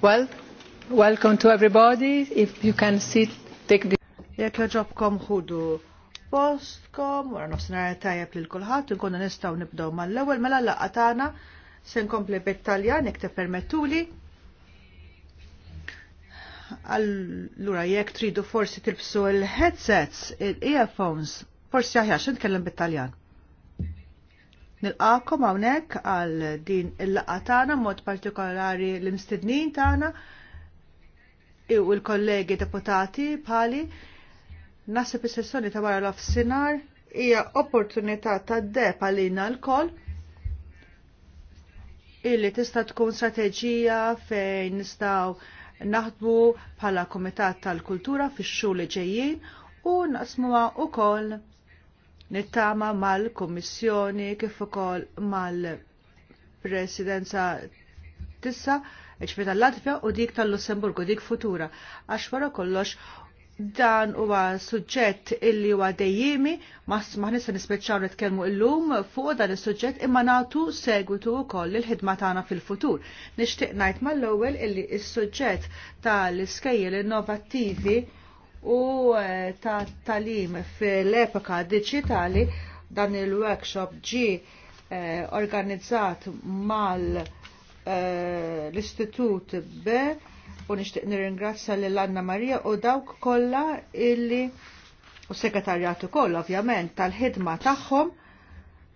Well, welcome to everybody. If you can sit, take the... Jek joġobkom ħudu postkom, wara nofsinhar tajjeb lil kulħadd, inkunu nistgħu nibdow mal-ewwel mela laqgħa tagħna se nkompli bit-Taljan jekk tippermettuli. Allura jekk tridu forsi tilbsu l-headsets, il-earphones, forsi aħjar xi nitkellem bit-Taljan. Nilqakom hawnhekk għal din il-laqgħa tagħna mod partikolari l imstednin tagħna u l-kollegi deputati bħali nasib is-sessjoni ta' wara l-offsinar hija opportunità ta' deb għalina l-koll illi tista' tkun strateġija fejn nistgħu naħdmu bħala Kumitat tal-Kultura fix-xhur li ġejjin u naqsmuha wkoll nittama mal-Kommissjoni kif ukoll mal-Presidenza tissa ċfeta l-Latvja u dik tal-Lussemburgu, dik futura. Għax wara kollox dan huwa suġġett illi huwa dejjimi, ma nista' nispeċċaw nitkellmu illum fuq dan is-suġġett imma nagħtu segwitu wkoll il-ħidma tagħna fil-futur. Nixtieq ngħid mal-ewwel illi s-suġġett tal-iskejjel innovattivi u eh, ta' talim fil-epoka digitali dan il-workshop ġi eh, organizzat mal eh, l-Istitut B u nishtiq nirringrazzja l Anna Marija u dawk kollha illi u segretarjatu koll ovvjament tal-ħidma tagħhom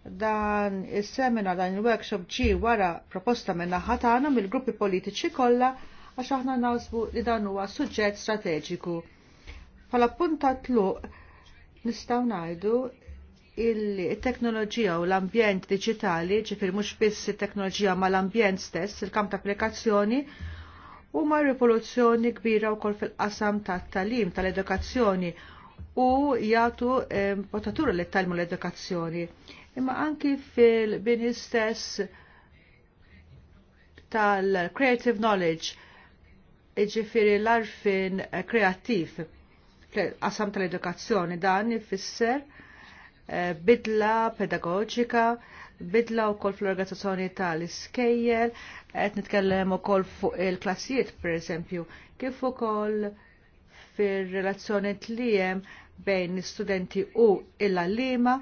dan is-seminar dan il-workshop ġi wara proposta minn naħa tagħna mill-gruppi politiċi kollha għax aħna nawsbu li dan huwa suġġett strateġiku Pala punta tluq nistaw najdu il-teknoloġija u l-ambjent digitali, ġifir mux biss il-teknoloġija ma l-ambjent stess, il-kamp ta' applikazzjoni, u ma rivoluzzjoni kbira u kol fil-qasam ta' talim tal-edukazzjoni u jgħatu eh, potatura li talmu l-edukazzjoni. Imma anki fil-bini stess tal-creative knowledge, ġifiri l-arfin kreativ eh, qasam tal-edukazzjoni dan jfisser eh, bidla pedagoġika bidla u koll fl-organizzazzjoni tal-iskejjel, għet nitkellem u fuq il-klassijiet, per kif u fir fil-relazzjoni tlijem bejn l-studenti u il-għallima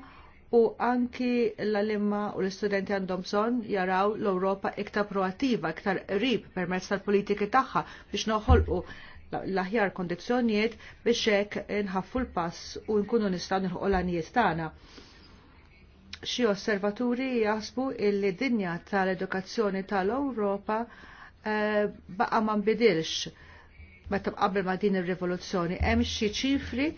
u anki l-għallima u l-studenti għandhom bżon jaraw l-Europa iktar proattiva, iktar rib permezz tal-politiki tagħha biex noħolqu l-aħjar kondizzjonijiet biex hekk nħaffu l-pass u nkunu nistgħu nilħu l-għanijiet tagħna. Xi osservaturi jaħsbu illi dinja tal-edukazzjoni tal-Ewropa eh, baqa' ma nbidilx meta qabel ma din ir-rivoluzzjoni hemm xi ċifri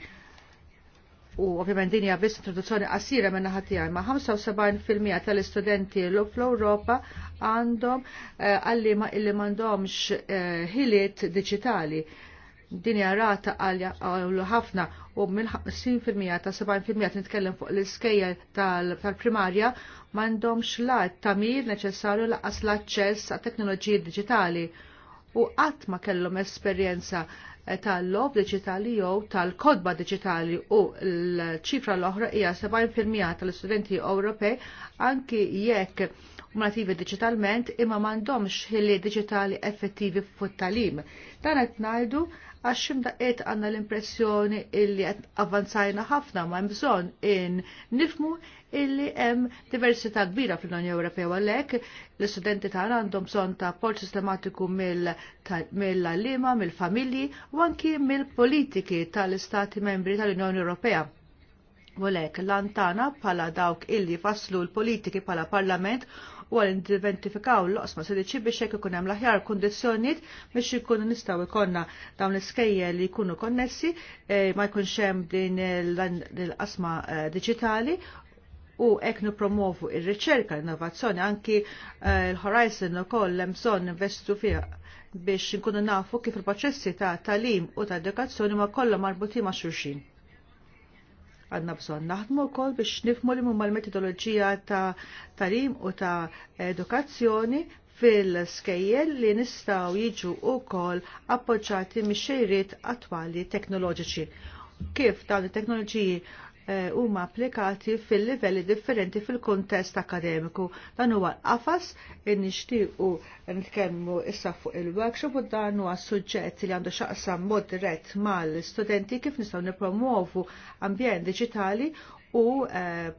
u ovvjament din hija biss introduzzjoni qasira minn naħa tiegħi ma' 75% tal-istudenti l fl-Ewropa għandhom eh, għalli ma illi m'għandhomx eh, ħiliet diġitali. Din hija rata għalja ħafna u minn 50% ta' 70% nitkellem fuq l-iskejja tal-primarja m'għandhomx lajt tamir neċessarju laqas l-aċċess għat teknoloġiji diġitali u qatt ma kellhom esperjenza tal-lob diġitali jew tal-kodba digitali u l-ċifra l-oħra hija 70% tal-istudenti Ewropej anki jekk nativi diġitalment imma m'għandhomx ħili diġitali effettivi fuq talim. Dan qed ngħidu għax ximdaqiet għanna l-impressjoni illi għed avanzajna ħafna ma' bżon in nifmu illi hemm diversità kbira fl-Unjoni Ewropea għalhekk l-istudenti tagħna għandhom bżonn ta' port sistematiku mill-għalliema, mill-familji u anki mill-politiki tal-Istati membri tal-Unjoni Ewropea. l-antana pala dawk illi faslu l-politiki pala parlament u għal identifikaw l-osma sediċi biex jek ikun hemm l-aħjar kundizzjonijiet biex ikun nistgħu ikonna dawn l iskejje li jkunu konnessi e, ma jkunx hemm din l-qasma e, diġitali u ek nipromovu il-riċerka, l-innovazzjoni, anki e, l-Horizon u koll l emżon investu fija biex nkunu nafu kif il-proċessi ta' talim u ta' edukazzjoni ma' kollha marbuti ma' xulxin. Għadna bżon naħdmu wkoll biex nifmu li mumma l-metodoloġija ta' talim u ta' edukazzjoni fil-skejjel li nistaw jiġu wkoll appoġġati mix-xejriet attwali teknoloġiċi. Kif dawn it-teknoloġiji Eh, huma applikati fil-livelli differenti fil-kontest akademiku. Dan huwa l-qafas nixtiequ nitkellmu issa fuq il-workshop u dan huwa suġġett li għandu xaqsam mod dirett mal-studenti kif nistgħu nipromuovu ambjent diġitali u eh,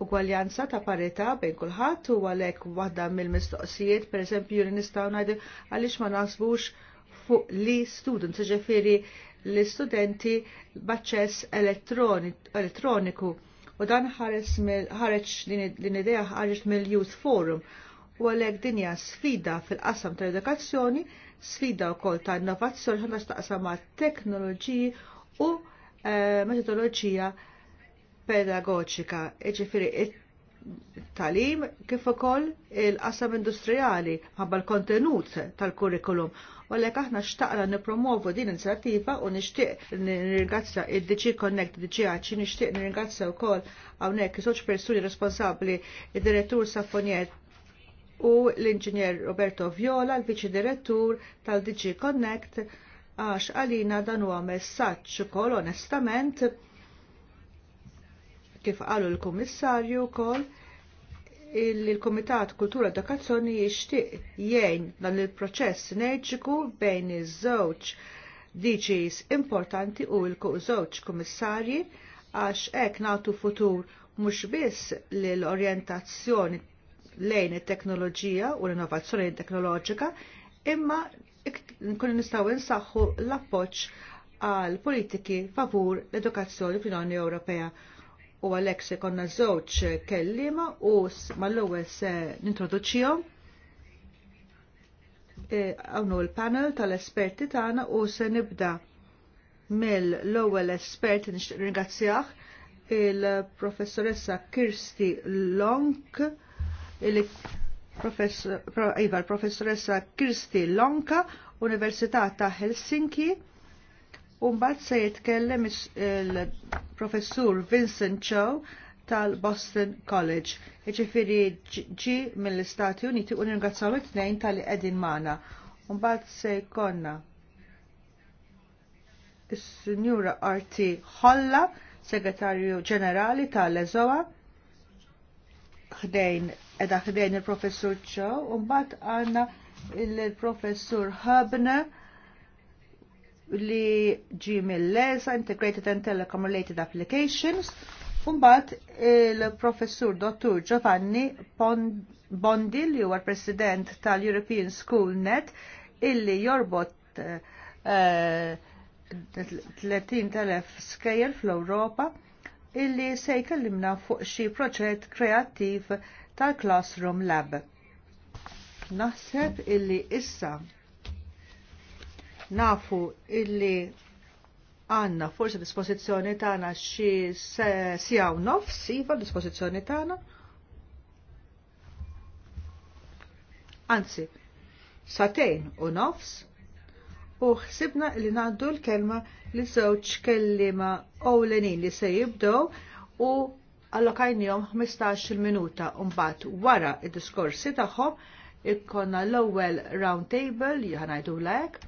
ugwaljanza ta' parità bejn kulħadd u għalhekk waħda mill-mistoqsijiet, pereżempju li nistgħu ngħidu għaliex ma naħsbux fuq li student. ġifieri l-istudenti b'aċċess elettroniku u dan ħareġ din idea ħareġ mill-Youth Forum u għalhekk din hija sfida fil-qasam tal-edukazzjoni, sfida wkoll ta' innovazzjoni ħanna staqsam ma' teknoloġiji u eh, metodoloġija pedagoġika, Iġifieri talim kif ukoll il-qasam industrijali ħabba l-kontenut tal-kurrikulum. U għalhekk aħna xtaqra nippromovu din inizjattiva u nixtieq nirringrazzja id dc Connect DGH nixtieq nirringrazzja wkoll hawnhekk żewġ persuni responsabbli id-direttur Safonier u l-inġinier Roberto Viola, l-viċi direttur tal-DG Connect, għax għalina dan huwa messaġġ ukoll onestament kif qalu l-Kummissarju wkoll il-Komitat Kultura Edukazzjoni jixtieq jgħin dan il-proċess sinerġiku bejn iż-żewġ DGs importanti u l-żewġ kummissarji għax hekk nagħtu futur mhux biss l-orjentazzjoni lejn it-teknoloġija u l-innovazzjoni teknoloġika, imma nkun nistgħu insaħħu l-appoġġ għal politiki favur l-edukazzjoni fl-Unjoni Ewropea u għalhekk se konna żewġ kellima u mal-ewwel se nintroduċijom e, għawnu l-panel tal-esperti tagħna u se nibda mill-ewwel espert nixtieq il-professoressa Kirsti Long, il iva, professoressa Kirsti Lonka, Università ta' Helsinki U mbagħad se jitkellem il-professur Vincent Cho tal-Boston College. Iġifieri ġi mill-Istati Uniti u nirgazzaw it-tnejn tal edin Mana. magħna. mbagħad se jkollna is-Sinjura Arti Holla, Segretarju Ġenerali tal ezoa ħdejn edha ħdejn il-professur Cho, u mbagħad għandna il-professur Hubner li ġi mill Integrated and Telecom Related Applications, Umbat il-professur dottur Giovanni Bondi li huwa president tal-European School Net illi jorbot 30.000 eh, Scale fl-Europa illi se jkellimna fuq xi proġett kreattiv tal-Classroom Lab. Naħseb illi issa nafu illi għanna forse dispozizjoni tagħna xi sijaw nofs iva dispożizzjoni tagħna. Anzi, satejn u nofs u ħsibna li ngħaddu l-kelma li żewġ kellima ewlenin li se jibdew u allokajnijom 15 minuta u mbagħad wara id-diskorsi tagħhom ikkonna l-ewwel round table li ħanajdu lek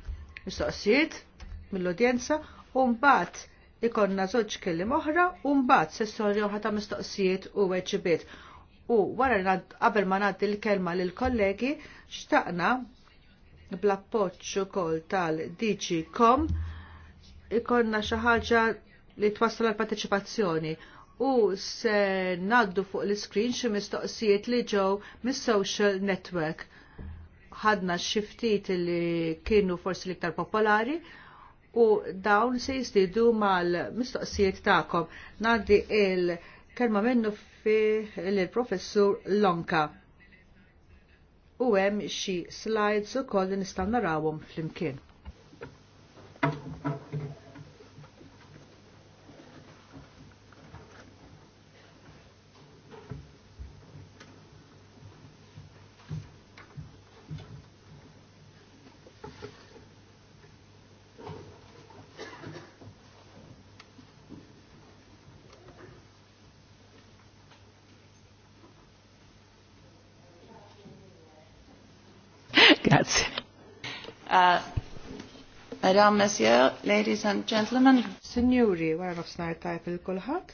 mistoqsijiet mill-udjenza u mbagħad ikonna żewġ kelliem oħra u mbagħad sessjoni oħra ta' mistoqsijiet u weġibiet. U wara qabel ma ngħaddi l-kelma lill kollegi xtaqna bl-appoġġ ukoll tal-DG Com ikonna xi ħaġa li twassal għall parteċipazzjoni u se naddu fuq l-screen xi mistoqsijiet li ġew mis-social network ħadna x-xiftit li kienu forsi l-iktar popolari u dawn se jistidu mal-mistoqsijiet ta'kom. Nadi il-kelma minnu fi l-professur Lonka. U hemm xi slides ukoll li nistgħu narawhom flimkien. Madam, Monsieur, ladies and gentlemen. Signori, wara nofsnar tajp il-kulħat.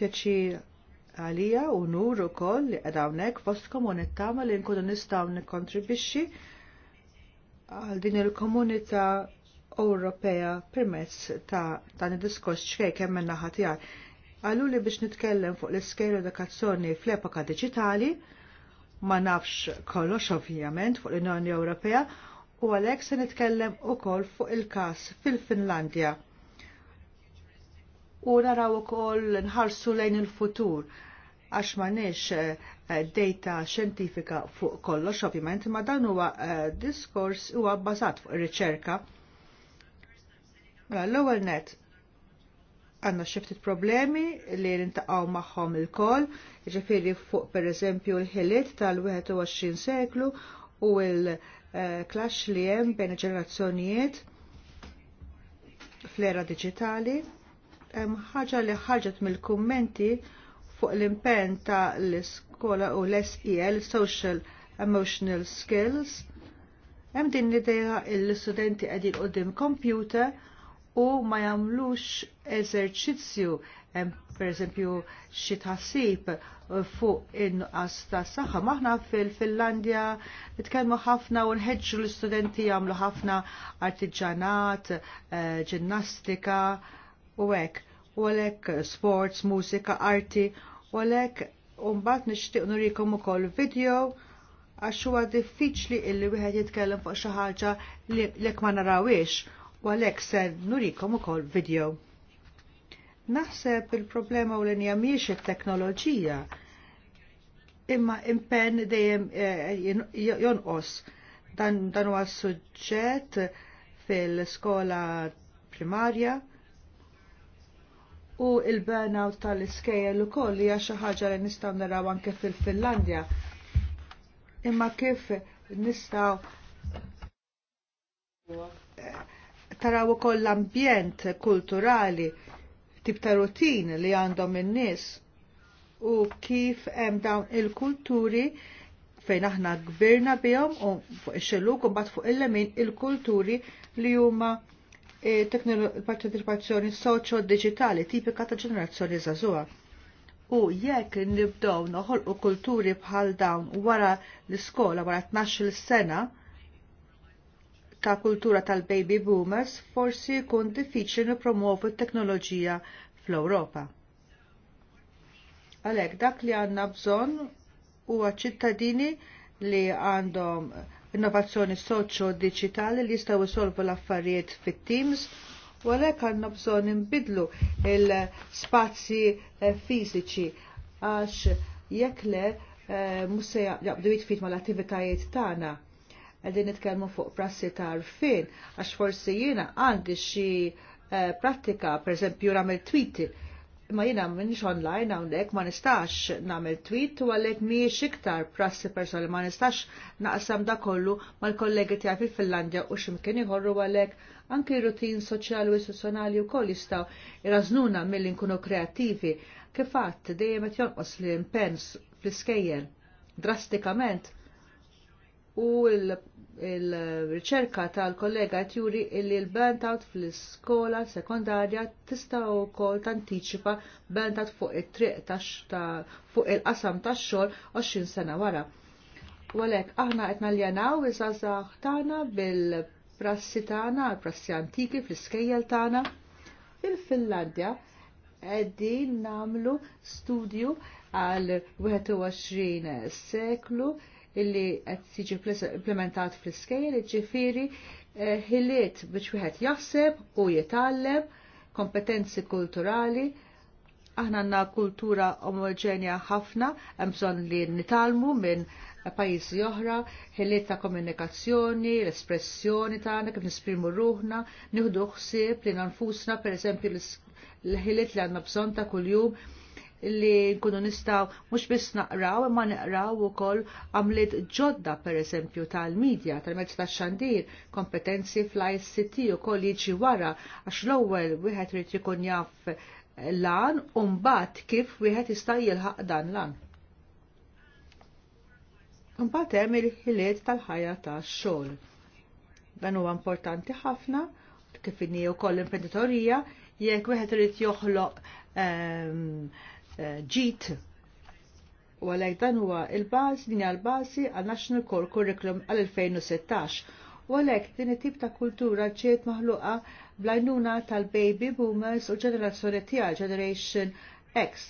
Pjaċir għalija u nur u koll li għadawnek fostkom u nittama li nkunu nistaw nikontribixxi għal din il komunita Ewropea permezz ta' dan id-diskors xkej kemm minna ħatjar. Għallu li biex nitkellem fuq l-iskejl edukazzjoni fl-epoka diġitali, ma nafx kollox ovvjament fuq l-Unjoni Ewropea u għalhekk se nitkellem ukoll fuq il-każ fil-Finlandja. U naraw ukoll nħarsu lejn il-futur għax nix eh, data xjentifika fuq kollox ovvjament, ma dan huwa eh, diskors huwa bbażat fuq ir-riċerka. Mela l-ewwel net għanna xiftit problemi li nintaqaw maħħom il-kol, ġifiri fuq per eżempju l-ħiliet tal-21 seklu u l klax eh, li hemm bejn ġenerazzjonijiet fl-era digitali, Hemm ħaġa li ħarġet mill-kummenti fuq l-impenn ta' l-iskola u l-SEL, Social Emotional Skills. Hemm din l-idea l-studenti qegħdin qudiem computer u ma jagħmlux eżerċizzju per eżempju xi tħassib fuq in-nuqqas tas saħħa. Maħna fil-Finlandja nitkellmu ħafna u nħeġġu l-istudenti jagħmlu ħafna artiġanat, eh, ġinnastika u hekk. U għalhekk sports, mużika, arti, u għalhekk mbagħad nixtieq nurikom ukoll video għax huwa diffiċli illi wieħed jitkellem fuq xi ħaġa li jekk ma narawiex u għalhekk se nurikom ukoll video. Naħseb il-problema u l-inja miex il-teknoloġija imma impenn dejjem eh, jonqos dan huwa suġġett fil-skola primarja u il-burnout tal-iskejjel ukoll hija xi ħaġa li nistgħu naraw anke fil-Finlandja. Imma kif nistgħu eh, taraw ukoll l-ambjent kulturali tip ta' rutin li għandhom in-nies u kif hemm dawn il-kulturi fejn aħna gbirna bihom u fuq ix-xelluk u mbagħad fuq il-lemin il-kulturi li huma e, partecipazzjoni soċjo digitali tipika ta' ġenerazzjoni żagħżugħa. U jekk nibdew noħolqu kulturi bħal dawn wara l-iskola wara 12-il sena, ta' kultura tal-baby boomers forsi jkun diffiċli nipromovu t-teknoloġija fl-Ewropa. Għalhekk dak li għandna bżonn huwa ċittadini li għandhom innovazzjoni soċjo digitali li jistgħu jsolvu l-affarijiet fit-teams u għalhekk għandna bżonn inbidlu l-spazji eh, fiżiċi għax jekk le eh, mhux se jaqbdu jitfit mal-attivitajiet tagħna Għedin nitkellmu fuq prassi ta' arfin, għax forsi jiena għandi xi eh, prattika, per eżempju, namel twiti. Ma jiena minnix online hawnhekk ma nistax nagħmel tweet u għalhekk mhijiex iktar prassi personali ma nistax naqsam da kollu mal-kollegi tijaj fil-Finlandja u x'imkien iħorru għalhekk anke rutin soċjali u istituzjonali wkoll jistgħu jistaw milli nkunu kreattivi kif għadd dejjem qed jonqos l-impens fl-iskejjel drastikament u il-riċerka tal-kollega tjuri illi l out fl-iskola sekondarja tista' wkoll tantiċipa burnt-out fuq it-triq fuq il-qasam tax-xogħol 20 sena wara. U għalhekk aħna qed naljanaw iż-żgħażagħ tagħna bil-prassi tagħna, prassi antiki fl-iskejjel tagħna fil-Finlandja qegħdin namlu studju għal 21 seklu illi qed tiġi implementat fl-iskejjel, ġifiri eh, ħiliet biex wieħed jaħseb u jitgħallem kompetenzi kulturali aħna għandna kultura omogenja ħafna, hemm bżonn li nitalmu minn pajjiżi oħra, ħiliet ta' komunikazzjoni, l-espressjoni tagħna kif nisprimu ruħna, nieħdu ħsieb li nanfusna pereżempju l-ħiliet li għandna bżonn ta' kuljum li nkunu nistaw mux biss naqraw imma naqraw u koll għamlet ġodda per eżempju tal-medja tal-mezz ta' xandir kompetenzi fl-ICT u koll jieġi wara għax l-ewwel wieħed irid ikun jaf lan u mbagħad kif wieħed jista' jilħaq dan lan. Mbagħad hemm il-ħiliet tal-ħajja tax-xogħol. Dan huwa importanti ħafna kif inni wkoll imprenditorija jekk wieħed irid joħloq um, ġit u għalhekk dan huwa il-baż din hija l-bażi għal National Core Curriculum għal 2016. U għalhekk din it-tip ta' kultura ġiet maħluqa blajnuna tal-baby boomers u ġenerazzjoni tiegħi Generation X.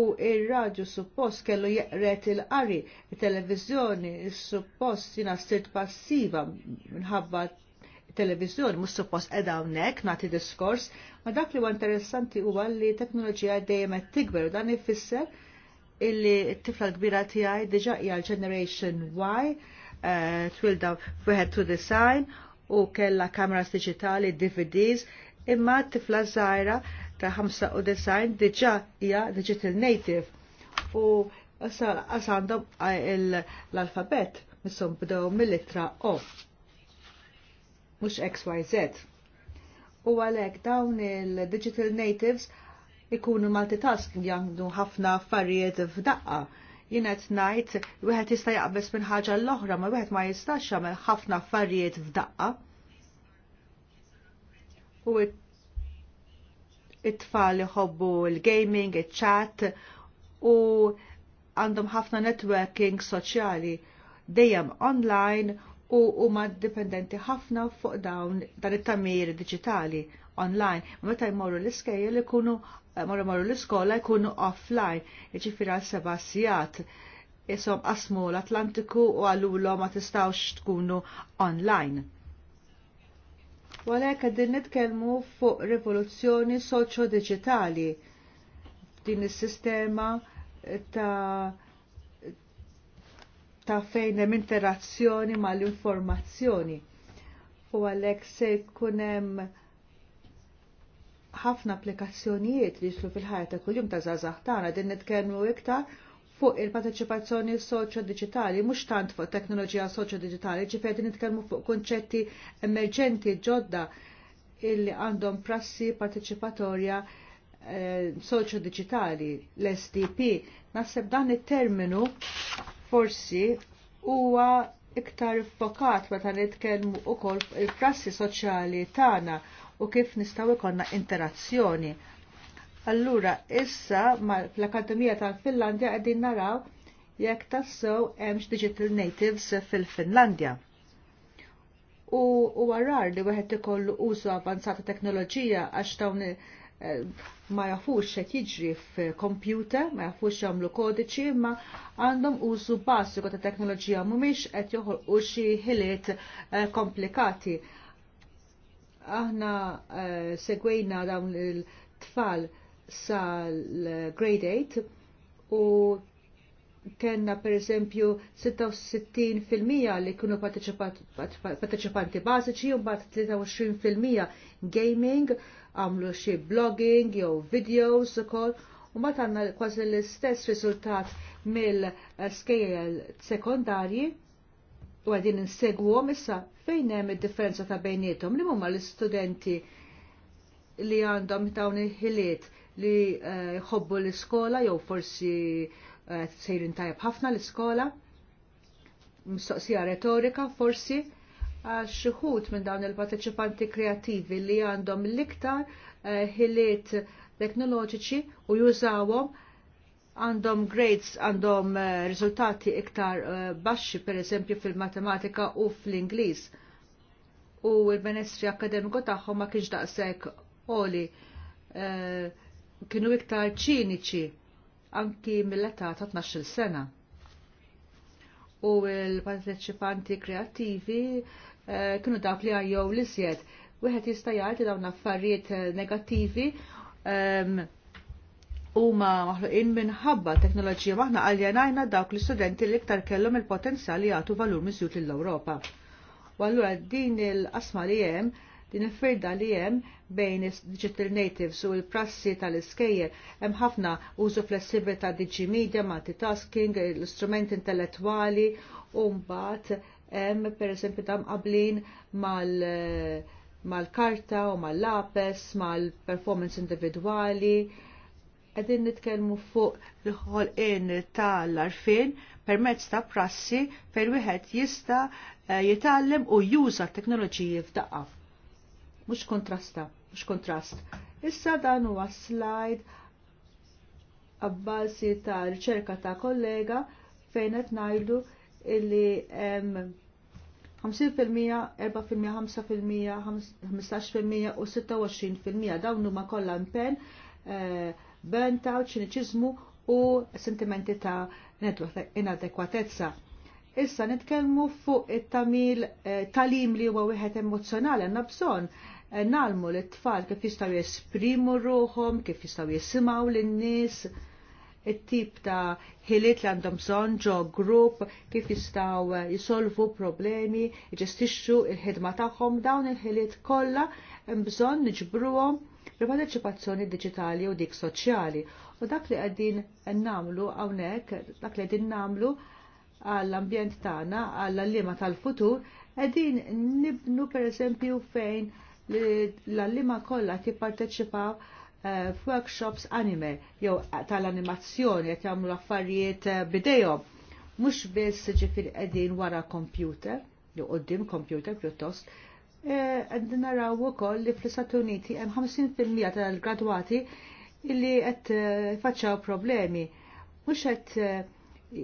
U ir-radju suppost kellu jeqret il-qari, il-televiżjoni il suppost jina stirt passiva minħabba televizjon mhux suppost qiegħda hawnhekk nagħti diskors, ma dak li huwa interessanti huwa li teknoloġija dejjem qed tikber u dan ifisser illi t-tifla kbira tiegħi diġà hija l-Generation Y eh, twilda f'wieħed to design u kellha kameras digitali DVDs, imma t-tifla żgħira ta' design diġà hija digital native u għandhom eh, l-alfabet missum bdew mill-litra O mhux XYZ. U għalhekk dawn il-digital natives ikunu multitasking jagħmlu ħafna affarijiet f'daqqa. Jien qed ngħid wieħed jista' jaqbes minn ħaġa l-oħra, ma wieħed ma jistax jagħmel ħafna affarijiet f'daqqa. U it-tfal ħobbu l gaming il-chat u għandhom ħafna networking soċjali dejjem online u huma dipendenti ħafna fuq dawn dan it-tamir diġitali online. Meta jmorru l-iskejjel ikunu eh, morru morru l-iskola jkunu offline, jiġifieri għal seba' sigħat. Isom qasmu l-Atlantiku u għallulhom ma tistgħux tkunu online. U għalhekk qegħdin nitkellmu fuq rivoluzzjoni soċjo-diġitali din is-sistema ta' ta' fejn hemm interazzjoni mal-informazzjoni. U għalhekk se jkun hemm ħafna applikazzjonijiet li jislu fil-ħajja ta' kuljum ta' żgħażagħ tagħna din nitkellmu iktar fuq il-parteċipazzjoni soċjo diġitali mhux tant fuq teknoloġija soċjo-digitali, ġifieri nitkellmu fuq kunċetti emerġenti ġodda illi għandhom prassi parteċipatorja eh, soċjo l-SDP. Naħseb dan it-terminu forsi huwa iktar fokat meta nitkellmu ukoll il-prassi soċjali tagħna u kif nistgħu jkollna interazzjoni. Allura issa fl-Akademija tal-Finlandja qegħdin naraw jekk tassew hemmx digital natives fil-Finlandja. U huwa rar li wieħed ikollu użu avanzata teknoloġija għax dawn Eh, ma jafux xed jiġri f-computer, ma jafux jagħmlu kodiċi, ma għandhom użu bażiku ta' teknoloġija mhumiex qed joħolqu xi ħiliet eh, komplikati. Aħna eh, segwejna dawn il-tfal sal-grade 8 u kena per esempio 66% li kienu parteċipanti bażiċi u mbagħad 23% gaming għamlu xi blogging jew videos ukoll u ma tanna kważi l-istess riżultat mill-skejjel sekondarji u għadin insegwhom issa fejn hemm id-differenza ta' bejnietom li huma l-istudenti li għandhom dawn il-ħiliet li eh, jħobbu uh, l-iskola jew forsi uh, sejrin tajab ħafna l-iskola mistoqsija retorika forsi għal xuħut minn dawn il-parteċipanti kreativi li għandhom l-iktar eh, ħiliet teknoloġiċi u jużawhom għandhom grades għandhom eh, riżultati iktar eh, baxxi per eżempju fil-matematika u fl-Ingliż. U l-benessri akademiku tagħhom ma kienx daqshekk oli kienu iktar ċiniċi anki mill-età ta' 12 sena u l-parteċipanti kreativi Eh, kienu dak li għajjow l-isjed. Wieħed jista' jgħid dawn affarijiet eh, negattivi ehm, huma maħluqin minħabba teknoloġija maħna għaljanajna dawk l-istudenti li iktar kellhom il-potenzjal li jagħtu valur miżjut lill-Ewropa. U allura din il-qasma li hemm din il-firda li hemm bejn digital natives u l-prassi tal-iskejjer hemm ħafna użu flessibilità ta' digi media, multitasking, l-istrumenti intellettwali u mbagħad hemm pereżempju tam qablin mal mal-karta u mal-lapes, mal-performance individwali. Qegħdin nitkellmu fuq il-ħolqien tal-arfin permezz ta' prassi fejn wieħed jista' eh, jitgħallem u juża t-teknoloġiji f'daqqa. Mhux kontrasta, mhux kontrast. Issa dan huwa slide abbażi ta' riċerka ta' kollega fejn qed ngħidu illi 50%, 4%, 5%, 15% u 26% dawn huma kollha impenn eh, burnt out, ċiniċiżmu u sentimenti ta' inadekwatezza. Issa nitkellmu fuq it-tamil eh, talim li huwa wieħed emozjonali għandna bżonn eh, nalmu l-tfal kif jistgħu jesprimu ruhom, kif jistgħu jisimgħu lin-nies it-tip ta' ħiliet li għandhom bżonn ġo grupp kif jistgħu jisolvu problemi, jġestixxu il-ħidma tagħhom dawn il-ħiliet kollha hemm bżonn niġbruhom il-parteċipazzjoni diġitali u dik soċjali. U dak li qegħdin nagħmlu hawnhekk, dak li qegħdin nagħmlu għall-ambjent tagħna, għall liema tal-futur, qegħdin nibnu pereżempju fejn l liema kollha tipparteċipaw uh, workshops anime jew tal-animazzjoni qed jagħmlu affarijiet eh, bidejhom mhux biss ġifieri qegħdin wara computer jew qudiem computer pjuttost eh, qed uh, naraw ukoll li fl-Istati Uniti hemm 50% tal-gradwati illi qed jfaċċaw problemi mhux qed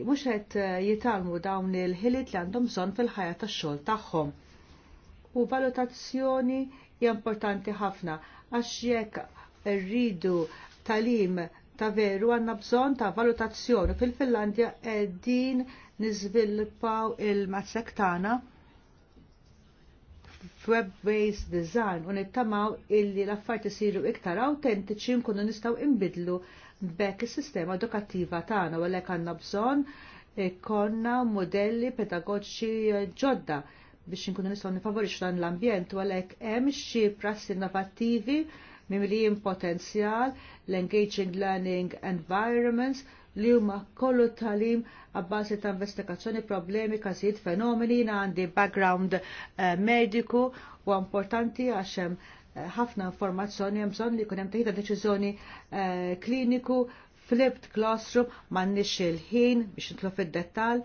mhux qed jitalmu dawn il-ħiliet li għandhom bżonn fil-ħajja tax-xogħol tagħhom. U valutazzjoni hija importanti ħafna għax jekk rridu talim ta' veru għanna bżon ta' valutazzjoni. Fil-Finlandja din nizvilpaw il-mazzek tana web-based design u nittamaw illi l-affarijiet isiru iktar autentiċi nkunu nistgħu inbidlu bekk is-sistema edukattiva tagħna u għalhekk għandna bżonn konna modelli pedagogiċi ġodda biex nkunu nistgħu nifavorixxu dan l-ambjent u għalhekk hemm xi prassi innovattivi mimlijin potenzjal, l-engaging learning environments, li huma kollu talim għabbasi ta' investigazzjoni problemi, każijiet fenomeni, għandi background eh, mediku u importanti għax hemm eh, ħafna informazzjoni hemm bżonn li jkun hemm teħita deċiżjoni eh, kliniku flipped classroom m'għandniex il-ħin biex nitlu fid-dettall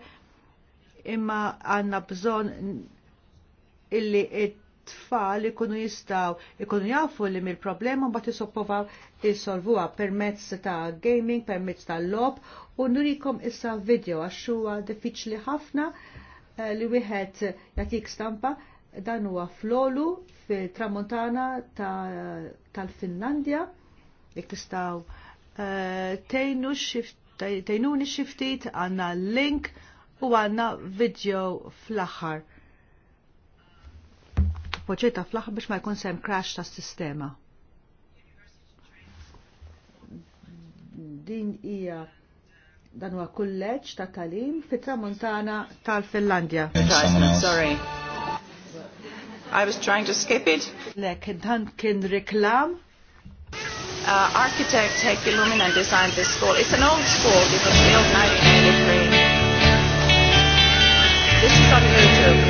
imma għandna bżonn illi it tfal ikunu jistaw ikunu jafu li mill-problema mbagħad isoppovaw isolvuha permezz ta' gaming, permezz ta' lob u nurikom issa video għax huwa diffiċli ħafna eh, li wieħed jagħtik stampa dan huwa flolu fil-tramontana tal-Finlandja jekk tistgħu uh, eh, tejnu xift tajnuni xiftit għanna link u għanna video fl-axar appoġġieta fl-aħħar biex ma jkun sem crash ta' sistema Din hija dan huwa kulleġġ ta' talim fit-tramuntana tal-Finlandja. Sorry. I was trying to skip it. Le, dan kien reklam. Uh, architect Heikki Luminen designed this school. It's an old school. It was built 1983. This is on YouTube.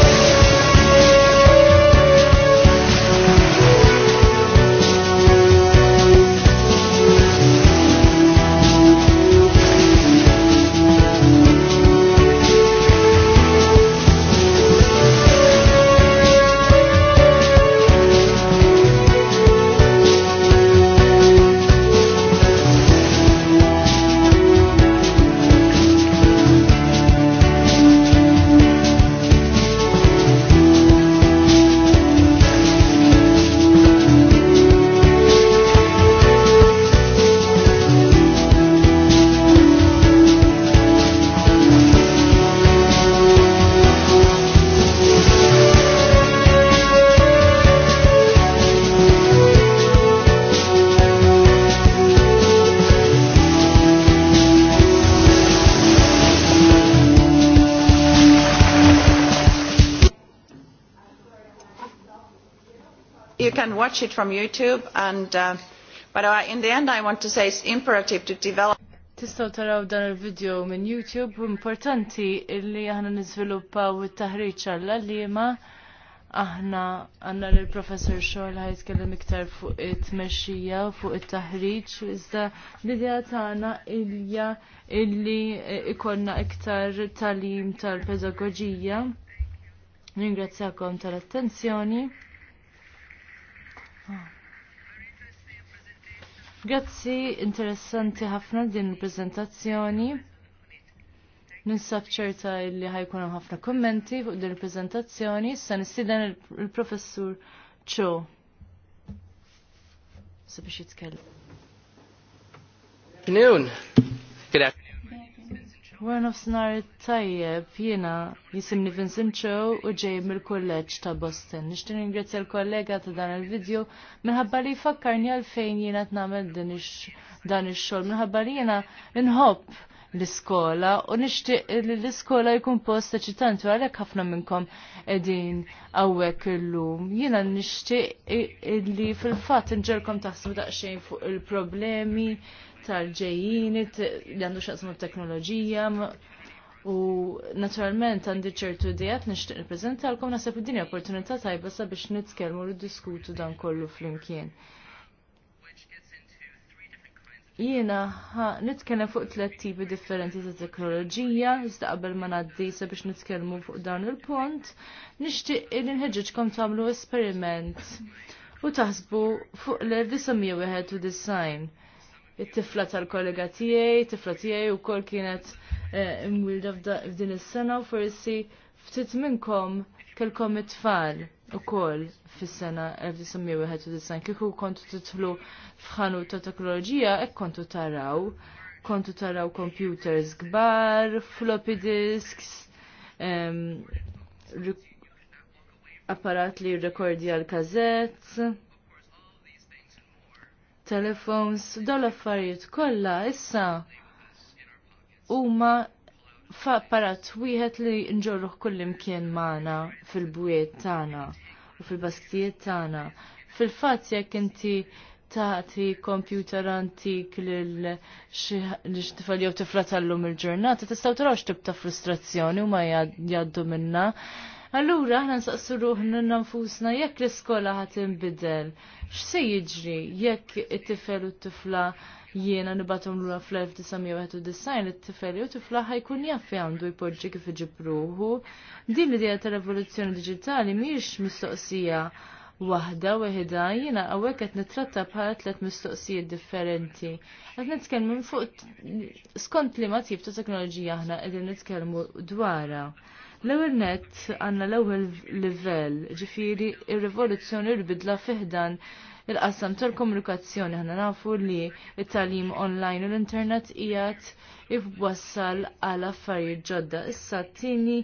watch it from YouTube and uh, but I, in the end I want to say it's imperative to develop Tistaw taraw dan il-video minn YouTube u importanti illi aħna niżviluppaw it-taħriġ għalla li ma aħna għanna l professor Xol ħajtkellem iktar fuq it-tmexxija u fuq it-taħriġ iżda l-idea tagħna ilja illi eh, ikonna iktar talim tal-pedagoġija. Ringrazzjakom tal-attenzjoni. Grazzi, interessanti ħafna din il-prezentazzjoni. Ninsab ċerta li ħajkun ħafna kommenti fuq din il-prezentazzjoni. Sa nistieden il-professur Cho. Sabiex jitkellem. afternoon. Good Wara snar tajjeb jiena jisimni Vincent Cho u ġej mill-kulleġġ ta' Boston. Nixtieq ningrazzja l-kollega ta' dan il-video minħabba li jfakkarni għalfejn jiena qed nagħmel dan ix-xogħol minħabba li jiena inħobb l-iskola u nixtieq li l-iskola jkun posta ċitant għalek ħafna minnkom qegħdin hawnhekk illum. Jiena nishtiq li fil-fatt nġerkom taħsmu daqsxejn fuq il-problemi tal-ġejjini li għandu xaqsmu teknoloġija u naturalment għandi ċertu idejat nixtieq nippreżentalkom naħseb din opportunità tajba sabiex nitkellmu u diskutu dan kollu flimkien. Jiena nitkellem fuq tliet tipi differenti ta' teknoloġija, iżda qabel ma ngħaddi sabiex nitkellmu fuq dan il punt nixtieq li nħeġġeġkom tagħmlu esperiment u taħsbu fuq l-1991. It-tifla tal-kollega tiegħi, tifla tiegħi wkoll kienet eh, imwilda f'din is-sena u forsi ftit minnkom kelkom it-tfal ukoll fis-sena 1991 kieku kontu titħlu f'ħanu ta' teknoloġija hekk kontu taraw kontu taraw computers kbar, floppy disks, um, apparat li rekordi l-kazett, telefons, dal l-affarijiet kollha issa huma Parat wieħed li nġorruh kullimkien magħna fil-bwiet tagħna u fil-basktijiet tagħna. Fil-fatt jekk inti tagħti kompjuter antik lil xi tifal jew tifla tal-lum il-ġurnata tistgħu taraw x'tib ta' frustrazzjoni u ma jgħaddu minna. Allura aħna nsaqsu ruħna nfusna jekk l-iskola ħadd inbidel, x'se jiġri jekk it-tifel u t-tifla jiena nibatom l fl-1991 it-tifel u tifla ħajkun jaffi għandu jpoġġi kif iġibruħu. Din l-idea tal-evoluzzjoni digitali mhijiex mistoqsija waħda weħda jiena għawek qed nitratta bħala tlet mistoqsijiet differenti. Qed nitkellmu fuq skont li ma ta' teknoloġija aħna qegħdin nitkellmu dwarha. L-ewwel nett għandna l-ewwel level ġifiri il rivoluzzjoni l bidla fiħdan il-qassam tal-komunikazzjoni ħana nafu li it-talim online u l-internet ijat jibwassal għal affarijiet ġodda. Issa t-tini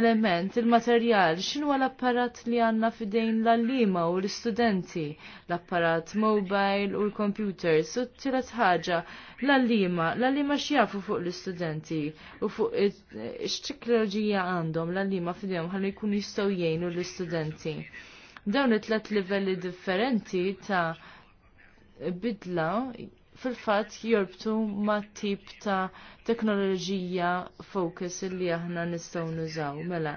element, il-materjal, xinu l-apparat li għanna fidejn l-allima u l-studenti, l-apparat mobile u l computer su t-tilet ħaġa, l-allima, l-allima xjafu fuq l-studenti u fuq x-teknoloġija għandhom l-allima fidejn ħalli jkunu jistaw jgħinu l-studenti. Dawn it-tlet livelli differenti ta' bidla fil-fatt jorbtu ma' tip ta' teknoloġija focus li aħna nistgħu nużaw. Mela,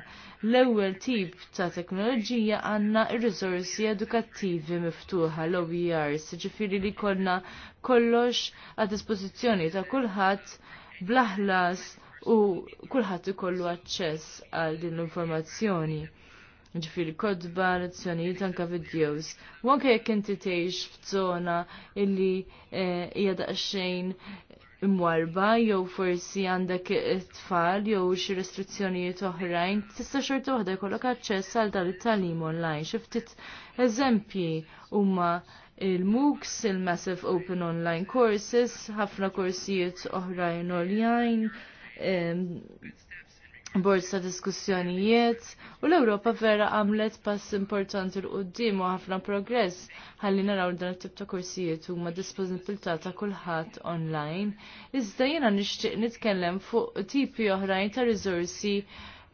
l-ewwel tip ta' teknoloġija għandna r-riżorsi edukattivi miftuħa l-OERs, ġifiri li konna kollox għad dispożizzjoni ta' kulħadd blaħlas u kulħadd ikollu aċċess għal din l-informazzjoni ġifiri kodba, lezzjonijiet anka videos. U anke jekk inti tgħix f'żona illi eh, hija daqsxejn imwarba jew forsi għandek tfal jew xi restrizzjonijiet oħrajn, tista' xorta waħda jkollok aċċess għal dan it-tagħlim online. Xi ftit eżempji huma il-MOOCs, il-Massive Open Online Courses, ħafna korsijiet oħrajn online, borsa diskussjonijiet u l-Ewropa vera għamlet pass importanti l-qoddim u ħafna progress ħalli naraw dan it-tip ta' kursijiet huma disponibilità ta' kulħadd online. Iżda jiena nixtieq nitkellem fuq tipi oħrajn ta' riżorsi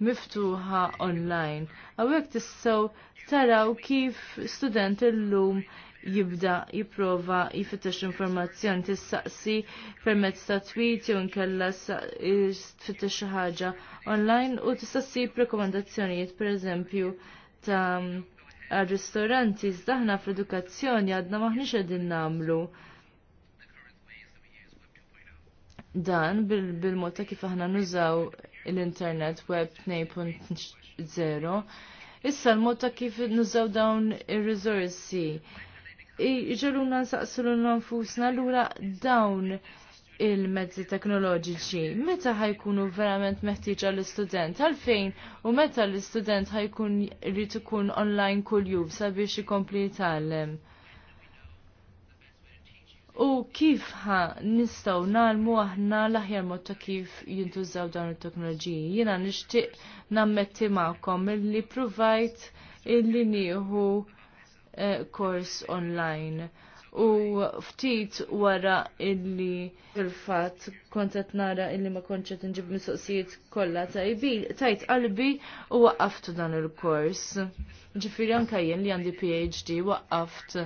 miftuħa online. Għawek tistaw taraw kif student lum jibda jipprova jifittex informazzjoni tissaqsi permezz ta' tweet jew inkella tfittex xi ħaġa online u tista' ssib rekomandazzjonijiet pereżempju ta' għal-ristoranti zdaħna fl-edukazzjoni għadna m'aħniex qegħdin namlu dan bil-mod ta' kif aħna nużaw l-internet web 2.0 issa l-mod ta' kif nużaw dawn ir-riżorsi iġeluna nsaqsulu nfusna lura dawn il-mezzi teknoloġiċi, meta ħajkunu verament meħtieġa l-istudent, għalfejn u meta l-istudent ħajkun rrid ikun online jub sabiex ikompli jitgħallem. U kif ħa nistaw nalmu aħna l-aħjar mod ta' kif jintużaw dawn it-teknoloġiji. Jiena nixtieq nammetti magħkom li provajt illi nieħu Eh, kors online. U ftit wara illi il-fat kontet nara illi ma konċet nġib mistoqsijiet kollha tajbi, tajt qalbi u waqqaftu dan il-kors. Ġifiri anke jien li għandi PhD waqqaft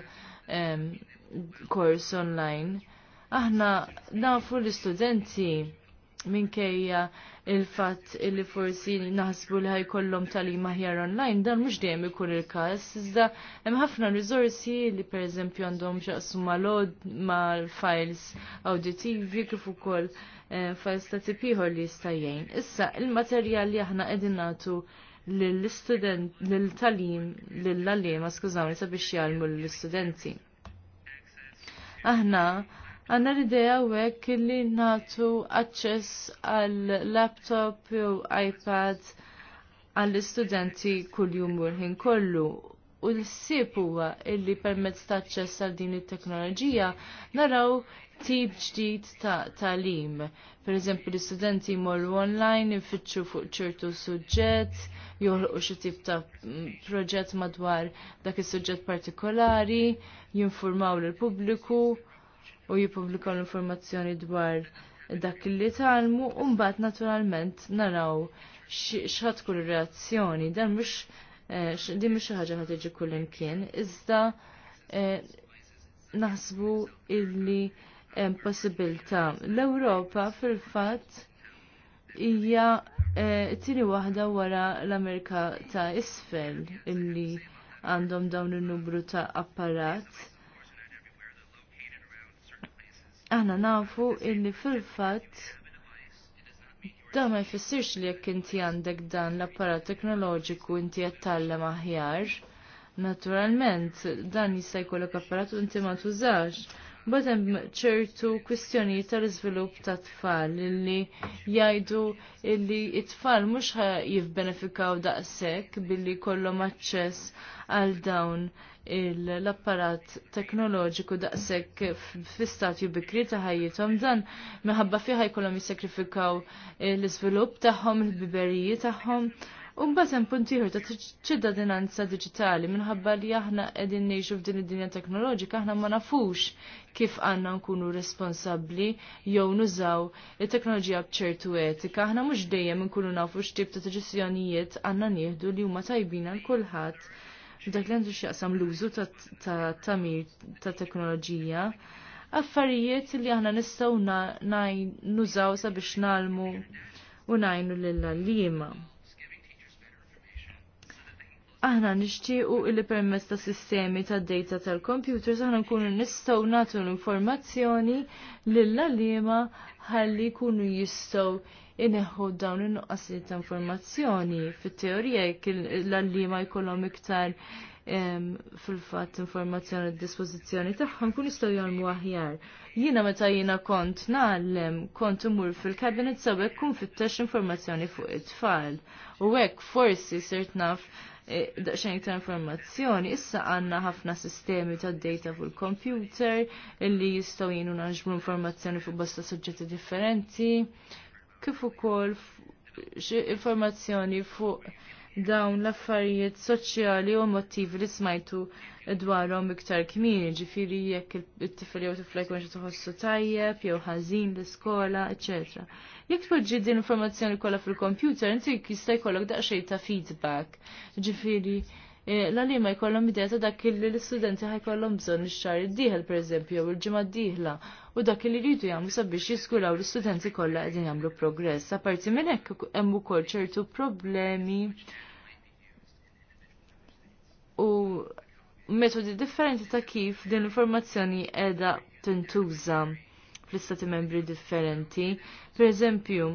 kors online. Aħna nafu l-istudenti minkejja il-fatt li forsi naħsbu li ħajkollhom talim aħjar online dan mhux dejjem ikun il-każ, iżda hemm ħafna riżorsi li pereżempju għandhom x'aqsu mal-lod mal-files auditivi kif ukoll eh, files ta' tipiħor li jista' jgħin. Issa il-materjal li aħna qegħdin nagħtu lill-istudent lill-talim lill-għalliema skużawni sabiex jgħalmu lill-istudenti. Aħna Għanna l-idea għek li natu access għal laptop jew iPad għall-istudenti kull-jum ħin kollu u l-sib huwa illi permezz ta' aċċess għal din it-teknoloġija naraw tip ġdid ta' talim. Per eżempju, l-istudenti morru online, ifittxu fuq ċertu suġġett, joħloqu xi tip ta' mm, proġett madwar dak is-suġġett partikolari, jinformaw lill pubbliku u jippubblikaw l-informazzjoni dwar dak li talmu u mbagħad naturalment naraw x'ħad kull reazzjoni dan mhux eh, din mux xi ħaġa ħad tiġi kull imkien iżda eh, naħsbu illi hemm possibilità. L-Ewropa fil-fatt hija eh, tiri waħda wara l-Amerika ta' isfel illi għandhom dawn il-numru ta' apparat aħna nafu illi fil-fatt dan ma jfissirx li jekk inti għandek dan l-apparat teknoloġiku inti qed tallem aħjar. Naturalment, dan jista' jkollok apparat u inti ma tużax. Bad hemm ċertu kwistjonijiet tal-iżvilupp ta' tfal illi jgħidu illi t-tfal mhux jibbenefikaw daqshekk billi jkollhom aċċess għal dawn l-apparat teknoloġiku daqsek f-istatju bikri ta' ħajjithom dan minħabba fi ħajkolhom jissakrifikaw eh, l-iżvilupp tagħhom, il biberiji tagħhom. Umbat hemm punt ieħor ta' ċittadinanza diġitali minħabba li aħna qegħdin ngħixu f'din id-dinja teknoloġika aħna ma nafux kif għandna nkunu responsabbli jew nużaw it-teknoloġija b'ċertu etika. Aħna mhux dejjem nkunu nafu x'tip ta' deċiżjonijiet għandna nieħdu li huma tajbin għal kulħadd dak li għandu x'jaqsam l-użu ta' tamir ta' teknoloġija, affarijiet li aħna nistgħu nużaw sabiex nalmu u najnu lill-għallima. Aħna nixtiequ li permezz ta' sistemi ta' data tal-computers aħna nkunu nistgħu nagħtu l-informazzjoni lill-għalliema ħalli jkunu jistgħu ineħħu dawn il nuqqasijiet ta' informazzjoni. Fit-teorija l ma' jkollhom iktar fil-fatt informazzjoni d dispożizzjoni tagħhom kun jistgħu jolmu aħjar. Jiena meta jiena kont nagħlem kont imur fil-kabinet sabek kun fittex informazzjoni fuq it-tfal. U hekk forsi sirt naf e, daqxajn ta' informazzjoni, issa għanna ħafna sistemi ta' data fuq il-computer illi jistgħu jienu naġbru informazzjoni fuq bosta suġġetti differenti kif ukoll informazzjoni fuq dawn l-affarijiet soċjali u emotivi li smajtu dwarhom iktar kmieni, ġifiri jekk it-tifel jew tifla jkun xi tħossu tajjeb jew ħażin l-iskola, etc. Jekk tpoġġi din informazzjoni kollha fil-kompjuter, inti jista' jkollok daqsxejn ta' feedback. Ġifieri Eh, l-għalima jkollhom idea ta' dak li l-istudenti ħajkollhom bżonn ix-xahar id-dieħel pereżempju jew il-ġimgħa d-dieħla u dak li jridu jagħmlu sabiex jiskuraw l-istudenti kollha qegħdin jagħmlu progress. Apparti minn hekk hemm ukoll ċertu problemi u metodi differenti ta' kif din l-informazzjoni qiegħda tintuża fl-istati membri differenti. Per eżempju,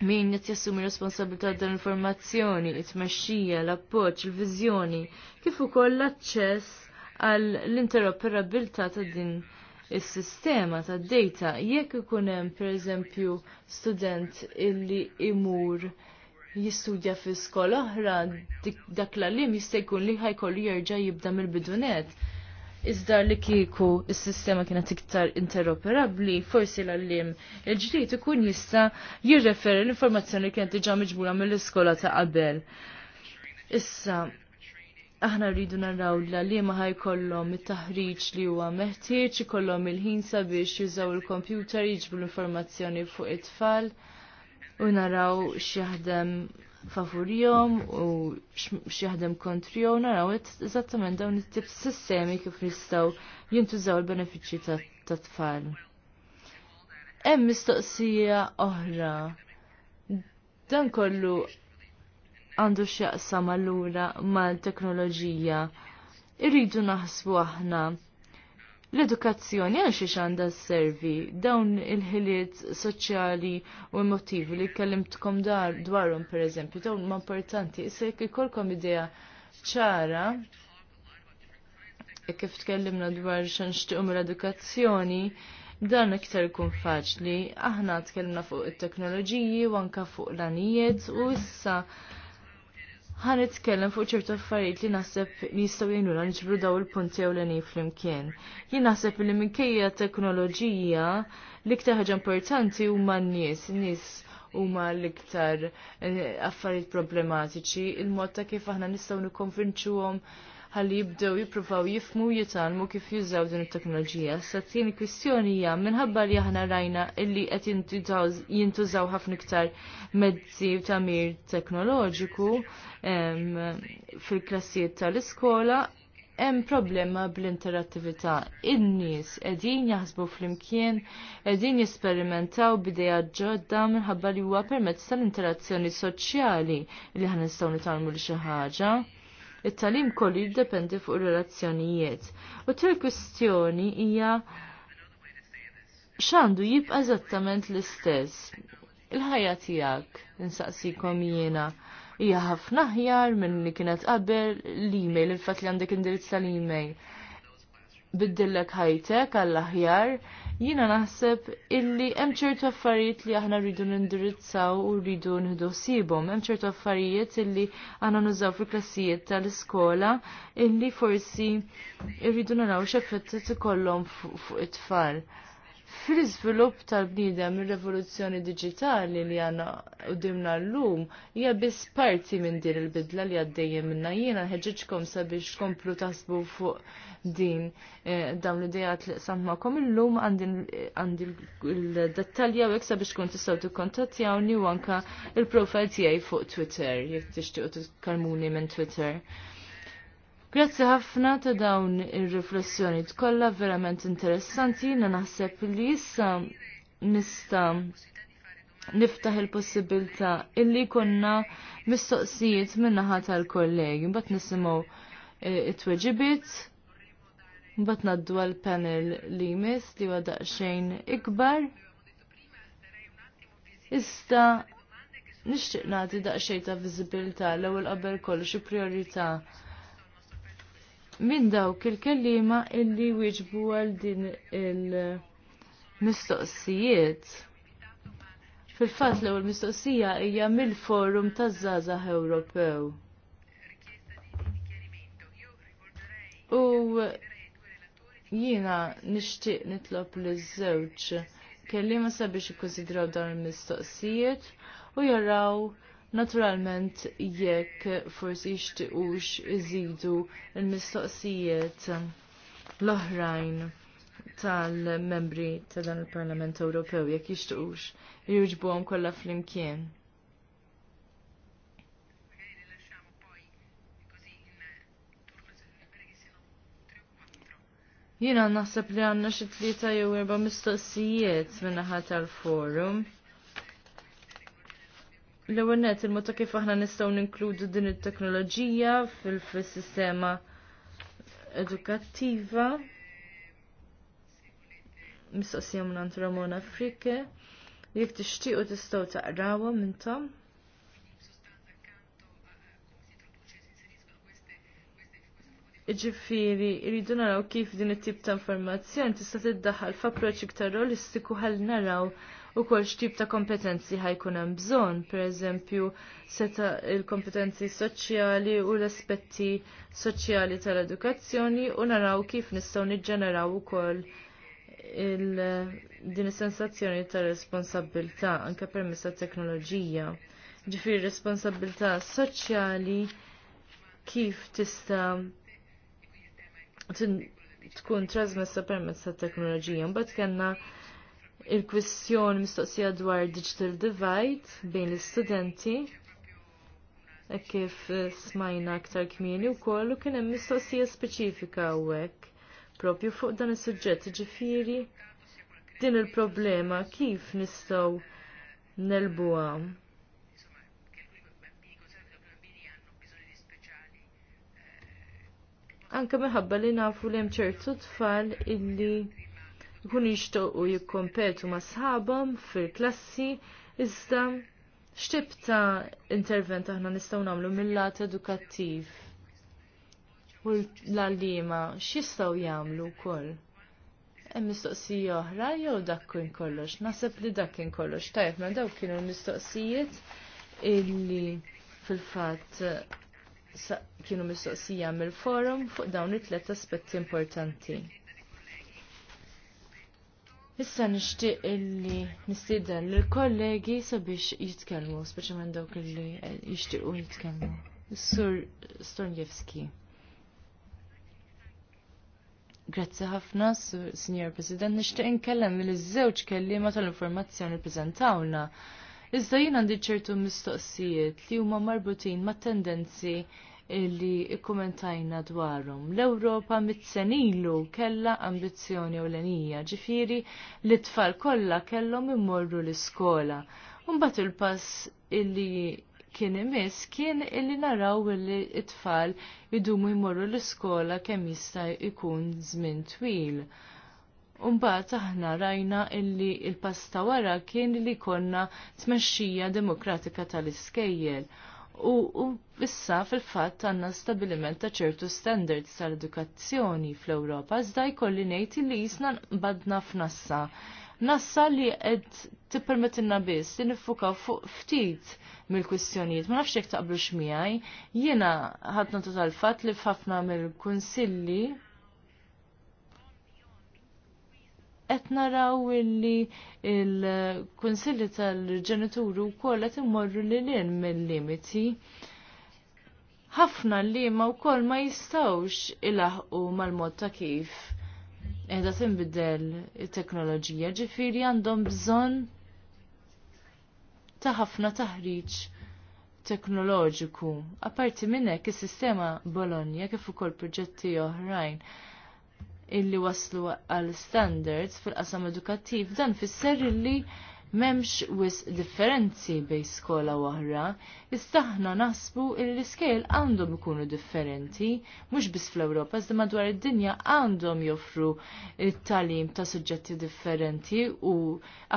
min qed jassumi responsabilità dan informazzjoni, it-tmexxija, l-appoġġ, il-viżjoni, kif ukoll l-aċċess għall l-interoperabilità ta' din is-sistema ta' data jekk ikun hemm pereżempju student illi imur jistudja fi skola oħra dak l-għalim jista' jkun li ħajkollu jerġa' jibda mill-bidunet Iżda li kieku il-sistema kienet iktar interoperabli, forsi l għallim il-ġdijt ikun jista jirreferi l-informazzjoni li kienet diġa miġbura mill-iskola ta' qabel. Issa, aħna rridu naraw l li ma kollom it-taħriġ li huwa meħtieġ, ikollhom il-ħin sabiex jużaw il-kompjuter jiġbu l-informazzjoni fuq it-tfal u naraw xi jaħdem favorihom u x'jaħdem kontrihom naraw eżattament dawn it-tip sistemi kif nistaw jintużaw il-benefiċċji tat-tfal. Hemm mistoqsija oħra. Dan kollu għandu x'jaqsam allura mal-teknoloġija. Irridu naħsbu aħna L-edukazzjoni għal xiex għanda s-servi dawn il-ħiliet soċjali u emotivi li kellimtkom dwarhom per eżempju, dawn ma importanti, issa jekk ikolkom idea ċara kif tkellimna dwar xan xtiqum l-edukazzjoni, dan iktar ikun faċli. Aħna tkellimna fuq it-teknoloġiji u anka fuq l-anijiet u issa ħan itkellem fuq ċertu affarijiet li naħseb li jistgħu jinuna niġbru daw il-punti ewlenin flimkien. Jien naħseb li minkejja teknoloġija l-iktar ħaġa importanti huma n-nies, nies huma l-iktar eh, affarijiet problematiċi, il-mod ta' kif aħna nistgħu nikkonvinċuhom ħalli jibdew jippruvaw jifmu jitalmu kif jużaw din it-teknoloġija. Sa tieni kwistjoni hija minħabba li aħna rajna illi qed jintużaw ħafna iktar mezzi ta' mir teknoloġiku fil-klassijiet tal-iskola hemm problema bl-interattività. In-nies qegħdin jaħsbu flimkien, qegħdin jesperimentaw bidejja ġodda minħabba li huwa permezz tal-interazzjoni soċjali li ħanistgħu nistgħu lil li xi ħaġa it-talim kollu jiddependi fuq relazzjonijiet. U t kwistjoni hija xandu jibqa' eżattament l-istess. Il-ħajja tiegħek insaqsikom jiena hija ħafna ħjar minn li kienet qabel l-email, il-fatt li għandek indirizz tal-email biddillek ħajtek għall-aħjar, jina naħseb illi hemm ċertu affarijiet li aħna rridu nindirizzaw u rridu nħdu sibhom, hemm ċertu affarijiet illi aħna nużaw fil-klassijiet tal-iskola illi forsi rridu naraw x'effett ikollhom fuq it-tfal. Fu fil-iżvilupp tal-bniedem ir-revoluzzjoni diġitali li għandna qudiemna llum hija biss parti minn din il-bidla li għaddejjem minna jiena ħeġġitkom sabiex komplu taħsbu fuq din eh, dawn l-idejat li sammakom illum għandi l-dettalji hawnhekk sabiex tkun tistgħu tikkontattjawni u anke il-profil tiegħi fuq Twitter jekk tixtiequ tkallmuni minn Twitter. Grazzi ħafna ta' dawn ir-riflessjoni kollha verament interessanti, jiena naħseb li issa nista' niftaħ il-possibilità illi konna mistoqsijiet min-naħa tal-kollegi, mbagħad nisimgħu eh, it-tweġibiet, mbagħad ngħaddu għal panel li jmiss li huwa daqsxejn ikbar. Ista' nixtieq nagħti daqsxejn ta' viżibilità l-ewwel qabel kollox priorità' minn dawk il-kellima illi wieġbu għal din il-mistoqsijiet. Fil-fat l-ewwel mistoqsija hija mill-Forum taż-Żgħażagħ Ewropew. U jiena nixtieq nitlob ż żewġ kellima sabiex ikkonsidraw dawn il-mistoqsijiet u jaraw Naturalment jekk forsi xtiqux iżidu l-mistoqsijiet l-oħrajn tal-membri ta' dan il-Parlament Ewropew jekk jixtiequx jirġbuhom kollha flimkien. Jina naħseb li għanna xi tlieta jew erba' mistoqsijiet min-naħa tal-forum. L-ewwel net il-mod kif aħna nistgħu ninkludu din it-teknoloġija fil-sistema edukattiva. Mistoqsija minn Ant Ramona Frike. Jekk tixtiequ tistgħu taqrawhom intom. ġifiri, jridu naraw kif din it-tip ta' informazzjoni tista' tiddaħħal f'approċċ iktar realistiku ħalli naraw u kol xtib ta' kompetenzi ħajkun hemm bżonn, pereżempju seta il-kompetenzi soċjali u l-aspetti soċjali tal-edukazzjoni u naraw kif nistgħu niġġeneraw ukoll din is-sensazzjoni ta' responsabilità anke permezz tat-teknoloġija. Ġifieri responsabilità soċjali kif tista' tkun trasmessa permezz tat-teknoloġija. Mbagħad kellna il-kwistjoni mistoqsija dwar digital divide bejn l-istudenti e kif eh, smajna aktar kmieni u kollu kien hemm mistoqsija speċifika hawnhekk propju fuq dan is-suġġett ġifieri din il-problema kif nistgħu nelbuha. Anke minħabba li nafu li hemm ċertu tfal illi jkunu u jikkompetu ma' sħabhom fil-klassi iżda x'tibta intervent aħna nistgħu nagħmlu mill-lat edukattiv u l-għallima x'jistgħu jagħmlu wkoll. Hemm mistoqsija oħra jew dak kien kollox. Naħseb li dak kien kollox. Tajjeb ma dawk kienu l-mistoqsijiet illi fil-fatt kienu mistoqsija mill-forum fuq dawn it-tlet aspetti importanti. Issa nixtieq illi nistieden lill kollegi sabiex jitkellmu, speċjalment dawk illi eh, jixtiequ jitkellmu. Sur Stornjevski. Grazzi ħafna, Signor President, nixtieq nkellem li żewġ kelliema tal-informazzjoni prezentawna. Iżda jien għandi ċertu mistoqsijiet li huma marbutin ma' tendenzi li kumentajna dwarhom. L-Ewropa mit-senilu kella ambizzjoni ewlenija, ġifiri li tfal kollha kellhom immorru l-iskola. Mbagħad il-pass illi kien imiss kien illi naraw illi it-tfal idumu jmorru l-iskola kemm jista' jkun żmien twil. Umbat aħna rajna illi il-pasta wara kien li konna tmexxija demokratika tal-iskejjel u issa fil-fatt għanna stabiliment ta' ċertu standards tal-edukazzjoni fl-Ewropa, iżda jkolli ngħid li jisna badna f'nassa. Nassa li qed tippermettilna biss li nifukaw fuq ftit mill-kwistjonijiet. Ma nafx jekk taqblu x'miegħi, jiena ħadna tal fatt li f'ħafna mill-kunsilli qed raw illi il-Kunsilli tal-Ġenituri wkoll qed immorru lil hinn mill-limiti. Ħafna li ma wkoll ma jistgħux ilaħqu mal-mod ta' kif qiegħda tinbidel it-teknoloġija, ġifieri għandhom bżonn ta' ħafna taħriġ teknoloġiku. Aparti minn hekk is-sistema Bologna kif ukoll proġetti oħrajn illi waslu għal standards fil-qasam edukattiv dan fisser illi memx wis differenzi bej skola waħra, istaħna nasbu illi l-iskel għandhom ikunu differenti, mux bis fl-Europa, iżda madwar id-dinja għandhom joffru il-talim ta' suġġetti differenti u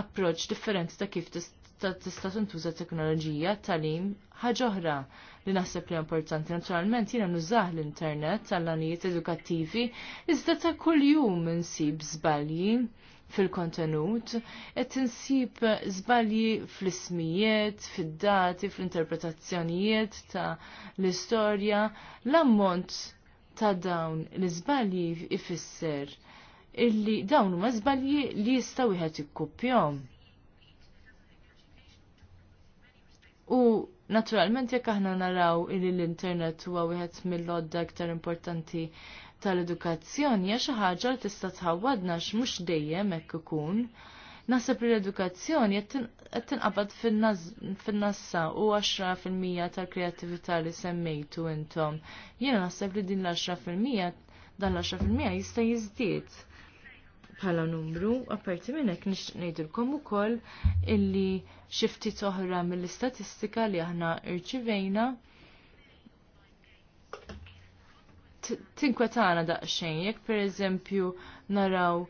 approċ differenti ta' kif tist tista' tintuża teknoloġija talim ħaġa oħra li naħseb li importanti. Naturalment jiena nużah l-internet tal-għanijiet edukattivi iżda ta' kuljum insib żbalji fil-kontenut, et insib zbalji fl-ismijiet, fil-dati, fil-interpretazzjonijiet ta' l istorja l-ammont ta' dawn l iżbalji ifisser illi dawn huma zbalji li jistaw wieħed ikkupjhom. U naturalment jekk aħna naraw li l-internet huwa wieħed mill-odda aktar importanti tal-edukazzjoni hija xi ħaġa li tista' tħawwadna x'mhux dejjem hekk ikun. Naħseb li l-edukazzjoni qed tinqabad fin-nassa u 10% tal-kreattività li semmejtu intom. Jiena naħseb li din l-10% dan l-10% jista' jiżdied bħala numru, apparti minn hekk nixtieq ngħidilkom ukoll illi xifti toħra mill-istatistika li aħna irċivejna tinkwetana daqsxejn, jekk pereżempju naraw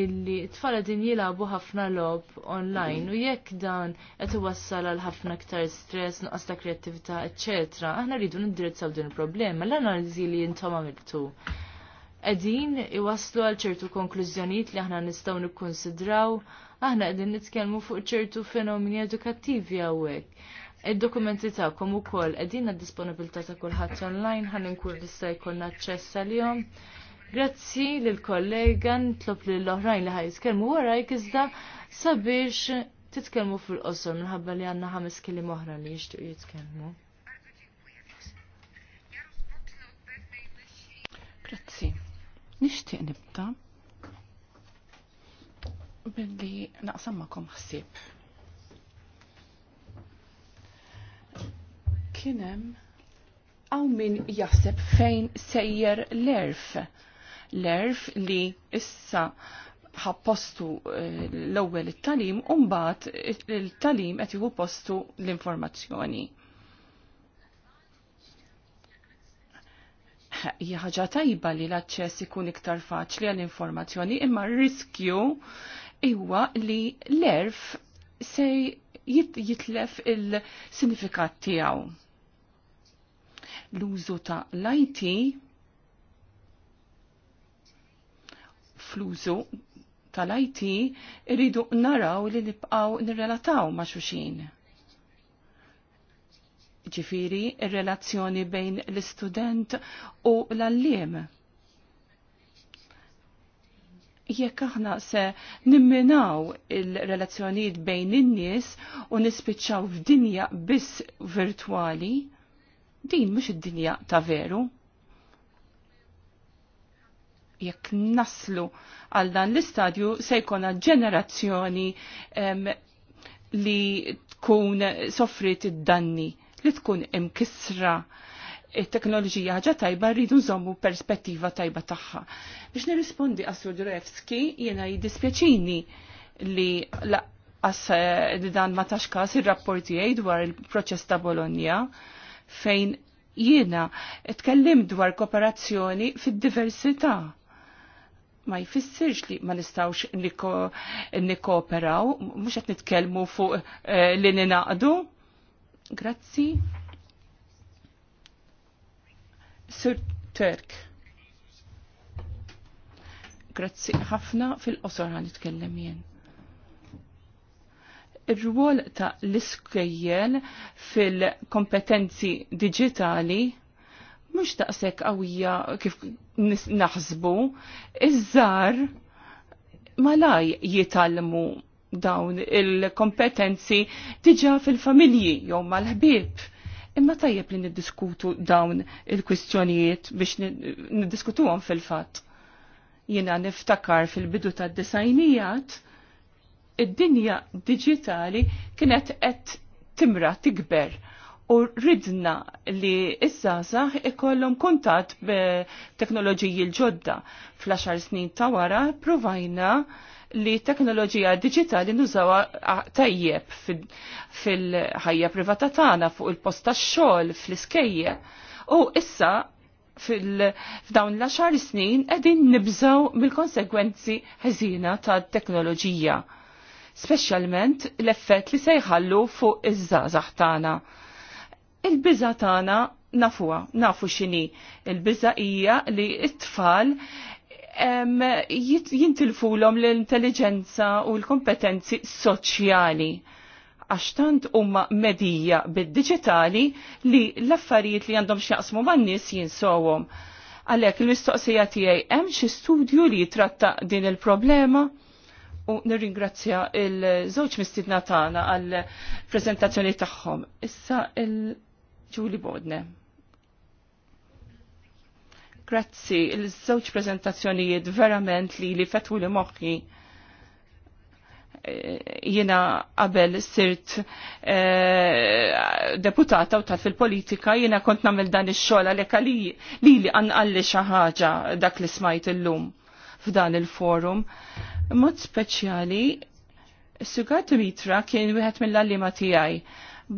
illi tfala din jilabu ħafna lob online u jekk dan qed iwassal għal ħafna iktar stress, nuqqas ta' kreattività, eċċetera, aħna rridu nindirizzaw din il-problema. L-analiżi li jintom għamiltu qegħdin iwasslu għal ċertu konklużjonijiet li aħna nistgħu nikkonsidraw aħna qegħdin nitkellmu fuq ċertu fenomeni edukattivi hawnhekk. Id-dokumenti tagħkom ukoll qegħdin għad-disponibilità ta' kulħadd online ħalli nkun jista' jkollna aċċess għalihom. Grazzi lill kollega li lill oħrajn li jitkelmu warajk iżda sabiex titkellmu fil-qosor minħabba li għandna ħames kelli moħra li jixtiequ jitkellmu. Grazzi. Nixtieq nibda' billi naqsam ma'kom ħsib. Kienem għaw min jaħseb fejn sejjer l-erf. L-erf li issa ħappostu eh, l-ewwel it-talim u mbagħad il-talim qed jieħu postu l-informazzjoni. hija ħaġa tajba li l-aċċess ikun iktar faċli għall-informazzjoni imma r-riskju Iwa li l-erf se jitlef il-sinifikat tiegħu. L-użu ta' l-IT fl-użu tal-IT irridu naraw li nibqaw nirrelataw ma' xuxin. Ġifiri, il relazzjoni bejn l-istudent u l-allim jekk aħna se nimminaw il-relazzjonijiet bejn in-nies u nispiċċaw f'dinja biss virtwali, din mhux id-dinja ta' veru. Jekk naslu għal dan l-istadju se jkollna ġenerazzjoni li tkun soffrit id-danni, li tkun imkisra it-teknoloġija ħaġa tajba rridu nżommu perspettiva tajba tagħha. Biex nirrispondi għas-Sur Durevski jiena jiddispjaċini li laqqas eh, li dan ma tax każ ir-rapport tiegħi dwar il-proċess ta' Bologna fejn jiena tkellim dwar kooperazzjoni fid-diversità ma jfissirx li ma nistawx nikkooperaw, mhux qed nitkellmu fuq eh, li ninaqdu. Grazzi. Sir Turk. Grazzi ħafna fil-qosor għan nitkellem jien. Ir-rwol ta' l-iskejjel fil-kompetenzi digitali mhux daqshekk qawwija kif naħsbu, iż-żar malaj jitalmu dawn il-kompetenzi diġa fil-familji jew mal-ħbib Imma tajjeb li niddiskutu dawn il-kwistjonijiet biex niddiskutuhom fil-fatt. Jiena niftakar fil-bidu tad-disajnijat id-dinja digitali kienet qed timra tikber u ridna li iż-żazax ikollhom kuntat b'teknoloġiji l-ġodda. Fl-10 snin ta' wara provajna li teknoloġija digitali nużawa tajjeb fil-ħajja privata tagħna fuq il-post tax-xogħol fl-iskejje. U issa f'dawn l għaxar snin qegħdin nibżaw mill-konsegwenzi ħażina tat-teknoloġija. Speċjalment l-effett li se jħallu fuq iż-żgħażagħ tagħna. Il-biża tagħna nafuha, nafu x'inhi. Il-biża hija li t-tfal jintilfulhom l-intelligenza u l-kompetenzi soċjali għax tant huma medija bid digitali li l-affarijiet li għandhom x'jaqsmu man-nies Għalek Għalhekk il-mistoqsija tiegħi hemm xi studju li jitratta din il-problema? u nirringrazzja il-żewġ mistidna tagħna għall-preżentazzjoni tagħhom. Issa il-Ġuli Bodne. Grazzi, il-żewġ prezentazzjonijiet verament li li fetwu li moħħi e, jina qabel sirt e, deputata u tal fil-politika jina kont namil dan ix-xogħol għalhekk li li anqalli xi ħaġa dak li smajt illum f'dan il-forum. Mod speċjali Sugat Mitra kien wieħed mill-allima tiegħi.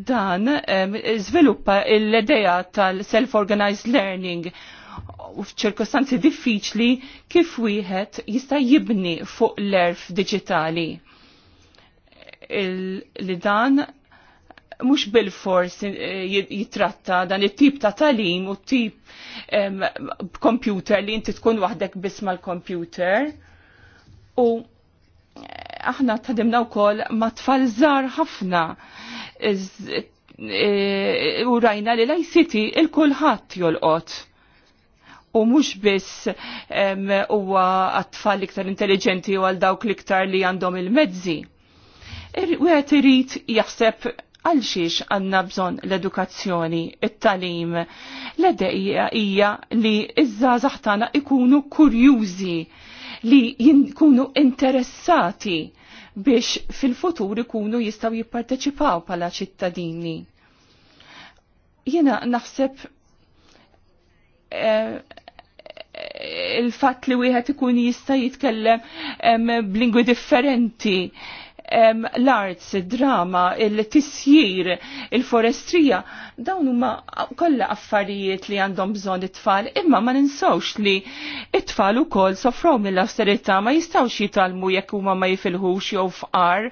Dan e, żviluppa l-idea tal-self-organized learning u f'ċirkostanzi diffiċli kif wieħed jista' jibni fuq l-erf diġitali. Li dan mhux bil-fors eh, jitratta dan it-tip ta' talim u t-tip kompjuter li inti tkun waħdek biss mal-kompjuter. U eh, aħna tħadimna wkoll ma' tfal żgħar ħafna eh, u rajna li l-ICT il-kulħadd jolqot u mhux biss huwa għat-tfal iktar intelligenti u għal dawk liktar li għandhom il-mezzi. Wieħed irid jaħseb għal xiex għanna bżon l-edukazzjoni, il talim l-edeqija hija li izza zaħtana tagħna ikunu kurjużi, li jkunu interessati biex fil-futur ikunu jistaw jipparteċipaw pala ċittadini. Jena naħseb eh, il-fatt li wieħed ikun jista' jitkellem b'lingwi differenti l-arts, id drama il-tisjir, il-forestrija, dawn huma kollha affarijiet li għandhom bżonn it-tfal, imma ma ninsawx li it-tfal ukoll sofrom mill-austerità ma jistgħux jitalmu jekk huma ma jifilħux jew fqar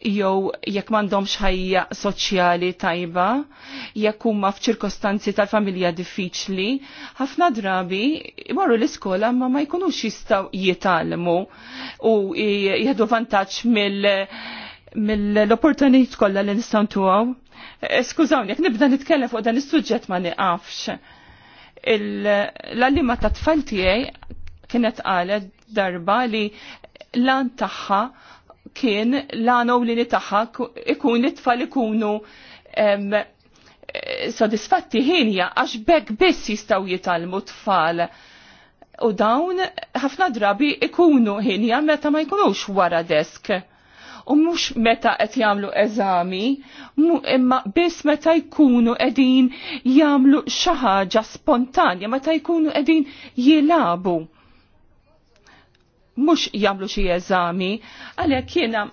jew jekk m'għandhomx ħajja soċjali tajba, jekk huma f'ċirkostanzi tal-familja diffiċli, ħafna drabi imorru l-iskola ma ma jkunux jistgħu jitalmu u jieħdu vantaġġ mill mill-opportunit kollha li nistgħu tuhaw. Eh, skużawni, jekk nibda nitkellem fuq dan is-suġġett ma niqafx. L-għallima ta' tfal tiegħi kienet qalet darba li lan tagħha kien l-għanow li nitaħħa ikun it-tfal ikunu eh, sodisfatti ħinja għax bekk biss jistaw jitalmu tfal. U dawn ħafna drabi ikunu ħinja meta ma jkunux wara desk. U mux meta qed jagħmlu eżami, imma biss meta jkunu qegħdin jagħmlu xi ħaġa spontanja, meta jkunu qegħdin jilabu mhux jagħmlu xi eżami, għalhekk jiena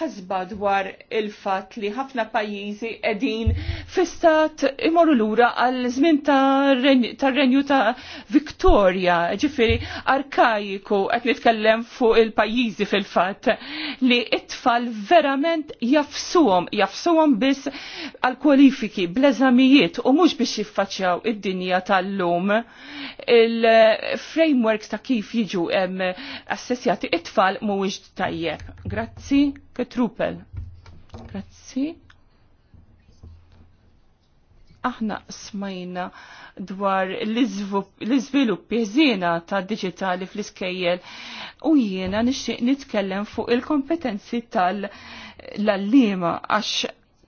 ħasba dwar il-fat li ħafna pajjiżi edin fistat imorru lura għal żmien tar-renju ta' Victoria, ġifiri arkajiku qed nitkellem fuq il-pajjiżi fil-fatt li it-tfal verament jafsuhom, jafsuhom biss għal kwalifiki bleżamijiet u mhux biex jiffaċċjaw id-dinja tal-lum. Il-frameworks ta' kif jiġu assessjati it-tfal mhuwiex tajjeb. Grazzi. Ketrupel. Grazzi. Aħna smajna dwar l-izvilupp jeżina ta' digitali fl-iskejjel u jiena nixtieq nitkellem fuq il-kompetenzi tal-allima għax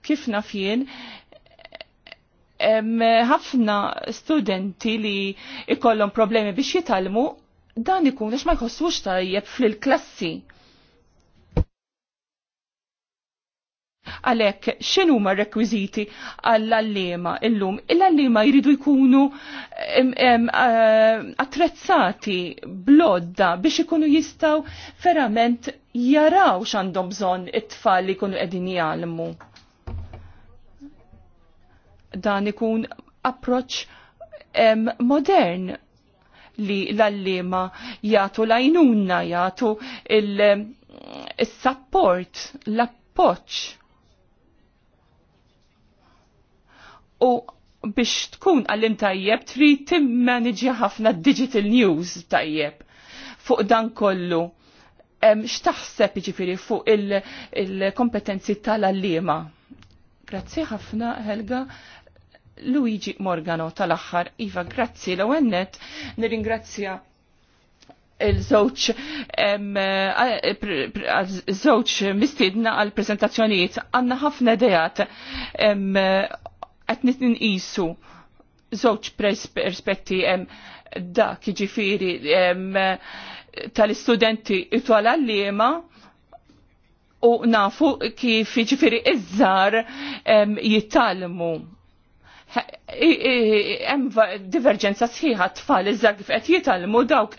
kif naf jien ħafna studenti li ikollhom problemi biex jitalmu dan ikun għax ma jħossux tajjeb fil-klassi Għalek, xinu ma rekwiziti għall allema illum? il allima jridu jkunu attrezzati blodda biex ikunu jistaw verament jaraw xandom bżon it-tfal li jkunu edin jgħalmu. Dan ikun approċ modern li l-allima jgħatu lajnuna, jgħatu il-support, l-appoċ u biex tkun għallim tajjeb trid timmanġi ħafna digital news tajjeb fuq dan kollu. X'taħseb ġifiri fuq il-kompetenzi il tal-allima? Grazzi ħafna, Helga. Luigi Morgano tal-axħar. Iva, grazzi l għennet nir-ingrazzja il-żewġ il żoċ mistiedna għal prezentazzjonijiet għanna ħafna dejat qed nqisu żewġ perspetti hemm dak jiġifieri tal-istudenti itwal għallima u nafu kif jiġifieri iż-żar jittalmu hemm diverġenza sħiħa tfal iżgħar kif qed jitalmu dawk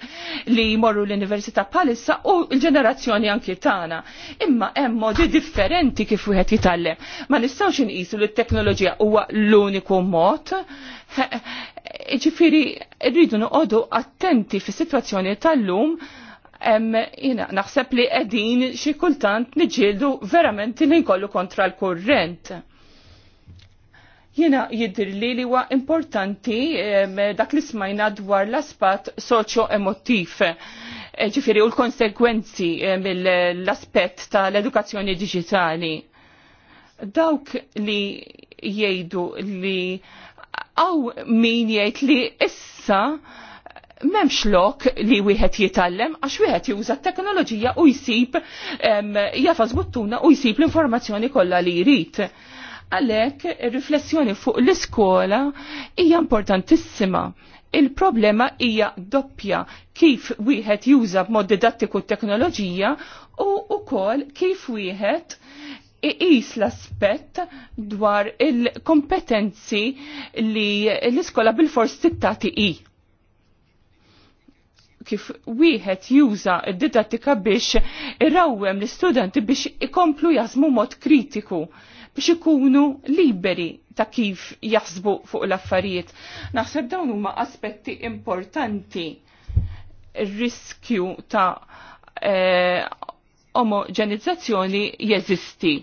li jmorru l-università bħalissa u l-ġenerazzjoni anki tagħna. Imma hemm modi differenti kif wieħed jitallem. Ma nistgħux inqisu li t-teknoloġija huwa l-uniku mod. Ġifieri rridu noqogħdu attenti fis-sitwazzjoni tal-lum jina, naħseb li qegħdin xi kultant niġġieldu verament li nkollu kontra l-kurrent Jena jiddirli li huwa importanti dak li smajna dwar l-aspat soċo emotiv e, ġifiri u l-konsekwenzi mill-aspett tal-edukazzjoni digitali. Dawk li jgħidu li għaw min jgħid li issa memx lok li wieħed jitallem għax wieħed juża t-teknoloġija u jsib jafa' buttuna u jsib l-informazzjoni kollha li jrid Għalek, riflessjoni fuq l-iskola hija importantissima. Il-problema hija doppja kif wieħed juża b'mod didattiku t-teknoloġija u wkoll kif wieħed iqis l-aspett dwar il-kompetenzi li l-iskola bil-fors tittati i. Kif wieħed juża d-didattika biex irawwem l-istudenti biex ikomplu jasmu mod kritiku biex ikunu liberi ta' kif jaħsbu fuq l-affarijiet. Naħseb dawn huma aspetti importanti riskju ta' eh, omogenizzazzjoni jeżisti.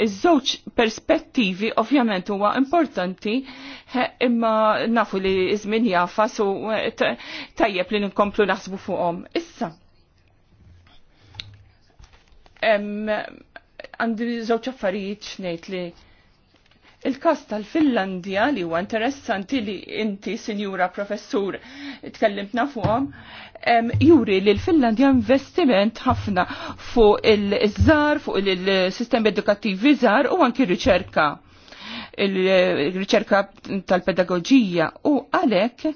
Iż-żewġ perspettivi ovvjament huwa importanti imma nafu li żmien jafas u eh, tajjeb li nkomplu naħsbu fuqhom. Issa. Em, għandi żewġ affarijiet xnejt li Il-kas tal-Finlandja li huwa interessanti li inti, sinjura professur, tkellimtna fuqhom, juri li l-Finlandja investiment ħafna fuq il-żar, fuq il-sistemi edukattivi żar u anki riċerka il-riċerka tal-pedagogija u għalek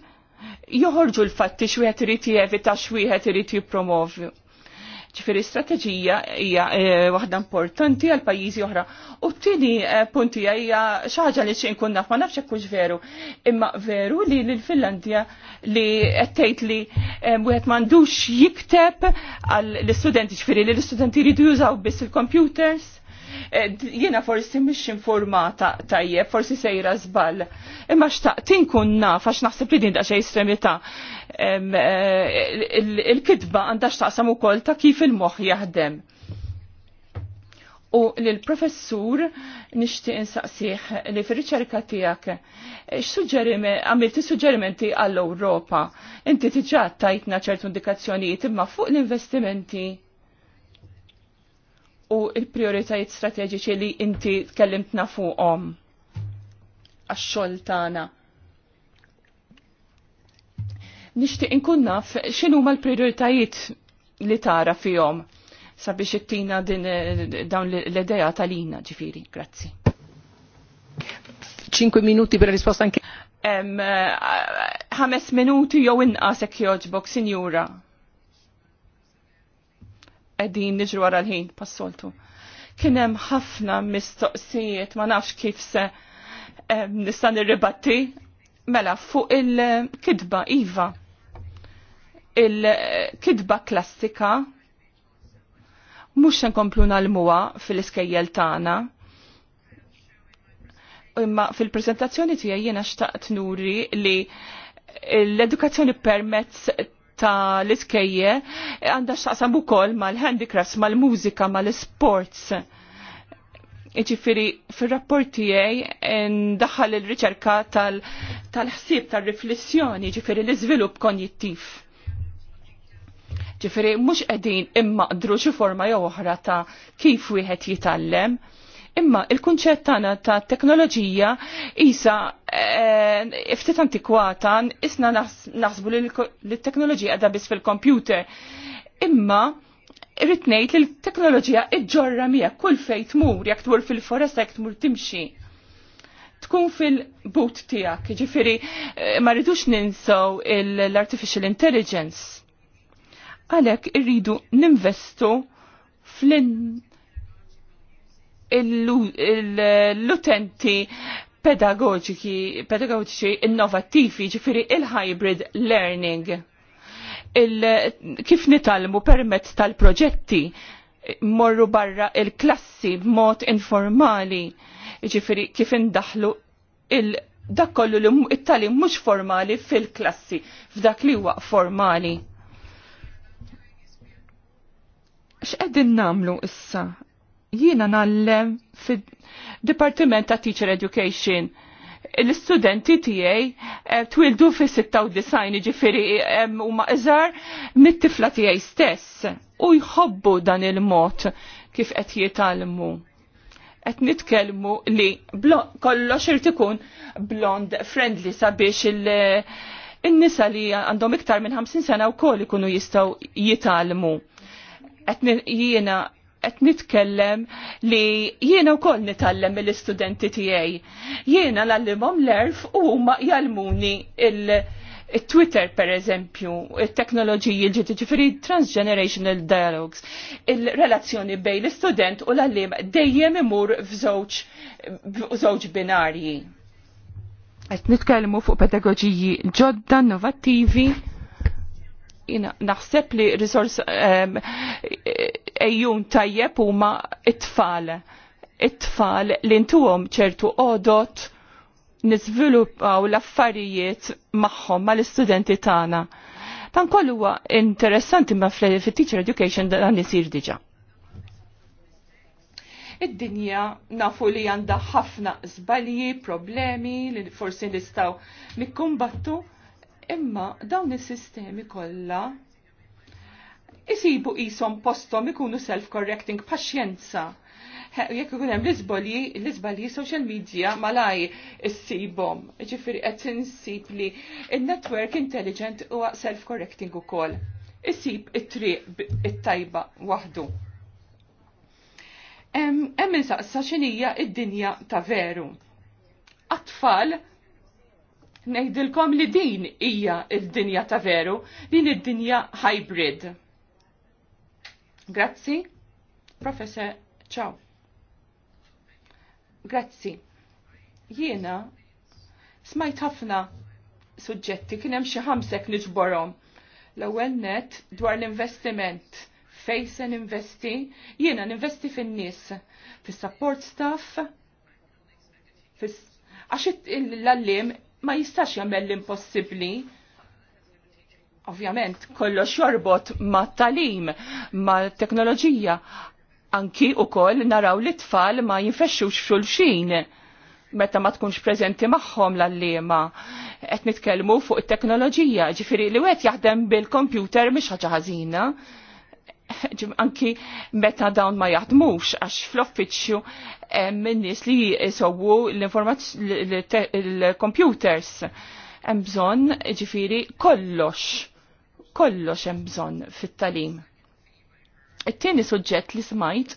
joħorġu l-fatti xwieħed irid jevita xwieħed irid jippromovju ċifiri strateġija hija eh, waħda importanti għal pajjiżi oħra. U t-tieni eh, punti hija xaħġa li xejn kun naf ma nafx hekk veru. Imma veru li l-Finlandja li qed tgħid li eh, wieħed m'għandux jikteb għall istudenti ċifiri li l-istudenti jridu jużaw biss il-computers Eh, jiena forsi mhix informata tajjeb, forsi sejra żball. Imma x'taq tinkun naf għax naħseb li din daqsxejn estremità. Eh, il-kitba għandha x'taqsam ukoll ta' kif il-moħħ jaħdem. U l-professur nixtieq insaqsiħ li fil-riċerka tijak, eh, għamilti suġġerimenti għall-Europa. Inti tiġa tajtna ċertu indikazzjonijiet imma fuq l-investimenti u il-prioritajiet strateġiċi li inti tkellimtna fuqhom għax-xogħol tagħna. Nixtieq inkun naf x'inhu ma l-prioritajiet li tara fihom sabiex ittina din dawn l-idea tal-ina ġifieri. Grazzi. 5 minuti per risposta anke. Eh, ħames minuti jew inqas hekk joġbok, sinjura qegħdin niġru għara l-ħin passoltu. Kien hemm ħafna mistoqsijiet ma nafx kif se nistan nirribatti mela fuq il-kidba iva. Il-kidba klassika mhux nkomplu nalmuha fil-iskejjel tagħna imma fil-prezentazzjoni tiegħi jiena xtaqt nuri li l-edukazzjoni permezz ta' l-iskejje għandha x'taqsam ukoll mal-handicrafts, mal-mużika, mal-sports. Iġifiri, fil-rapport tiegħi ndaħħal il-riċerka tal-ħsieb tal-riflessjoni, iġifiri l-iżvilupp konjittiv. Ġifiri, mhux qegħdin immaqdru xi forma jew oħra ta' kif wieħed jitallem, Imma il-kunċett tagħna ta' teknoloġija isa eh, ftit antikwata isna naħsbu li l-teknoloġija da biss fil-kompjuter. Imma irrid ngħid li l-teknoloġija iġġorra mija kull fejn tmur jekk tmur fil-foresta jekk tmur timxi tkun fil-boot tijak, ġifiri, eh, ma rridux ninsaw l-artificial intelligence. Għalek irridu ninvestu flin l-utenti pedagogiki, pedagogiċi innovativi, ġifiri il-hybrid learning. Il kif nitalmu permezz tal-proġetti morru barra il-klassi b'mod informali, ġifiri kif indaħlu il- dak kollu li it-tali mhux formali fil-klassi, f'dak li huwa formali. X'qegħdin namlu issa? Jiena nallem fid-Dipartiment ta' Teacher Education l-studenti tiegħi eh, twildu fi 96 ġifiri eh, u mażar mit-tifla tiegħi stess u jħobbu dan il-mod kif qed jitalmu. Qed nitkellmu li kollox irid ikun blond friendly sabiex il-nisa li għandhom iktar minn 50 sena wkoll ikunu jistgħu jitalmu. Qed jiena qed nitkellem li jiena wkoll nitallem mill-istudenti tiegħi. Jiena l għallimhom l-erf huma jalmuni il-Twitter per eżempju, il-teknoloġiji ġiti ġifiri transgenerational dialogues, il-relazzjoni bej l-istudent u l għallim dejjem imur f'żewġ binarji. Qed nitkellmu fuq pedagoġiji ġodda, innovattivi, naħseb li ehm, ejjun tajjeb huma it-tfal. It-tfal li ntuhom ċertu qodot niżviluppaw l-affarijiet magħhom mal-istudenti tagħna. Dan kollu huwa interessanti ma fit-teacher education dan isir diġà. Id-dinja nafu li għandha ħafna żbalji, problemi li forsi nistgħu nikkumbattu, imma dawn is-sistemi kollha isibu isom postom ikunu self-correcting paxjenza. Jekk ikun hemm l-iżbolji, l-iżbalji social media malaj issibhom. Ġifieri qed insib li n-network intelligent huwa self-correcting ukoll. Isib it-triq it-tajba waħdu. Hemm insaqsa x'inhija id-dinja ta' veru. Atfal tfal ngħidilkom li din hija d dinja ta' veru, din id-dinja hybrid Grazzi, professor, ciao. Grazzi. Jiena smajt ħafna suġġetti kien hemm xi ħamsek niġborhom. L-ewwel net dwar l-investiment face se investi, jiena ninvesti fin-nies, fis-support staff, fis għax l-allim ma jistax jagħmel l-impossibbli Ovvjament, kollox jorbot ma' talim, ma' teknoloġija. Anki u koll naraw li tfal ma' jinfexxux xulxin meta ma tkunx prezenti magħhom l-allima. Qed nitkellmu fuq it-teknoloġija, ġifiri li wieħed jaħdem bil-kompjuter mhix ħaġa ħażina. Anki meta dawn ma jaħdmux għax fl-offiċċju hemm nies li jsowwu l-computers. Hemm bżonn ġifieri kollox kollox hemm bżonn fit-talim. It-tieni suġġett li smajt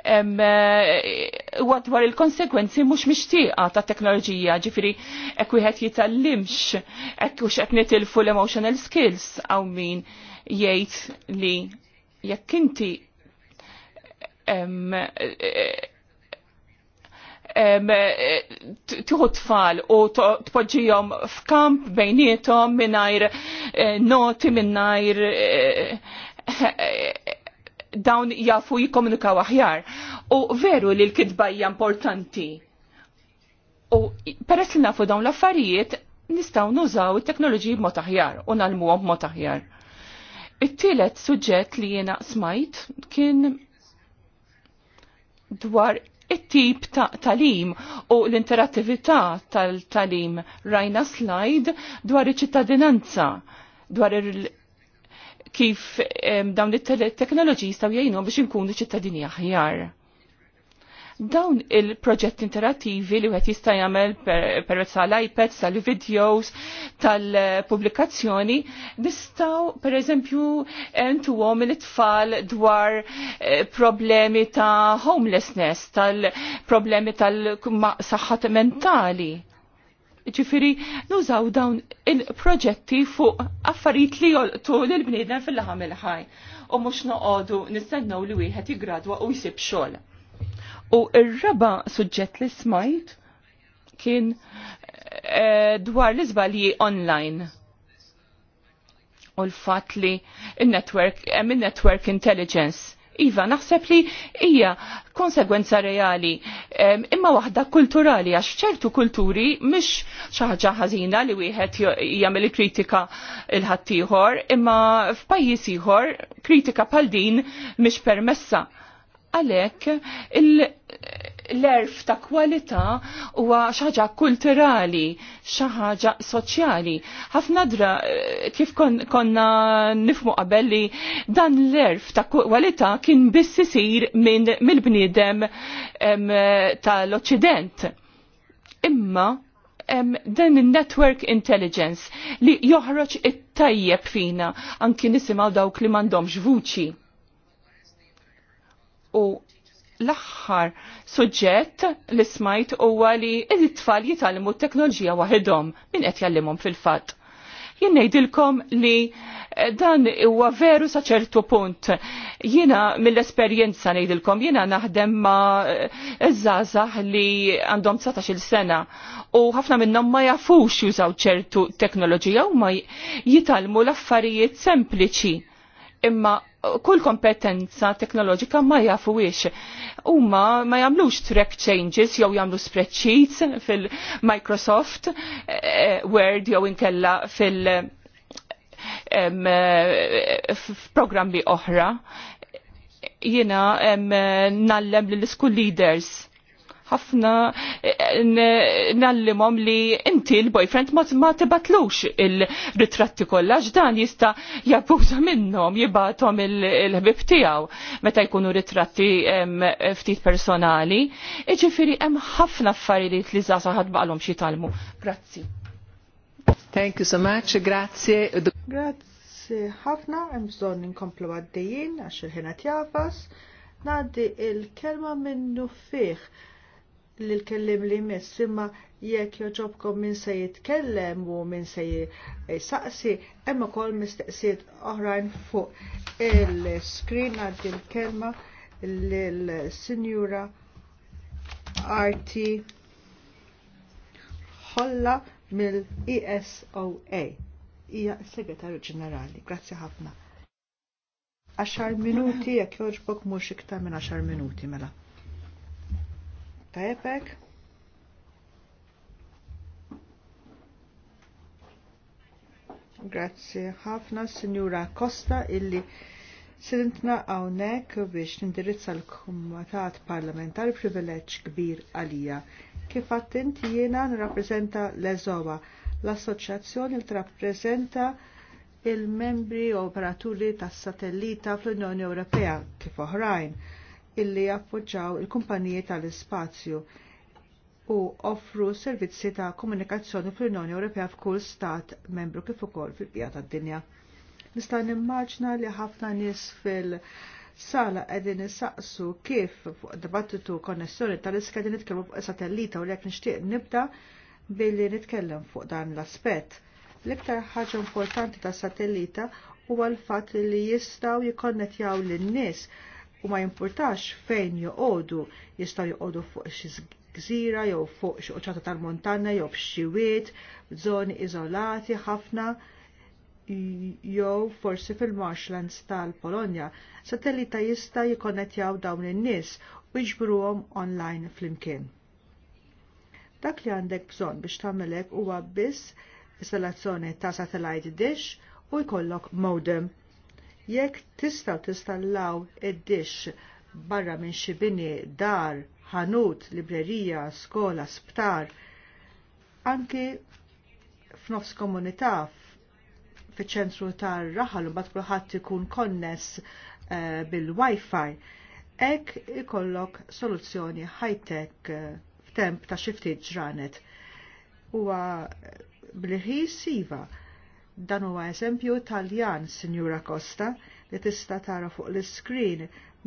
eh, huwa dwar il-konsekwenzi mhux mixtieqa ta' teknoloġija, ġifieri hekk wieħed jitallimx hekk hux qed nitilfu l-emotional skills għaw min jgħid li jekk inti eh, Eh, Tħu tfal u tpoġġihom f'kamp bejnietom mingħajr eh, noti mingħajr eh, dawn jafu jikkomunikaw aħjar. U veru li l-kidba hija importanti. U peress li nafu dawn l-affarijiet nistgħu nużaw it-teknoloġiji b'mod aħjar u nalmuhom b'mod aħjar. It-tielet suġġett li jiena smajt kien dwar it-tip ta' talim u l-interattività tal-talim rajna slide dwar iċ-ċittadinanza dwar kif dawn it-teknoloġi jistaw jgħinu biex inkunu ċittadini aħjar. Dawn il-proġett interattivi li wieħed jista' jagħmel permezz tal-iPad, tal-videos, tal-pubblikazzjoni, nistgħu pereżempju għom il-tfal dwar eh, problemi ta' homelessness, tal-problemi tal-saħħa mentali ġifiri nużaw dawn il-proġetti fuq affarijiet li jolqtu l-bniedem fil-ħamil ħaj u mux noqodu nistennew li wieħed jigradwa u jisib xogħol. U il raba suġġett li smajt kien eh, dwar l-izbalji online u l-fat li il-network, min network intelligence. Iva, naħseb li hija konsegwenza reali, imma waħda kulturali, għax ċertu kulturi mhix xi ħaġa ħażina li wieħed jagħmel kritika il ħattijħor imma f'pajjiż ieħor kritika bħal din mhix permessa Għalek, l-erf ta' kwalità huwa xaġa kulturali, xaħġa soċjali. Ħafna dra kif konna nifmu qabel li dan l-erf ta' kwalità kien biss isir minn mill-bniedem tal-Oċident. Imma um, dan il-network intelligence li joħroġ it-tajjeb fina anki nisimaw dawk li mandomx vuċi U l-aħħar suġġett li smajt huwa li it-tfal jitalmu t-teknoloġija waħedhom min qed jallimhom fil-fatt. Jien ngħidilkom li eh, dan huwa veru sa ċertu punt. Jiena mill-esperjenza ngħidilkom jiena naħdem ma' eh, żgħażagħ li għandhom 19-il sena u ħafna minnhom ma jafux jużaw ċertu teknoloġija u ma jitalmu l-affarijiet sempliċi imma kull kompetenza teknoloġika ma wix. Uma ma jamlux track changes jew jamlu spreadsheets fil-Microsoft eh, Word jew inkella fil- em, eh, programmi oħra jina nallem l-school leaders ħafna eh, eh, nallimom li inti l-boyfriend ma tibatlux il-ritratti kollha dan jista' jabbuża minnhom jibatom il-ħbib tiegħu meta jkunu ritratti ftit personali. Iġifieri hemm ħafna affarijiet li żgħażagħ ħadbaqlhom xi talmu. Grazzi. Thank you so much, grazie. Grazie ħafna, hemm bżonn inkomplu għaddejjin għax il-ħinat jafas. Nadi il-kelma minnu fih li l-kellim li jmiss imma jekk joġobkom minn se jitkellem u minn se jisaqsi hemm ukoll mistaqsiet oħrajn fuq il-screen għaddi l-kelma lill-Sinjura Arti Holla mill-ESOA. Hija segretarju ġenerali. Grazzi ħafna. 10 minuti jekk joġbok mhux iktar minn 10 minuti mela ta' epek Grazzi ħafna Sinjura Costa illi sidintna għawnek biex nindirizza l-Kumatat Parlamentari privileġġ kbir għalija. Kif inti jiena nirrappreżenta l-Ezoba, l-assoċjazzjoni li trappreżenta il-membri operaturi tas-satellita fl-Unjoni Ewropea kif oħrajn illi appoġġaw il-kumpaniji tal-ispazju u offru servizzi ta' komunikazzjoni fl-Unjoni Ewropea f'kull stat membru kif ukoll fil-bija tad-dinja. Nista' nimmaġna li ħafna nies fil- sala għedin saqsu kif fuq dibattitu konnessjoni tal-iska din nitkellmu fuq satellita u li jekk nixtieq nibda billi nitkellem fuq dan l-aspett. L-iktar ħaġa importanti tas satellita huwa l-fatt li jistgħu jikkonnettjaw lin-nies u ma jimpurtax fejn joqogħdu jistgħu joqogħdu fuq xi gżira jew fuq xi qoċata tal-montana jew f'xi wiet, żoni iżolati ħafna jew forsi fil-marshlands tal-Polonja. Satellita jista' jikkonnettjaw dawn in-nies u jiġbruhom online flimkien. Dak li għandek bżonn biex tagħmel hekk huwa biss installazzjoni ta' satellite dish u jkollok modem jekk tistaw tistallaw id-dix barra minn xi bini dar, ħanut, librerija, skola, sptar, anki f'nofs komunità fiċ-ċentru tar-raħal u bat kulħadd ikun konness uh, bil-Wi-Fi, hekk ikollok soluzzjoni high-tech uh, f'temp ta' xi ftit ġranet. Huwa eh, bl iva. Uh, Dan huwa eżempju Taljan, Sinjura Costa, li tista' tara fuq l-iskrin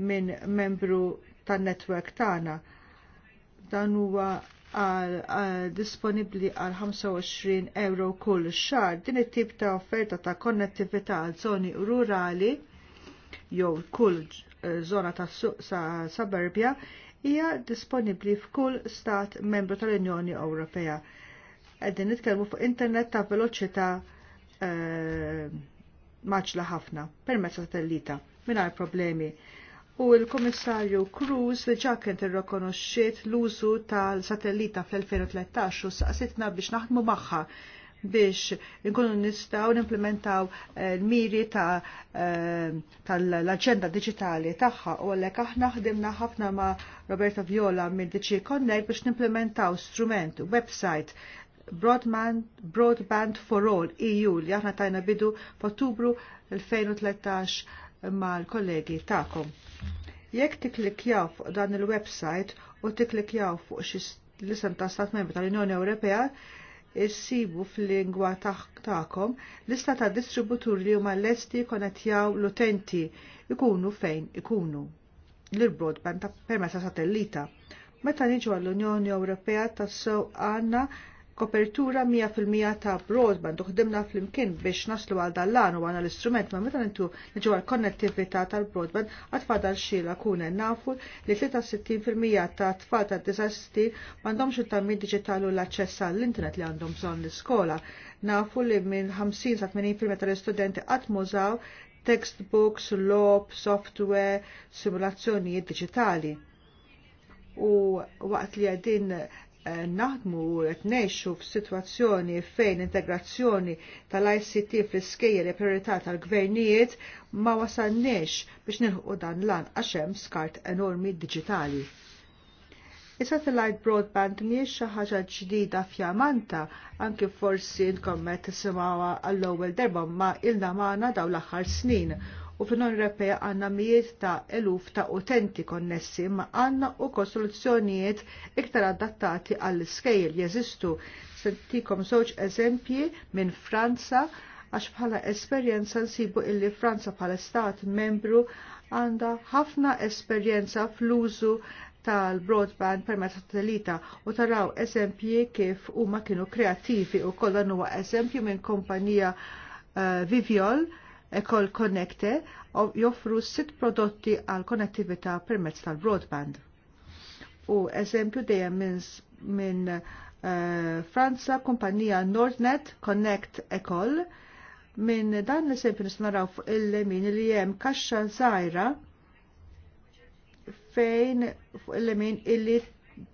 minn membru tan-netwerk tagħna. Dan huwa għal għal 25 euro kull xar. Din it-tip ta' offerta ta' konnettività għal zoni rurali jew kull eh, zona ta' suburbja hija disponibbli f'kull stat membru tal-Unjoni Ewropea. Qegħdin nitkellmu fuq internet ta' veloċità Eh, maċla ħafna permezz satellita mingħajr problemi. U l-Komissarju Cruz li ġakken tirrikonoxxiet l-użu tal-satellita fl-2013 u saqsitna biex naħdmu magħha biex nkunu nistaw nimplementaw eh, l-miri eh, tal-agenda digitali tagħha u għallek aħna ħdimna ħafna ma' Roberta Viola minn DG Connect biex n-implementaw strument, website Broadband, Broadband for All EU li aħna tajna bidu f'Ottubru 2013 mal-kollegi ta'kom. Jekk tiklikjaw fuq dan il-website u tiklikjaw fuq xi l-isem ta' Stat Membri tal-Unjoni Ewropea, issibu fil-lingwa ta'kom lista ta' distributuri li huma lesti konnettjaw l-utenti ikunu fejn ikunu l-broadband ta' permessa satellita. Meta niġu għall-Unjoni Ewropea tassew għandna kopertura 100% ta' broadband uħdimna fl-imkien biex naslu għal dal-lan u għana l-istrument ma' meta intu nġu għal konnettività tal-broadband għatfad għal xila kune nafu li 63% ta' tfal ta' disasti mandomx il-tammin digital u l-access għall-internet li għandhom bżon l-iskola. Nafu li minn 50 sa 80% tal-istudenti għatmużaw textbooks, lop, software, simulazzjonijiet digitali u waqt li għedin naħdmu u qed ngħixu f'sitwazzjoni fejn integrazzjoni tal-ICT fl-iskejjel priorità tal-gvernijiet ma wasalniex biex nilħu dan lan għax hemm skart enormi diġitali. Is-satellite broadband mhijiex xi ħaġa ġdida f'Jamanta, anki forsi nkom qed tisimgħuha għall-ewwel darba ma ilna magħna dawn l-aħħar snin u fil-Unjoni Ewropea għandna mijiet ta' eluf ta' utenti konnessi ma għandna u soluzzjonijiet iktar adattati għall-iskejl jeżistu. Sentikom żewġ eżempji minn Franza għax bħala esperjenza nsibu illi Franza bħala stat membru għandha ħafna esperjenza fl-użu tal-broadband permezz satellita u taraw eżempji kif huma kienu kreattivi u kollha huwa eżempju minn kompanija uh, eh, Viviol Ecol Connecte joffru sitt prodotti għal konnettività permezz tal-broadband. U eżempju dejjem minn min, uh, eh, Franza, kumpanija Nordnet Connect Ecol, minn dan l-eżempju naraw fuq il-lemin li hemm kaxxa żgħira fejn fuq il-lemin illi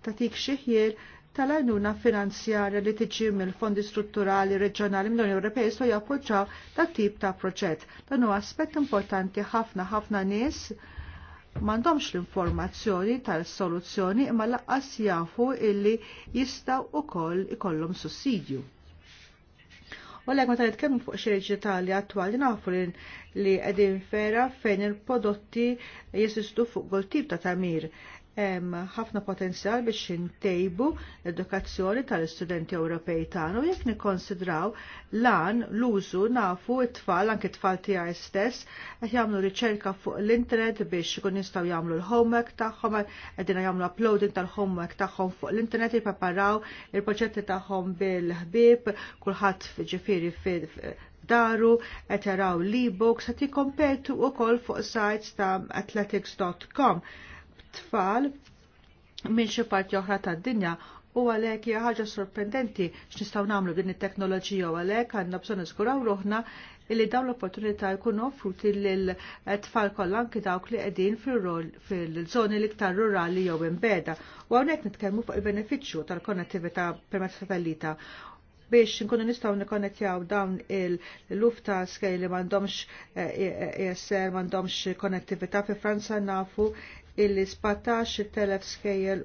tatik xiħjir tal-għajnuna finanzjarja li tiġi mill-fondi strutturali reġjonali mill-Unjoni Ewropej jistgħu jappoġġaw dak tip ta' proġett. Dan huwa aspett importanti ħafna ħafna nies m'għandhomx l-informazzjoni tal-soluzzjoni imma laqqas jafu illi jistgħu ukoll ikollhom sussidju. U l ma talet kemm fuq xi digitali attwali nafu li qegħdin fera fejn il-prodotti jesistu fuq għol tip ta' tamir hemm ħafna potenzjal biex intejbu l-edukazzjoni tal-istudenti Ewropej tagħna u jekk nikkonsidraw lan l-użu nafu t-tfal anke t-tfal tiegħi stess qed jagħmlu riċerka fuq l-internet biex ikun jistgħu jagħmlu l-homework tagħhom qegħdin jagħmlu uploading tal-homework tagħhom fuq l-internet jippreparaw il-proġetti tagħhom bil-ħbieb kulħadd ġifieri daru, qed jaraw l-ebooks, qed jikkompetu wkoll fuq sites ta' athletics.com tfal minn xi parti oħra tad-dinja u għalhekk hija ħaġa sorprendenti x'nistgħu nagħmlu din it-teknoloġija u għalhekk għandna bżonn niżguraw ruħna illi dawn l-opportunità jkunu offruti lil tfal kollha anki dawk li qegħdin fil-żoni l-iktar rurali jew imbeda. U hawnhekk nitkellmu fuq il-benefiċċju tal-konnettività permezz satellita biex nkunu nistgħu nikkonnettjaw dawn il-luf ta' skej li m'għandhomx ESR, eh, eh, eh, m'għandhomx konnettività fi Franza nafu illi 17.000 skejjel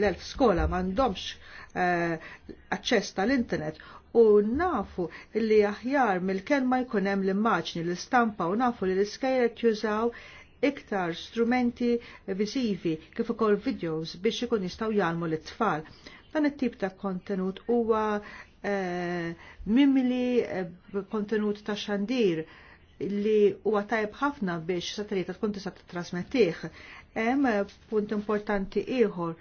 l skola mandomx uh, eh, aċċess tal-internet u nafu illi aħjar mill-kelma jkunem l-immaġni l-istampa u nafu li l-skejjel jużaw iktar strumenti viżivi kif ukoll videos biex ikun jistgħu jalmu l-tfal. Dan it-tip ta' kontenut huwa uh, eh, mimli eh, kontenut ta' xandir li huwa tajb ħafna biex satelita tkun tista' titrasmettih. Hemm punt importanti ieħor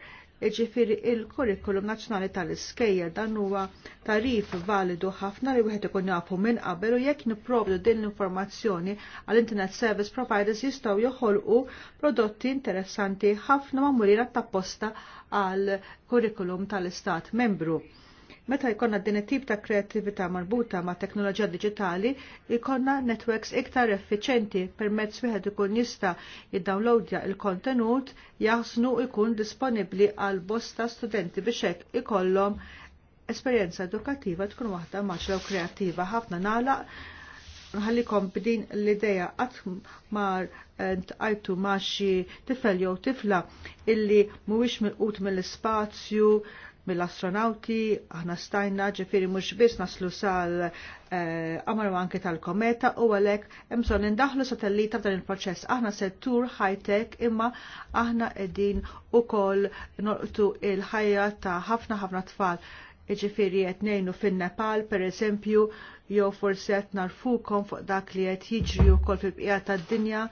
ġifiri il-kurrikulum nazzjonali tal-iskejjer dan huwa tarif validu ħafna li wieħed ikun jafu minn qabel u jekk nipprovdu din l-informazzjoni għall internet service providers jistgħu joħolqu prodotti interessanti ħafna ma' murira tapposta għal kurrikulum tal-istat membru. Meta jkollna din it-tip ta' kreattività marbuta ma' teknoloġija diġitali, jkollna networks iktar effiċenti permezz wieħed ikun jista' jiddownloadja il-kontenut jaħsnu jkun disponibbli għal bosta studenti biex hekk ikollhom esperjenza edukattiva tkun waħda maġra u kreattiva ħafna nagħlaq nħallikom b'din l-ideja qatt mar eh, tqajtu ma xi tifel jew tifla illi mhuwiex milqut mill-ispazju mill-astronauti, aħna stajna ġifiri mux biss naslu sal għamar eh, e, anke tal-kometa u għalek imson indaħlu satellita dan il-proċess. Aħna settur high-tech imma aħna edin u kol norqtu il-ħajja ta' ħafna ħafna tfal. ġifiri qed ngħinu fin-Nepal, per eżempju, jew forsi qed narfukom fuq dak li qed jiġri wkoll fil-bqija tad-dinja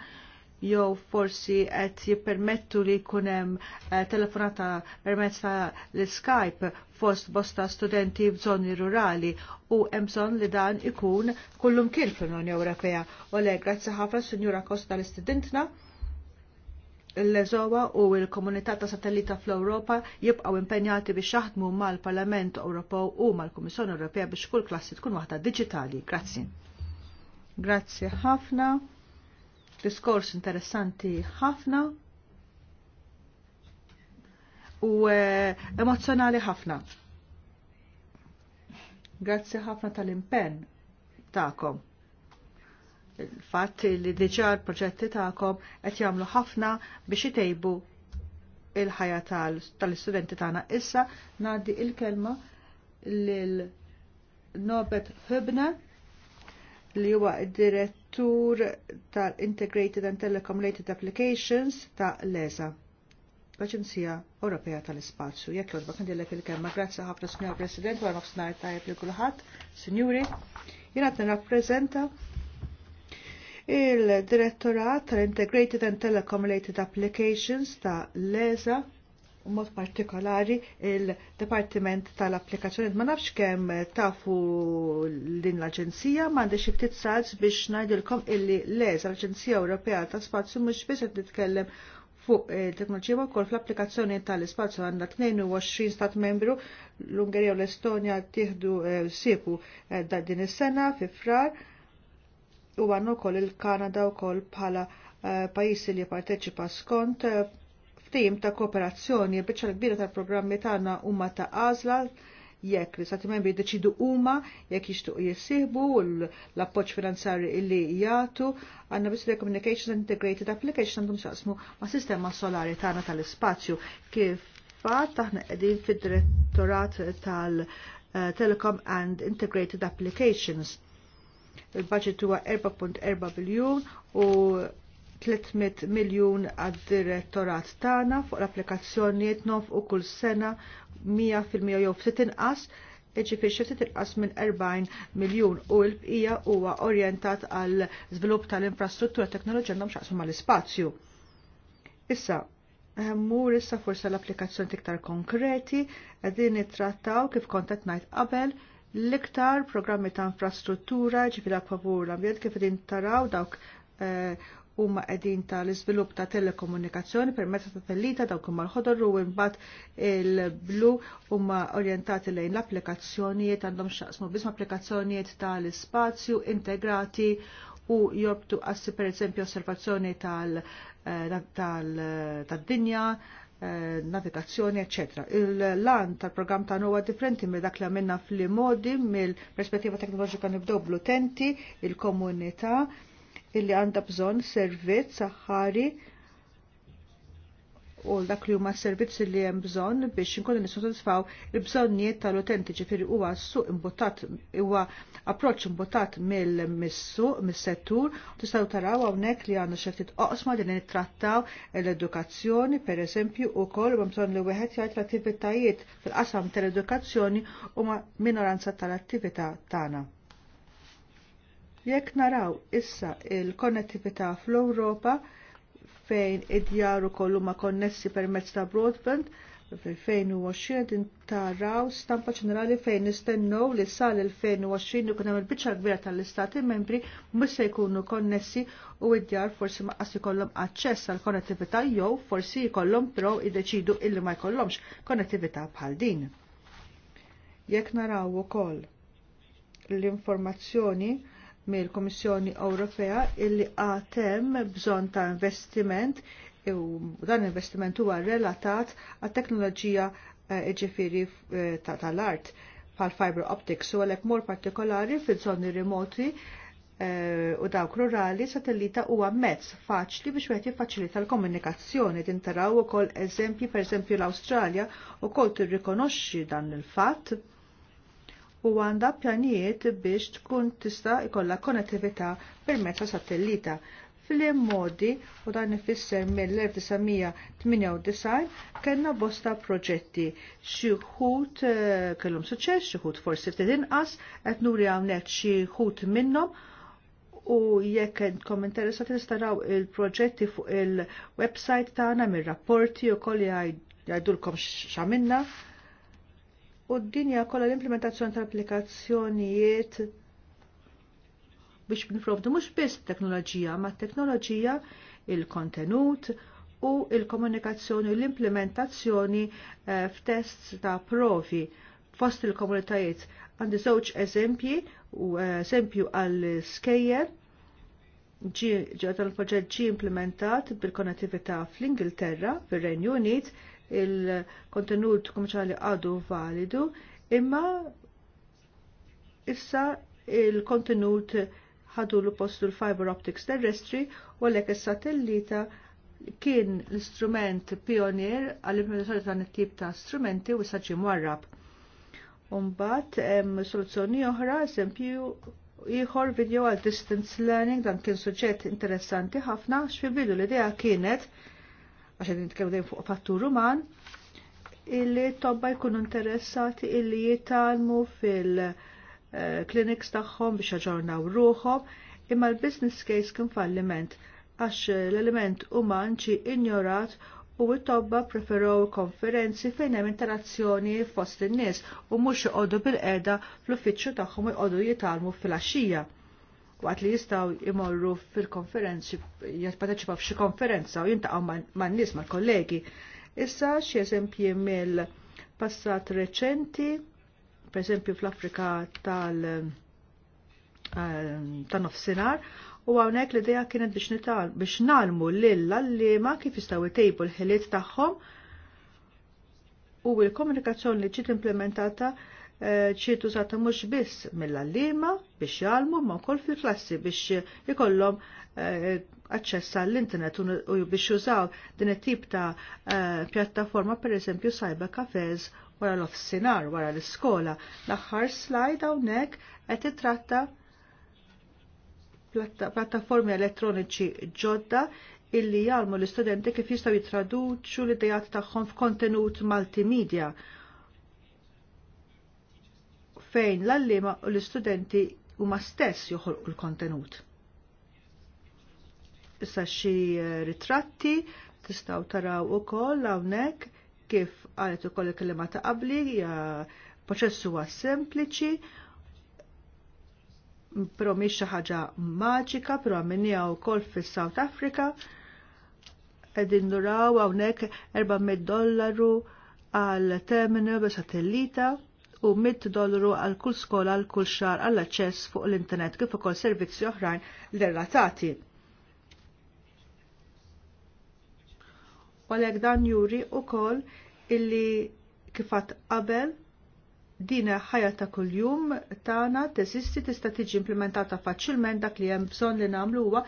jew forsi qed jippermettu li jkun hemm eh, telefonata permezz ta' l-Skype fost bosta studenti f'żoni rurali u hemm bżonn li dan ikun kullum kien fl-Unjoni Ewropea. U grazzi ħafna Sinjura Kosta l-istudentna l-Eżowa u l-Komunità ta' Satellita fl-Ewropa jibqaw impenjati biex jaħdmu mal-Parlament Ewropew u mal-Kummissjoni Ewropea biex kull klassi tkun waħda diġitali. Grazzi. Grazzi ħafna diskors interessanti ħafna u eh, emozzjonali ħafna. Grazzi ħafna tal-impenn ta'kom. Il-fatt li diġà l-proġetti ta'kom qed jagħmlu ħafna biex itejbu il-ħajja tal-istudenti tagħna. Issa ngħaddi il-kelma lil Norbert Hübner li huwa id-dirett tur tal-Integrated and Telecomulated Applications ta' l Aġenzija Ewropea tal-Ispazju. Jekk jodba kandilek il-kemma, grazzi ħafna Sinjor President, għal nofsnar tajb li kulħadd, Sinjuri, jien qed nirrappreżenta il-Direttorat tal-Integrated and Telecommunicated Applications ta' l mod partikolari il-Departiment tal-Applikazzjoni. Ma nafx kemm tafu din l-Aġenzija, ma għandi ftit sals biex ngħidilkom illi les l-Aġenzija Ewropea ta' Spazju mhux biss qed titkellem fuq eh, teknoloġija wkoll fl-applikazzjoni tal-ispazju għandna 22 stat membru l-Ungerija u l-Estonja tieħdu eh, sieku eh, da' din is-sena fi frar u għandna wkoll il-Kanada wkoll bħala pajjiżi li jipparteċipa skont Tim ta' kooperazzjoni biċċa l-kbira tal-programmi tagħna huma ta' għażla jekk li stati membri deċidu huma jekk jixtuq jissieħbu l-appoġġ finanzjarju illi jagħtu għandna biss and integrated application għandhom saqsmu ma' sistema solari tagħna tal-ispazju kif fatt aħna qegħdin fid-direttorat tal-Telecom eh, and Integrated Applications. Il-budget huwa 4.4 biljun u 300 miljun għad-direttorat tagħna fuq l-applikazzjonijiet u kull sena 100% jew ftit inqas, iġifieri xi inqas minn 40 miljun u l-bqija huwa orjentat għal żvilupp tal-infrastruttura teknoloġija għandhom xaqsu mal-ispazju. Issa, eh, mur issa forsa l-applikazzjoni iktar konkreti qegħdin nittrattaw kif kont qed ngħid qabel l-iktar programmi ta' infrastruttura ġifila favur l-ambjent kif din taraw dawk eh, huma qegħdin tal-iżvilupp ta' telekomunikazzjoni permezz ta' tellita dawk huma l-ħodor u mbagħad il-blu huma orjentati lejn l-applikazzjonijiet għandhom x'aqsmu biss applikazzjonijiet tal-ispazju integrati u jobtu qassi per eżempju osservazzjoni tal-dinja, eh, eh, navigazzjoni, ecc. Il-lan tal-programm ta' huwa differenti mill dak li għamilna fl-modi mill-perspettiva teknoloġika nibdew bl-utenti, il-komunità, il komunita il komunità illi għandha bżonn servizz saħħari, u dak li huma servizzi li hemm bżonn biex inkunu nissodisfaw il-bżonnijiet tal-utenti ġifieri huwa suq imbuttat huwa approċċ imbuttat mill-missuq mis-settur tistgħu taraw hawnhekk li għandna xi ftit oqsma li nittrattaw l-edukazzjoni pereżempju wkoll huma bżonn li wieħed jgħid l-attivitajiet fil-qasam tal-edukazzjoni huma minoranza tal-attività tagħna. Jekk naraw issa il-konnettività fl-Ewropa fejn id-djar ukoll huma konnessi permezz ta' broadband fejn 2020 din taraw stampa ġenerali fejn nistennew li sal-2020 ikun hemm il-biċċa kbira tal-istati membri mhux se jkunu konnessi u id-djar forsi ma qas ikollhom aċċess għal konnettività jew forsi jkollhom però jiddeċidu illi ma jkollhomx konnettività bħal din. Jekk naraw ukoll l-informazzjoni mill-Komissjoni Ewropea illi għatem bżon ta' investiment u dan investiment huwa relatat għat teknoloġija eh, ġifiri eh, tal-art pal fiber optics u għalek mor partikolari fil-żoni remoti eh, u dawk rurali satellita huwa mezz faċli biex wieħed jiffaċilita l-komunikazzjoni tintaraw ukoll eżempji pereżempju l-Awstralja ukoll tirrikonoxxi dan il-fatt u għandha pjanijiet biex tkun tista' jkollha konnettività permezz ta' satellita. Fl-modi u dan ifisser mill-1998 kellna bosta proġetti. Xi wħud eh, kellhom suċċess, xi wħud forsi ftit inqas, qed nuri hawnhekk xi wħud minnhom u jekk kom interessati tistaraw il-proġetti fuq il-website tagħna mir-rapporti u koll jgħidulkom x'għamilna u d-dinja kollha l-implementazzjoni tal-applikazzjonijiet biex niprovdu mhux biss teknoloġija, ma teknoloġija il-kontenut u il-komunikazzjoni u l-implementazzjoni eh, f'tests ta' provi fost il-komunitajiet. Għandi żewġ eżempji u eh, eżempju għal skejjer ġi għadal proġett ġi implementat bil-konnettività fl-Ingilterra, fil renju Unit, il-kontenut kummerċali għadu validu, imma issa il-kontenut ħadu l postu l-fiber optics terrestri u l is-satellita kien l-istrument pionier għall-implementazzjoni ta' tip ta' strumenti u saġi warrab. Umbat, soluzzjoni oħra, eżempju, ieħor video għal distance learning dan kien suġġett interessanti ħafna x'fi bidu l-idea kienet għax qegħdin nitkellmu fuq fattur uman, illi tobba jkunu interessati illi jitalmu fil-kliniks eh, tagħhom biex aġornaw ruħhom imma l-business case kien falliment għax l-element uman ġi ignorat u t-tobba preferow konferenzi fejn hemm interazzjoni fost in-nies u mhux iqogħdu bil-qeda fl-uffiċċju tagħhom iqogħdu jitalmu fil-għaxija waqt li jistaw imorru fil-konferenzi, jatpateċipaw f'xi konferenza u jintaqaw man nies mal kollegi. Issa xi eżempji mill-passat reċenti, per eżempju fl-Afrika tal- ehm, ta' nofsinar u għawnek d ideja kienet biex nital biex nalmu l ma kif jistaw tejbu l-ħiliet tagħhom u l-komunikazzjoni li ġiet implementata ċirtu zata mux biss mill-allima biex jgħalmu ma' kol fil-klassi biex jikollom eh, aċċess għall-internet u biex jużaw din it-tip ta' eh, pjattaforma per eżempju cyber cafes wara l-offsinar wara l-iskola. L-aħħar slide hawnhekk qed titratta pjattaformi elettroniċi ġodda illi jgħalmu l-istudenti kif jistgħu jitraduċu l-idejat tagħhom f'kontenut multimedja fejn l-allima u l-istudenti huma stess joħolqu l-kontenut. Issa xi eh, ritratti tistgħu taraw ukoll hawnhekk kif qalet ukoll il-kelima ta' qabli hija proċess huwa sempliċi però mhix xi ħaġa maġika, però għamilniha wkoll fis-South Africa qegħdin nuraw hawnhekk 400 dollaru għal terminal satellita u 100 dollaru għal kull skola għal kull xar għall aċċess fuq l-internet kif ukoll servizzi oħrajn l-relatati. Għalhekk dan juri koll illi kifat qabel din ħajja ta' kuljum tagħna teżisti tista' tiġi implementata faċilment dak li hemm bżonn li nagħmlu huwa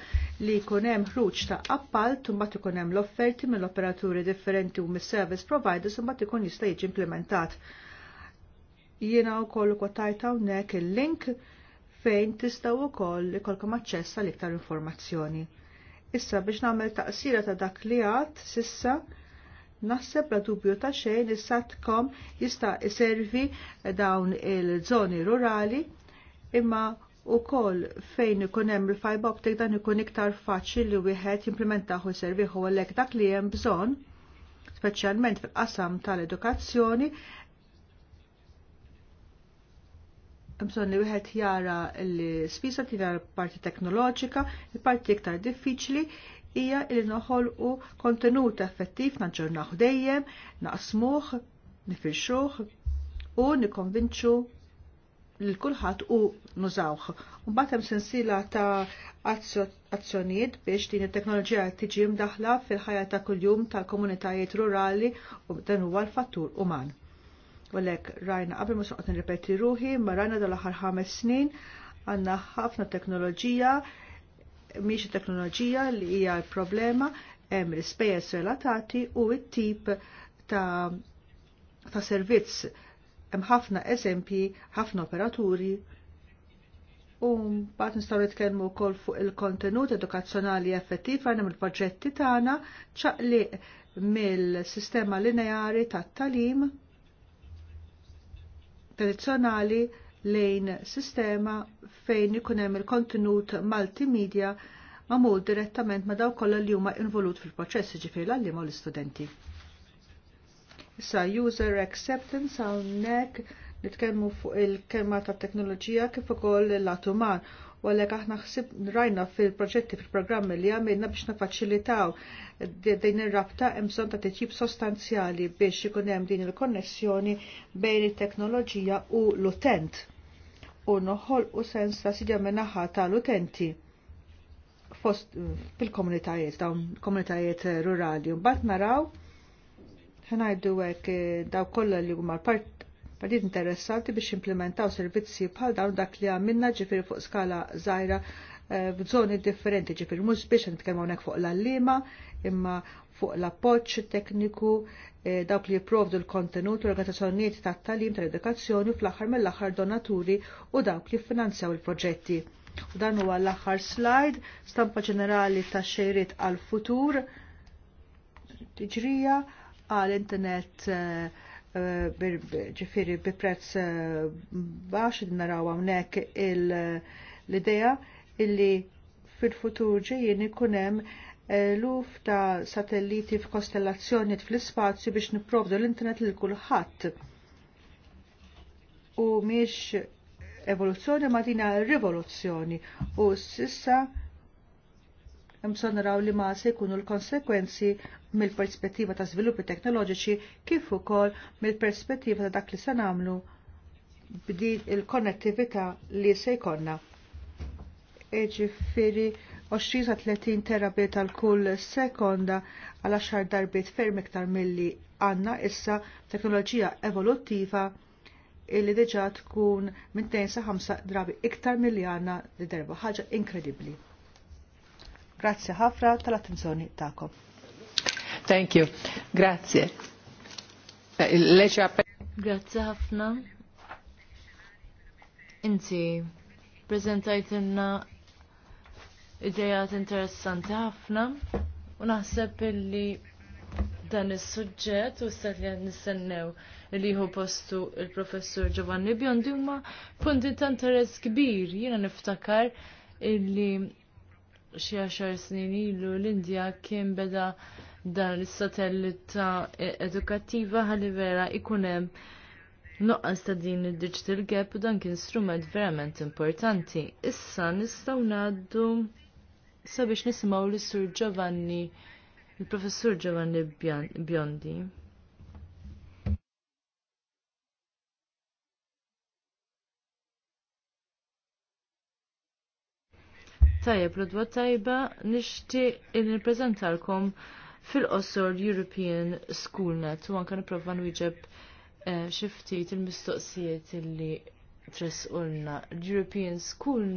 li jkun hemm ħruġ ta' appalt u mbagħad ikun hemm l-offerti mill-operaturi differenti u mis-service providers u mbagħad ikun jista' jiġi implementat jiena wkoll kotajta hawnhekk il-link fejn koll li ikolkom aċċess li iktar informazzjoni. Issa biex nagħmel taqsira ta' dak li għad sissa nasseb la dubju ta' xejn is-satkom jista' iservi dawn il-żoni rurali imma u koll fejn ikun hemm il-fiber optic dan ikun iktar faċli li wieħed jimplementaħu serviħu għalhekk dak li hemm bżonn, speċjalment fil-qasam tal-edukazzjoni, bżon li wieħed jara l-spisa tira parti teknoloġika, il-parti iktar diffiċli hija li noħolqu kontenut effettiv naġġornaħ dejjem, naqsmuh, nifirxuh u nikonvinċu lil kulħadd u nużawh. Mbagħad hemm sensila ta' azzjonijiet biex din it-teknoloġija tiġi mdaħla fil-ħajja ta' kuljum tal-komunitajiet rurali u dan huwa l-fattur uman. U rajna qabel mhux noqgħod nirrepeti ruħi, ma rajna dal aħħar ħames snin għandna ħafna teknoloġija miex teknoloġija li hija l-problema hemm l-ispejjeż relatati u t-tip ta' ta' servizz hemm ħafna eżempji, ħafna operaturi U mbagħad nistgħu nitkellmu wkoll fuq il-kontenut edukazzjonali effettiv għandna mill-proġetti tagħna ċaqliq mill-sistema lineari tat-talim tradizzjonali lejn sistema fejn ikun hemm il-kontenut multimedja mamul direttament ma' daw kollha li huma involut fil-proċess ġifieri l-għalliema u l-istudenti. Issa user acceptance hawnhekk nitkellmu fuq il-kelma ta' teknoloġija kif ukoll l-lat uman u għalhekk aħna ħsib rajna fil-proġetti fil-programmi li għamilna biex nafaċilitaw din ir-rabta hemm bżonn ta' titjib sostanzjali biex ikun hemm din il-konnessjoni bejn it-teknoloġija u l-utent u noħolqu sens ta' sidja ta' tal-utenti fost fil-komunitajiet, dawn komunitajiet rurali. Mbagħad naraw ħanajdu għek eh, daw kolla li huma part partijiet interessanti biex implementaw servizzi bħal dawn dak li għamilna ġifir fuq skala zaħira f'żoni eh, differenti ġifir mux biex nitkellmu hawnhekk fuq l-allima imma fuq l-appoġġ tekniku eh, dawk li jipprovdu l-kontenut u l-organizzazzjonijiet tat-talim tal-edukazzjoni fl-aħħar mill-aħħar donaturi u dawk li finanzjaw il-proġetti. U dan huwa l-aħħar slide, stampa ġenerali ta' xejriet għal-futur, tiġrija għal-internet uh, eh, ġifiri bi prezz eh, baħx naraw għamnek l-ideja illi fil-futur ġejjien ikunem eh, luf ta' satelliti f'kostellazzjoni fl-ispazju biex niprovdu l-internet l kulħadd. U miex evoluzzjoni ma dina rivoluzzjoni u sissa imson naraw li ma se jkunu l-konsekwenzi mill-perspettiva ta' sviluppi teknoloġiċi kif ukoll mill-perspettiva ta' dak li se nagħmlu b'din il-konnettività li se jkollna. Eġifieri 20 30 terabit għal kull sekonda għal 10 darbit ferm iktar milli għanna issa teknoloġija evolutiva illi diġa tkun minn sa 5 drabi iktar milli għanna li darba ħaġa inkredibbli. Grazzi ħafna tal-attenzjoni tagħkom. Thank you. Grazie. Eh, Grazzi ħafna. Inti prezentajtilna idejat interessanti ħafna u naħseb illi dan is-suġġett u stat li nistennew li jieħu postu il-professur Giovanni Biondi huma punti ta' interess kbir. Jiena niftakar illi xi għaxar snin ilu l-Indja kien beda dan is-satellita e- edukattiva ħalli vera ikun hemm noqqas ta' din id-digital gap u dan kien strument verament importanti. Issa nistgħu ngħaddu sabiex nisimgħu lis sur Giovanni, il-professur Giovanni Biondi. Tajjeb, l tajba tajba il nippreżentalkom fil-qosor European School Net u anke nipprova nwieġeb eh, xi ftit il-mistoqsijiet illi tresqulna. L-European School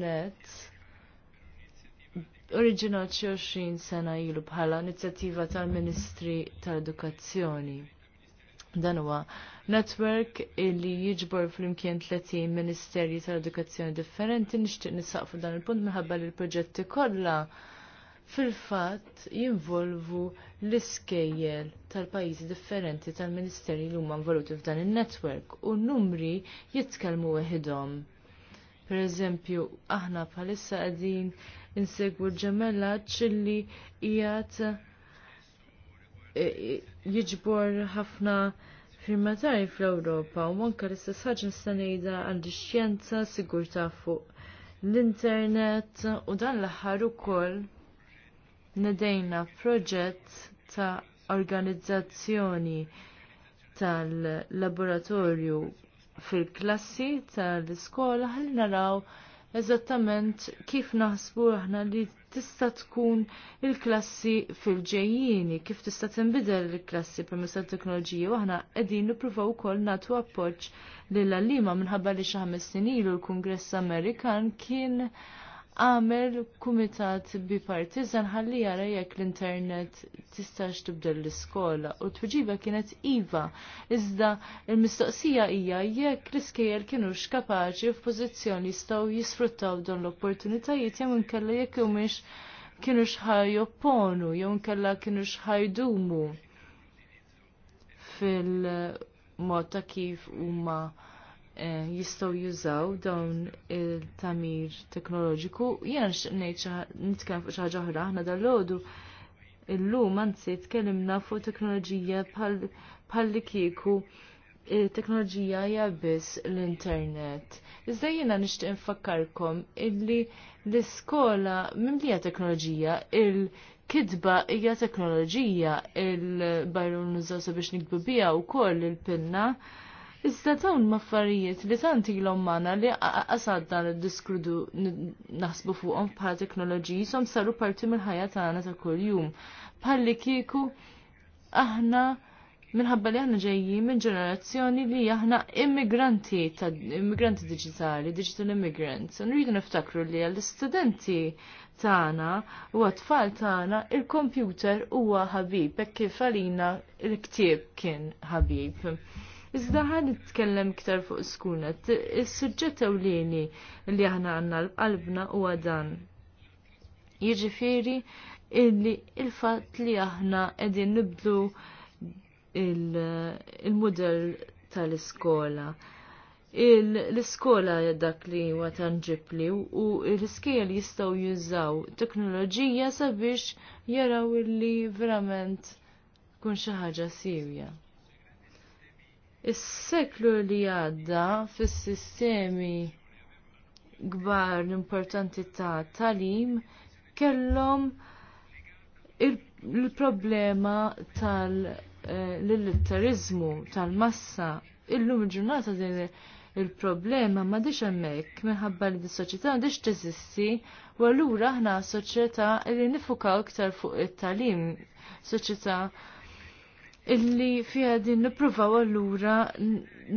oriġinat xi 20 sena ilu bħala inizjattiva tal-Ministri tal-Edukazzjoni. Dan huwa network li jiġbor fl-imkien 30 ministeri tal-edukazzjoni differenti nixtieq nisaqfu dan il-punt minħabba li l-proġetti kollha fil-fatt jinvolvu l-iskejjel tal-pajjiżi differenti tal-ministeri li huma involuti f'dan il-network u n-numri jitkellmu weħidhom. Per eżempju, aħna bħalissa qegħdin insegwu ġemella ċilli qiegħed eh, jiġbor ħafna firmatari fl-Ewropa u manka l-istess ħaġa nista' ngħidha xjenza sigurta sigurtà fuq l-internet u dan l-aħħar ukoll nedejna proġett ta' organizzazzjoni tal-laboratorju fil-klassi tal-iskola ħalli naraw eżattament kif naħsbu aħna li tista' tkun il-klassi fil-ġejjieni, kif tista' tinbidel il-klassi permezz tal-teknoloġija u aħna qegħdin nippruvaw ukoll nagħtu appoġġ lil għalima minħabba li xi ħames snin ilu l-Kungress Amerikan kien għamel kumitat bi Partizan ħalli jara jekk l-internet tistax tibdel l-iskola u t-tweġiba kienet iva. Iżda il-mistoqsija hija jekk l-iskejjer kienux kapaċi f'pożizzjoni jistgħu jisfruttaw dawn l-opportunitajiet jew inkella jekk humiex kienux ħajopponu jew inkella kienux ħajdumu fil-mod ta' kif huma Eh, jistgħu jużaw dawn il-tamir teknoloġiku. Jena nixtieq nitkellem fuq xi ħaġa oħra aħna dal-għodu illum anzi tkellimna fuq teknoloġija pal-li kieku eh, teknoloġija hija biss l-internet. Iżda jiena nixtieq nfakkarkom illi l-iskola mimlija teknoloġija il- kidba hija teknoloġija il-bajru nużaw sabiex nikbu biha wkoll il-pinna Iżda dawn maffarijiet li tant ilhom magħna li qasadna diskrudu naħsbu fuqhom bħala teknoloġiji som saru parti mill-ħajja tagħna ta' kuljum. Bħalli kieku aħna minħabba li aħna ġejjin minn ġenerazzjoni li aħna immigranti ta' immigranti diġitali, digital immigrants. Nridu niftakru li għall-istudenti tagħna u għat-tfal tagħna il-kompjuter huwa ħabib, hekk kif għalina l-ktieb kien ħabib. Iżda ħan nitkellem iktar fuq skunet, is-suġġett ewlieni li aħna għandna l-qalbna huwa dan. Jiġifieri illi il-fatt li aħna qegħdin nibdlu il-mudell tal-iskola. L-iskola dak li huwa tanġibli u l-iskejjel jistgħu jużaw teknoloġija sabiex jaraw illi verament kun xi ħaġa sirja. Is-seklu li għadda fis-sistemi gbar l-importanti ta' talim kellhom il-problema tal-littarizmu, eh, tal-massa. Illum il-ġurnata din il-problema ma diċ emmek minħabba li dis-soċjetà diċ teżisti u allura aħna soċjetà li nifukaw iktar fuq it-talim, soċjetà illi fiha din nipruvaw allura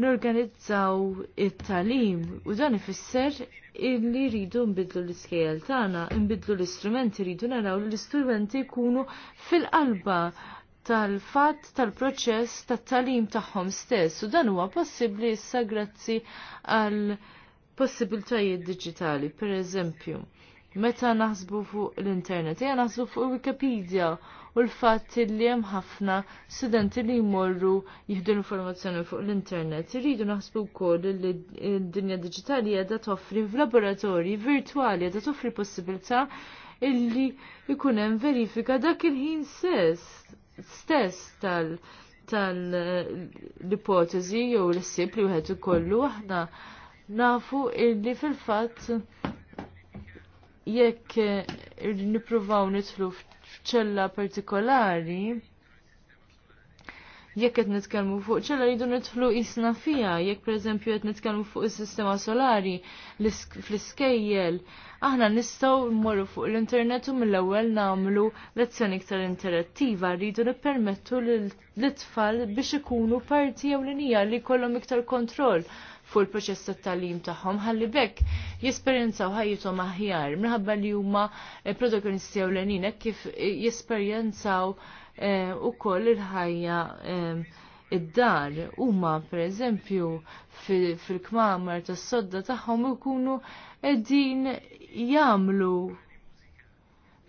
norganizzaw it-talim u dan ifisser illi rridu nbidlu l-iskejjel tagħna, nbidlu l-istrumenti, rridu naraw li l-istrumenti jkunu fil-qalba tal-fatt tal-proċess tat-talim tagħhom stess u dan huwa possibbli issa grazzi għal possibiltajiet diġitali, per eżempju. Meta naħsbu fuq l-internet, ja naħsbu fuq Wikipedia u l-fatt li hemm ħafna studenti li jmorru jieħdu l-informazzjoni fuq l-internet. Irridu naħsbu wkoll li d-dinja diġitali qiegħda toffri f'laboratorji virtwali qiegħda toffri possibilità illi jkun hemm verifika dak il-ħin stess tal tal-ipotezi jew l-sib li wieħed ikollu aħna nafu illi fil-fatt jekk nippruvaw nitlu f'ċella partikolari jekk qed nitkellmu fuq ċella rridu nidħlu isna fija, jekk pereżempju qed nitkellmu fuq is-sistema solari fl-iskejjel, aħna nistgħu mmorru fuq l-internet u mill-ewwel nagħmlu lezzjoni iktar interattiva, rridu nippermettu lit-tfal biex ikunu parti ewlenija li jkollhom iktar kontroll fuq il-proċess tat tagħlim tagħhom ħalli bekk jesperjenzaw ħajjithom aħjar minħabba li huma eh, protagonisti ewlenin kif eh, jesperjenzaw eh, ukoll il-ħajja id-dar huma pereżempju fil-kmamar tas-sodda tagħhom ikunu qegħdin jagħmlu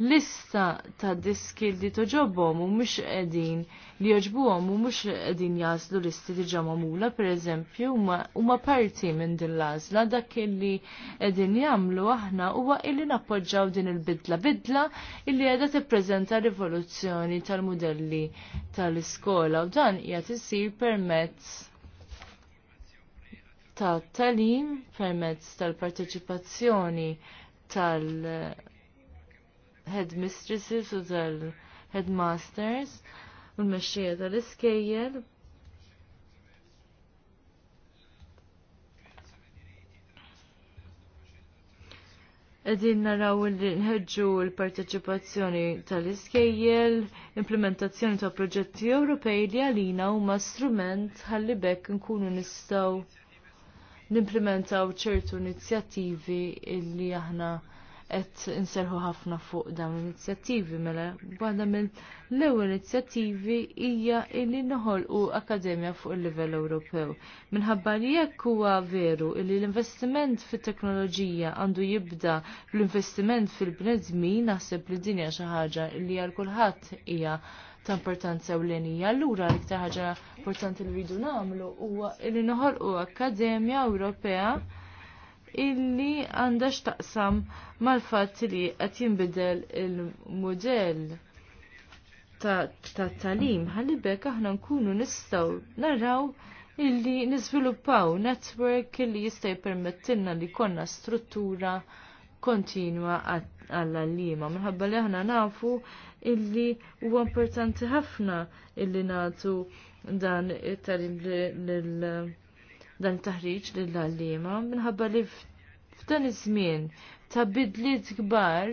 lista ta' diski li toġobhom u mhux qegħdin li joġbuhom u mhux qegħdin jazlu listi diġà magħmula pereżempju huma parti minn din l-għażla dak illi qegħdin jagħmlu aħna huwa illi nappoġġaw din il-bidla bidla illi qiegħda tippreżenta rivoluzzjoni tal-mudelli tal-iskola u dan qiegħed isir permezz ta' talim permezz tal-parteċipazzjoni tal-, -tal headmistresses u tal-headmasters u l-mexxija tal-iskejjel. Edin naraw li nħedġu l-parteċipazzjoni tal-iskejjel, implementazzjoni ta' proġetti Ewropej li għalina u ma' strument ħalli bekk nkunu nistaw nimplementaw ċertu inizjattivi illi aħna qed inserħu ħafna fuq dawn l-inizjattivi mela waħda mill l-ewwel inizjattivi hija li noħolqu akademja fuq il-livell Ewropew. Minħabba li jekk huwa veru li l-investiment fit-teknoloġija għandu jibda l-investiment fil-bnedmin naħseb li dinja xi ħaġa li għal kulħadd hija ta' importanza ewlenija. Allura l-iktar ħaġa importanti li rridu nagħmlu huwa li noħolqu akademja Ewropea illi għandha x'taqsam mal-fatt li qed jinbidel il-mudell ta' talim ħalibek aħna nkunu nistgħu naraw illi niżviluppaw network illi jista' jippermettilna li konna struttura kontinwa għall-għallima. Minħabba li aħna nafu illi huwa importanti ħafna illi nagħtu dan it-talim lil dan taħriġ lill għallima minħabba li f'dan iż-żmien ta' bidliet kbar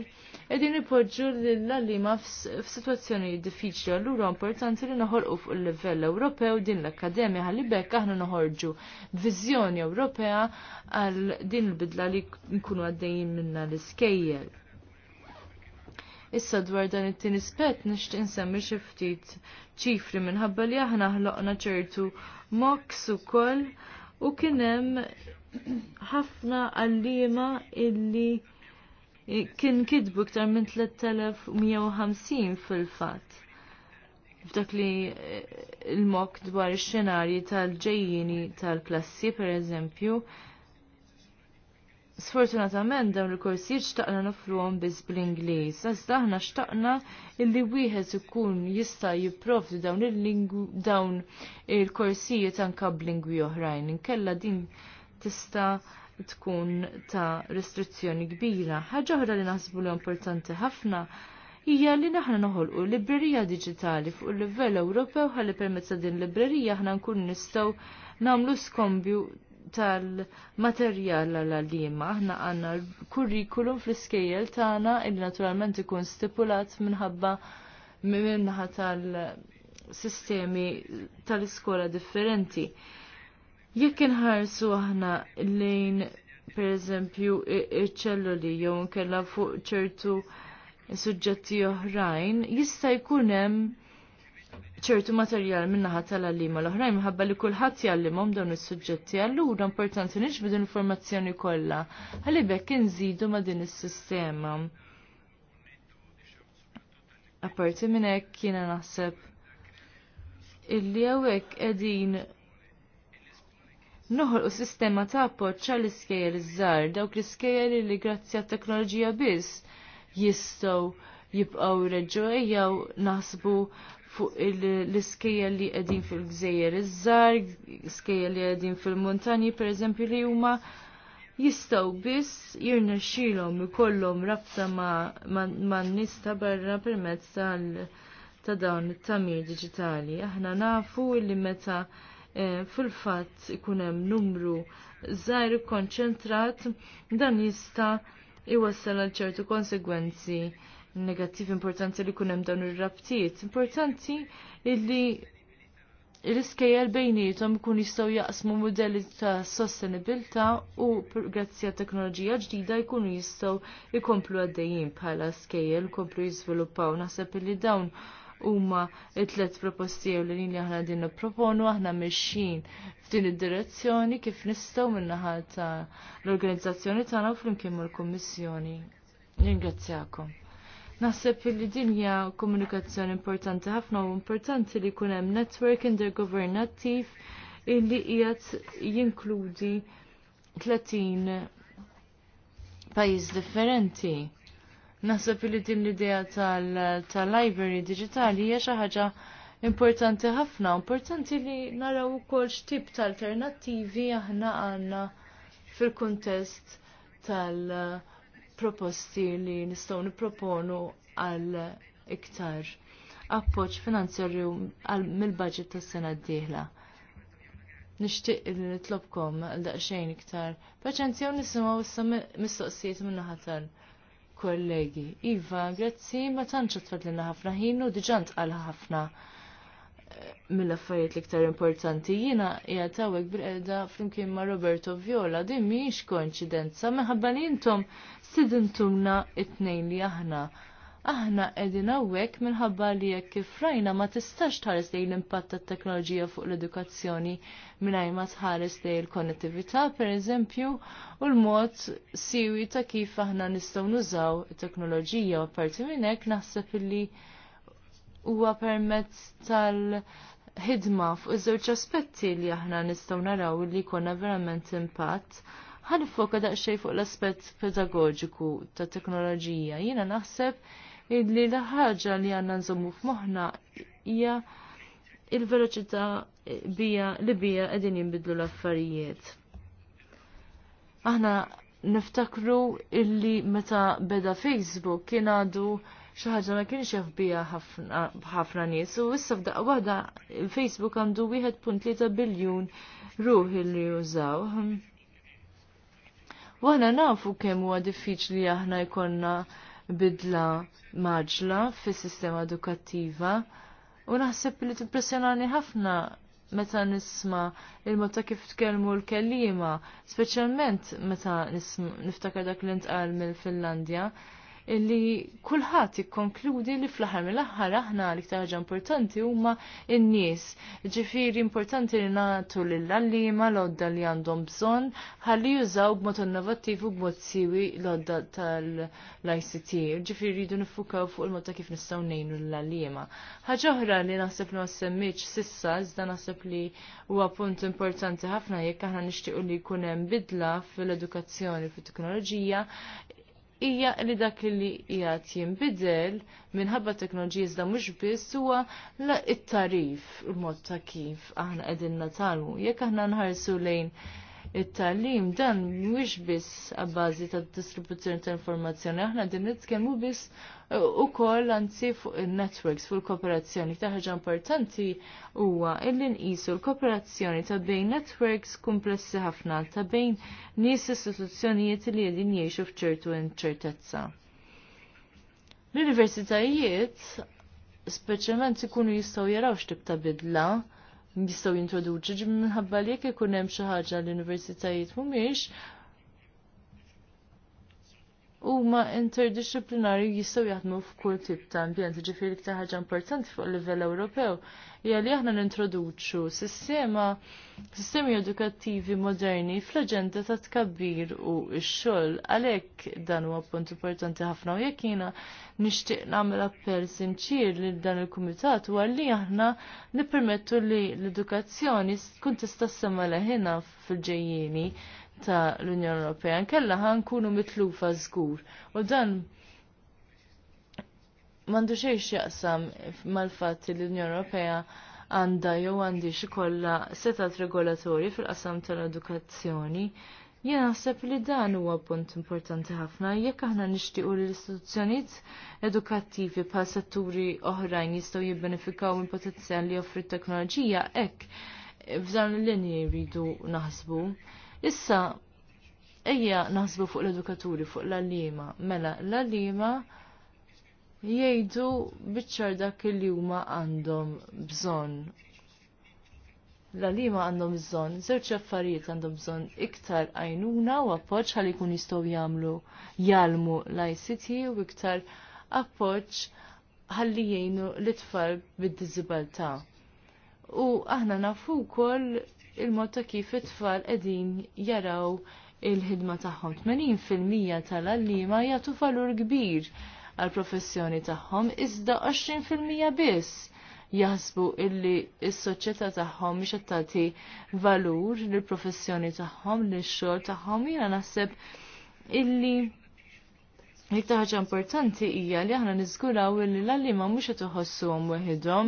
qegħdin ipoġġu lill għallima f'sitwazzjoni diffiċli allura importanti li noħolqu fuq il-livell Ewropew din l-akkademja ħalli bekk aħna noħorġu viżjoni Ewropea għal din il-bidla li nkunu għaddejjin minna l-iskejjel. Issa dwar dan it-tieni spett nixtieq insemmi xi ftit ċifri minħabba li aħna ħloqna ċertu moks ukoll u kienem ħafna għallima illi kien kidbu iktar minn 3150 fil-fat. F'dak li eh, il-mok dwar ix-xenarji tal-ġejjini tal-klassi, per eżempju, Sfortunatament dawn il-korsijiet xtaqna nofruhom biss bl-Ingliż, iżda aħna xtaqna illi wieħed ikun jista' jipprovdi dawn il-lingwu dawn il-korsijiet anke b'lingwi oħrajn. Inkella din tista' tkun ta' restrizzjoni kbira. Ħaġa oħra li naħsbu li importanti ħafna hija li naħna noħolqu librerija diġitali fuq il-livell Ewropew ħalli permezz din librerija aħna nkun nistgħu nagħmlu skombju tal-materjal għal lima ħna għanna kurrikulum fl-iskejjel tagħna li naturalment ikun stipulat minħabba minnaħa tal-sistemi tal-iskola differenti. Jekk inħarsu aħna lejn per eżempju iċ-ċelluli jew kella fuq ċertu suġġetti oħrajn, jista' jkun hemm ċertu materjal minnaħat tal-għallima l-oħrajn minħabba li kullħat jallimhom dawn is-suġġetti allura importanti nixbdu informazzjoni kollha għalli bekk inżidu ma' din is-sistema. Apparti minn hekk jiena naħseb illi hawnhekk qegħdin noħolqu sistema ta' appoġġ l iskejjer iż-żgħar dawk l-iskejjer li grazzi għat-teknoloġija biss jistgħu jibqaw reġgħu jew naħsbu fuq l-iskejja li qegħdin fil-gżejjer iż-żar, iskejja li qegħdin fil gżejjer iż żar iskejja li qegħdin fil per pereżempju li huma jistgħu biss jirnexxielhom ikollhom rabta ma' nista ta' barra permezz tal ta' dawn it-tamir diġitali. Aħna nafu li meta e, fil-fatt ikun hemm numru zaħir konċentrat, dan jista' iwassal għal ċertu konsegwenzi negattiv importanti li kunem dawn ir-rabtiet. Importanti illi l-iskejjel bejnietom kun jistgħu jaqsmu modelli ta' sostenibilità u grazzi teknoloġija ġdida jkunu jistgħu jkomplu għaddejjin bħala skejjel komplu jiżviluppaw. Naħseb li dawn huma it-tlet proposti u l li aħna din proponu aħna mexxin f'din id-direzzjoni kif nistgħu minnaħa ta' l-organizzazzjoni tagħna u flimkien mal-Kummissjoni. Ringrazzjakom. Naħseb li din hija komunikazzjoni importanti ħafna u importanti li jkun hemm network intergovernattiv illi qiegħed jinkludi 30 pajjiż differenti. Naħseb li din l-idea tal-library digitali hija xi ħaġa importanti ħafna, importanti li naraw ukoll x'tip ta' alternattivi aħna għandna fil-kuntest tal- proposti li nistgħu nipproponu għal iktar appoġġ finanzjarju mill-budget tas-sena d-dieħla. Nixtieq li nitlobkom għal daqsxejn iktar. Paċenzja nisimgħu issa mistoqsijiet minna ħatar kollegi. Iva, grazzi, ma tantx tfadlilna ħafna ħin u diġà ntqal ħafna mill-affarijiet l-iktar importanti jiena jgħatawek hawnhekk bil-qeda flimkien ma' Roberto Viola din mhijiex konċidenza. minħabba li intom sidintumna it-tnejn li aħna. Aħna qegħdin hawnhekk minħabba li jekk kif rajna ma tistax tħares lejn l-impatt tat-teknoloġija fuq l-edukazzjoni mingħajr ma tħares lejn il-konnettività pereżempju u l-mod siwi ta' kif aħna nistgħu nużaw it-teknoloġija u apparti minn hekk naħseb illi huwa permezz tal- ħidma fuq iż-żewġ aspetti li aħna nistgħu naraw li jkollna verament impatt ħan foka daqsxej fuq l-aspett pedagogiku ta' teknoloġija. Jiena naħseb li l-ħaġa li għandna nżommu f'moħħna hija il-veloċità bija li bija qegħdin jinbidlu l-affarijiet. Aħna niftakru illi meta beda Facebook kien għadu xi ħaġa ma kienx jaf biha ħafna nies u issa f'daqqa waħda il-Facebook għandu 1.3 biljun ruħ li jużaw. Waħna nafu kemm huwa diffiċli aħna jkollna bidla maġla fis-sistema edukattiva u naħseb li tippressjonani ħafna meta nisma il-mod kif tkellmu l-kellima, speċjalment meta niftakar dak li ntqal mill-Finlandja, li kulħadd ikkonkludi li fl-aħħar mill-aħħar aħna l-iktar importanti huma n-nies. Ġifieri importanti li nagħtu lill-allima l għodda li għandhom bżonn ħalli jużaw b'mod innovattiv u b'mod siwi l-odda tal-ICT. Ġifieri jridu nifukaw fuq il-mod ta' kif nistgħu ngħinu lill-allima. Ħaġa oħra li naħseb li ma semmitx sissa iżda naħseb li huwa punt importanti ħafna jekk aħna nixtiequ li jkun hemm bidla fil-edukazzjoni fit-teknoloġija hija li dak li qiegħed jinbidel minħabba teknoloġija iżda mhux biss huwa it-tarif il-mod ta' kif aħna qegħdin natalmu. Jekk aħna nħarsu lejn it tallim dan mhuwiex biss għabbażi ta' distribuzzjoni ta' informazzjoni, aħna din nitkellmu biss eh, ukoll anzi fuq il networks fuq il-kooperazzjoni. Ta' ħaġa importanti huwa illi nqisu l-kooperazzjoni ta' bejn networks komplessi ħafna ta' bejn nies istituzzjonijiet li qegħdin jgħixu f'ċertu inċertezza. L-universitajiet speċjalment ikunu jistgħu jaraw x'tib ta' bidla jistgħu jintroduċi minħabba li jekk ikun hemm xi ħaġa l-universitajiet mhumiex huma interdisciplinari jistgħu jaħdmu f'kull tip ta' ambjent, ġifiri ktar ħaġa importanti fuq livell Ewropew hija li aħna nintroduċu sistema sistemi edukattivi moderni fl-aġenda ta' tkabbir u x-xogħol għalhekk dan huwa punt importanti ħafna u jekk jiena nixtieq nagħmel appell sinċir li dan il-kumitat u għalli aħna nippermettu li l-edukazzjoni tkun tista' semma leħina fil ġejjini ta' l-Unjoni Ewropea, nkella nkunu mitlufa żgur. U dan m'għandu xejn jaqsam mal-fatt li l-Unjoni Ewropea għandha jew għandi xikolla setat regolatorji fil-qasam tal-edukazzjoni. Jien naħseb li dan huwa punt importanti ħafna jekk aħna nixtiequ li l-istituzzjonijiet edukattivi bħal setturi oħrajn jistgħu jibbenefikaw minn potenzjal li joffri t teknoloġija hekk f'dan l-linji jridu naħsbu. Issa, ejja naħsbu fuq l-edukaturi, fuq l-allima. Mela, l-allima jgħidu bitċar dak li huma għandhom bżonn. L-għalima għandhom bżonn, żewġ affarijiet għandhom bżonn iktar għajnuna u appoġġ ħalli jkun jistgħu jagħmlu jalmu l-ICT u iktar appoġġ ħalli jgħinu l-itfal bid dizibalta U aħna nafu wkoll il-mod ta' kif it-tfal qegħdin jaraw il-ħidma tagħhom. 80% tal-għallima jagħtu valur kbir għall professjoni tagħhom iżda 20% biss jaħsbu illi s-soċjetà tagħhom mhix qed tagħti valur lill-professjoni tagħhom, lix-xogħol tagħhom, jiena naħseb illi L-iktar ħaġa importanti hija li aħna niżguraw li l-allima mhux qed iħossuhom weħidhom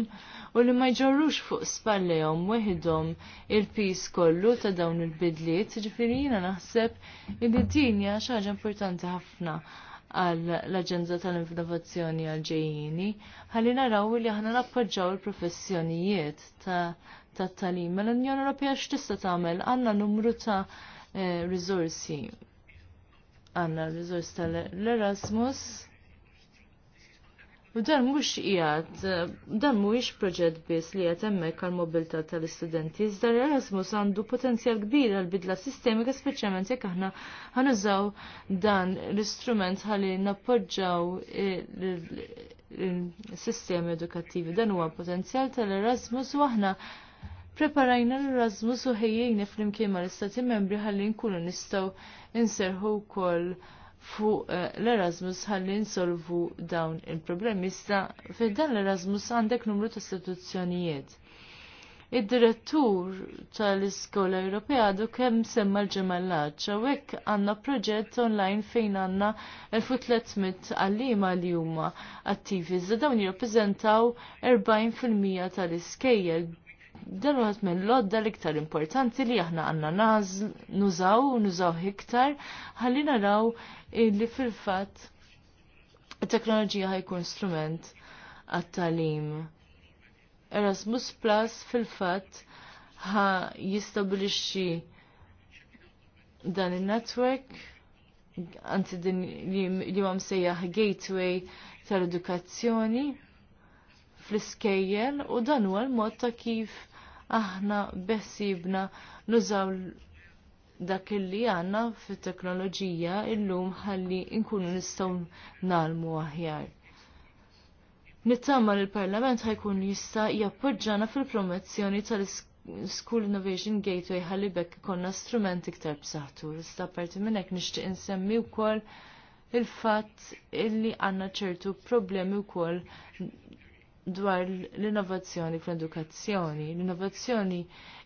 u li ma jġorrux fuq spallejhom weħidhom il-pis kollu ta' dawn il-bidliet, ġifieri jiena naħseb li din hija xi ħaġa importanti ħafna għal l-Aġenda tal-Innovazzjoni għal ġejjini, ħalli naraw li aħna nappoġġaw il-professjonijiet ta' talim. Mela L-Unjoni Ewropea x'tista' tagħmel għandna numru ta' eh, riżorsi għanna l-rizors tal-Erasmus. U dan mhux qiegħed, dan mhuwiex proġett biss li qed hemmhekk għal mobilta tal-istudenti, iżda l-Erasmus għandu potenzjal kbir għal bidla sistemika speċjalment jekk aħna ħanużaw dan l-istrument ħalli nappoġġaw il-sistemi edukattivi. Dan huwa potenzjal tal-Erasmus u aħna Preparajna l-Erasmus u ħejjejna fl-imkien mal-Istati Membri ħalli nkunu nistgħu inserħu wkoll fuq eh, l-Erasmus ħalli nsolvu dawn il-problemi. Issa fil l-Erasmus għandek numru ta' istituzzjonijiet. Id-direttur tal-Iskola Ewropea għadu kemm semma l-ġemellaġġ, hawnhekk għandna proġett online fejn għandna 1300 għallima li huma attivi. Iżda dawn jirrappreżentaw 40% tal-iskejjel dan uħat mill lodda l-iktar importanti li aħna għanna nużaw, nużaw iktar, ħalli naraw li fil-fat teknoloġija ħajkun strument għat-talim. Erasmus Plus fil-fat ħa jistabilixi dan il-network, għanti din li għam sejjaħ gateway tal-edukazzjoni fl-iskejjel u dan huwa l-mod ta' kif aħna beħsibna nużaw dak li għanna fit-teknoloġija illum ħalli nkunu nistgħu nalmu aħjar. Nittama li l-Parlament ħajkun jista' jappoġġana fil-promozzjoni tal-School Innovation Gateway ħalli bekk konna strument iktar b'saħħtu. Issa parti minn hekk nixtieq insemmi wkoll il-fatt illi għandna ċertu problemi wkoll dwar l-innovazzjoni fl-edukazzjoni. L-innovazzjoni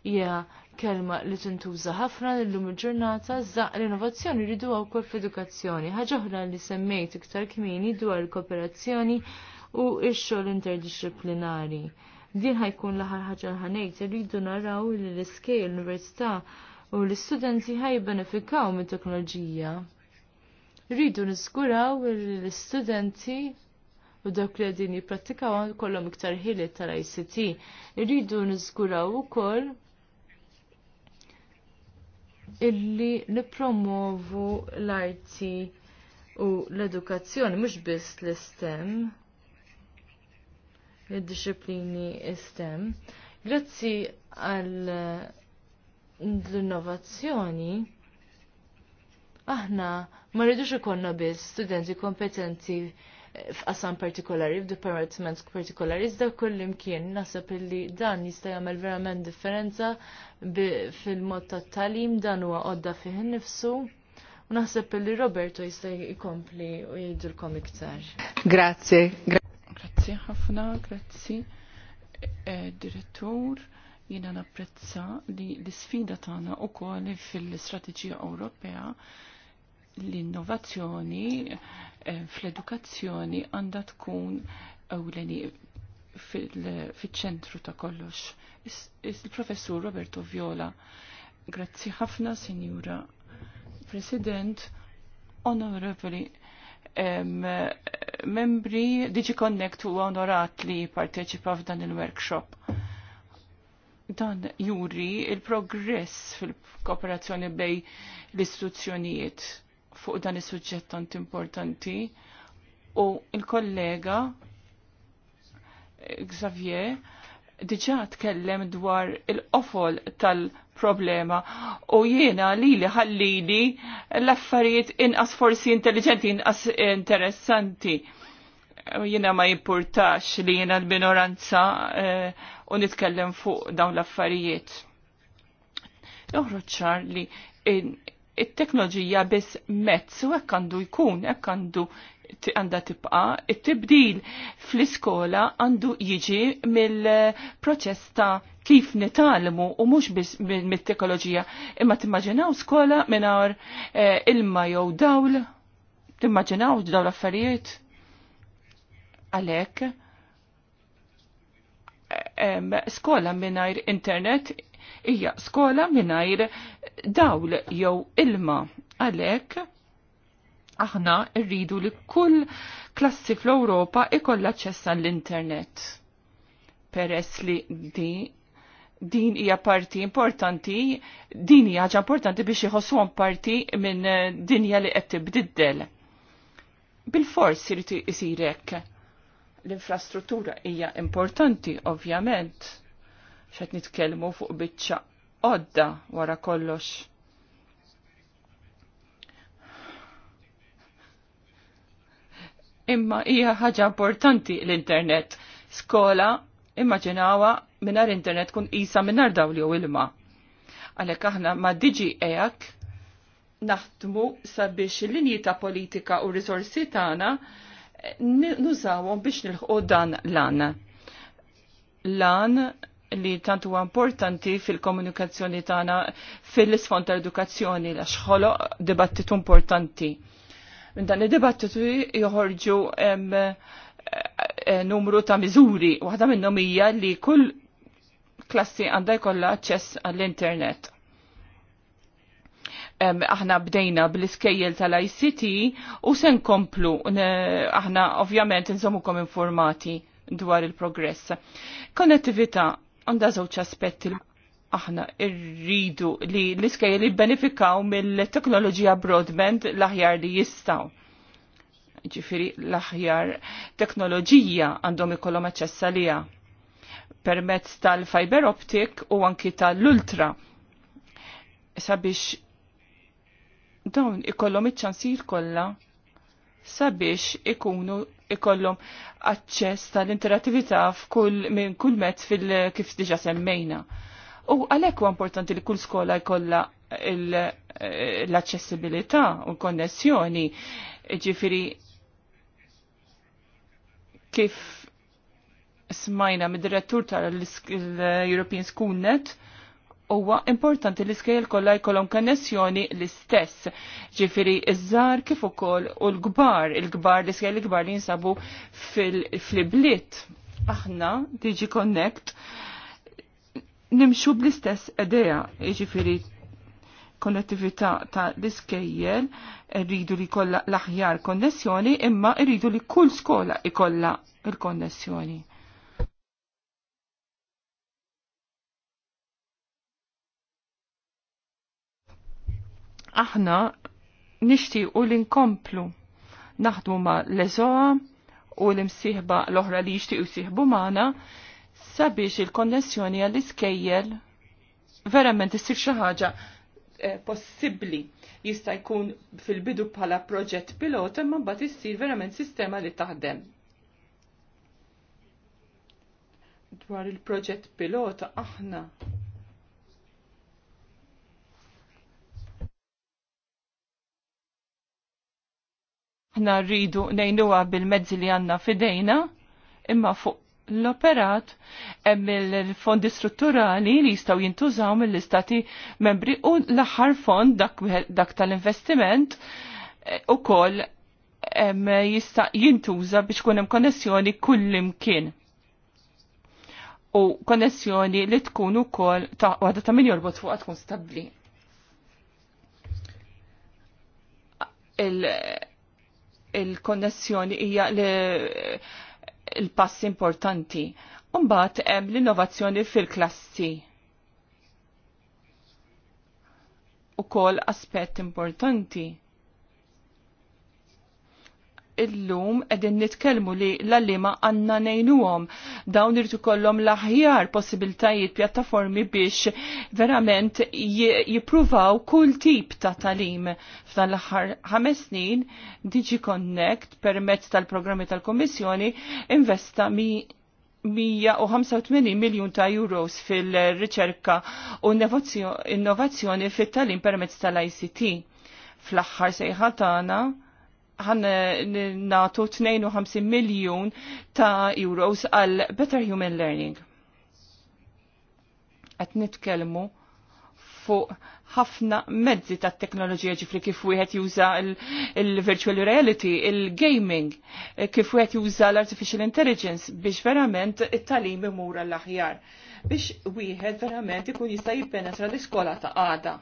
hija kelma li tintuża ħafna l-lum il-ġurnata, zaq l-innovazzjoni għaw wkoll fl-edukazzjoni. Ħaġa oħra li semmejt iktar kmieni dwar l-kooperazzjoni u x-xogħol interdisciplinari. Din ħajkun l-aħħar ħaġa ħanejt irridu naraw li l-iskej l-università u l-istudenti ħajbenefikaw mit teknoloġija. Rridu niskuraw l-istudenti u dak li għedin jiprattikaw kollom iktar ħilet tal-ICT. Irridu nizguraw ukoll illi nipromovu l-IT u l-edukazzjoni, mhux biss l-STEM, id-disciplini STEM. Grazzi għal l-innovazzjoni, aħna ma rridux ikonna biss studenti kompetenti f'qasam partikolari, f'departiment partikolari, iżda kull imkien nasab illi dan jista' jagħmel verament differenza fil-mod tat-talim dan huwa għodda fih innifsu. U naħseb illi Roberto jista' jkompli u jgħidilkom iktar. Grazie. Grazie ħafna, grazzi. Eh, direttur, jiena napprezza li l-sfida tagħna ukoll fil-Istrateġija Ewropea l-innovazzjoni eh, fl-edukazzjoni għandha tkun ewleni fil-ċentru ta' kollox. Il-professur Roberto Viola, grazzi ħafna, Sinjura President, onorevoli membri Connect u onorat li parteċipa f'dan il-workshop. Dan juri il-progress fil-kooperazzjoni bej l-istituzzjonijiet fuq dan is-suġġett tant importanti u il-kollega eh, Xavier diġa tkellem dwar il-qofol tal-problema u jiena li li ħallili l-affarijiet inqas forsi intelligenti, inqas interessanti. Jiena ma jimportax li jiena l-minoranza eh, u nitkellem fuq dawn l-affarijiet. Joħroċ li it-teknoloġija biss mezz u hekk għandu jkun, hekk għandu għandha tibqa, it-tibdil fl-iskola għandu jiġi mill-proċess ta' kif nitalmu u mhux biss mit-teknoloġija. Imma timmaġinaw skola mingħajr eh, ilma jew dawl, timmaġinaw dawl affarijiet għalhekk skola mingħajr internet hija skola mingħajr dawl jew ilma. Għalhekk aħna rridu li kull klassi fl-Ewropa ikolla ċessa l-internet. Peress li di din hija parti importanti, din hija ħaġa importanti biex iħossuhom parti minn dinja li qed tibdiddel. Bil-fors irid isirek l-infrastruttura hija importanti ovvjament xed nitkellmu fuq biċċa odda wara kollox. Imma hija ħaġa importanti l-internet. Skola immaġinawa minar internet kun isa minar dawli u ilma. Għalek aħna ma diġi ejak naħdmu sabiex l-linji ta' politika u risorsi tagħna nużawhom biex nilħqu dan lan. Lan li tant huwa importanti fil-komunikazzjoni tagħna fil-isfond tal-edukazzjoni għax ħoloq dibattitu importanti. Minn dan id-dibattitu joħorġu eh, eh, numru ta' miżuri, waħda minnhom hija li kull klassi għandha jkollha aċċess għall-internet aħna bdejna bl-iskejjel tal-ICT u sen komplu aħna ovvjament kom informati dwar il-progress. Konnettività għandha żewġ aspetti aħna irridu li l-iskejjel li benefikaw mill-teknoloġija broadband l-aħjar li jistaw. Ġifiri l-aħjar teknoloġija għandhom ikollhom aċċessa liha. permezz tal-fiber optic u anki tal-ultra sabiex dawn ikollhom iċ-ċansir kollha sabiex ikunu ikollhom aċċess tal-interattività f'kull minn kull mezz fil kif diġa semmejna. U għalhekk huwa importanti li kull skola jkollha l-aċċessibilità u l-konnessjoni, ġifiri kif smajna mid-direttur tal-European School Net, huwa importanti li skejl kollha jkollhom kannessjoni l-istess. Ġifieri iż-żar kif ukoll u l-kbar, il-kbar li skejl l-kbar li jinsabu fil-bliet. Aħna Diġi Connect nimxu bl-istess idea, jiġifieri konnettività ta' l-iskejjel rridu li kollha l-aħjar konnessjoni imma rridu li kull skola ikollha il-konnessjoni Aħna nixtiequ li nkomplu naħdmu ma' l ezoa u l-imsieħba l-oħra li jixtiequ siħbu maħna sabiex il-konnessjoni għall-iskejjel verament issir xi ħaġa eh, possibbli jista' jkun fil-bidu bħala proġett pilota imma mbagħad issir verament sistema li taħdem. Dwar il-proġett pilota aħna Aħna rridu nejnuwa bil-mezzi li għandna fidejna, imma fuq l-operat hemm il-fondi strutturali li jistgħu jintużaw mill-istati membri u l-aħħar fond dak, dak tal-investiment eh, ukoll jista' jintuża biex kun hemm konnessjoni kullimkien. U konnessjoni li tkun ukoll ta' waħda ta' min jorbot fuqha tkun stabbli il-konnessjoni hija l pass importanti. Umbat hemm l-innovazzjoni fil-klassi. kol aspett importanti illum edin nitkelmu li l-allima għanna nejnuhom dawn irtu kollom l-aħjar possibiltajiet pjattaformi biex verament jipruvaw kull tip ta' talim. F'dan l-aħħar ħames snin Digi Connect permezz tal-programmi tal-Kommissjoni investa mi 185 miljon ta' euros fil-riċerka u innovazzjoni fit-talim permezz tal-ICT. Fl-aħħar sejħatana, tagħna ħan eh, natu 52 miljon ta' euros għal Better Human Learning. Għet nitkelmu fuq ħafna mezzi ta' teknoloġija ġifri kif wieħed juża il-virtual reality, il-gaming, eh, kif wieħed juża l-artificial intelligence biex verament it-talim imur l-aħjar. Biex wieħed verament ikun jista' jippenetra l-iskola ta' għada.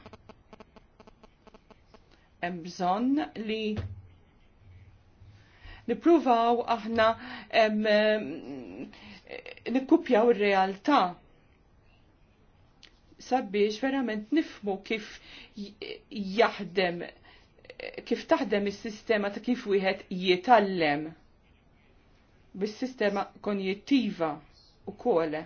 Hemm bżonn li nippruvaw aħna nikkupjaw il realtà sabiex verament nifmu kif jaħdem kif taħdem is-sistema ta' kif wieħed jitallem bis-sistema konjettiva u kole.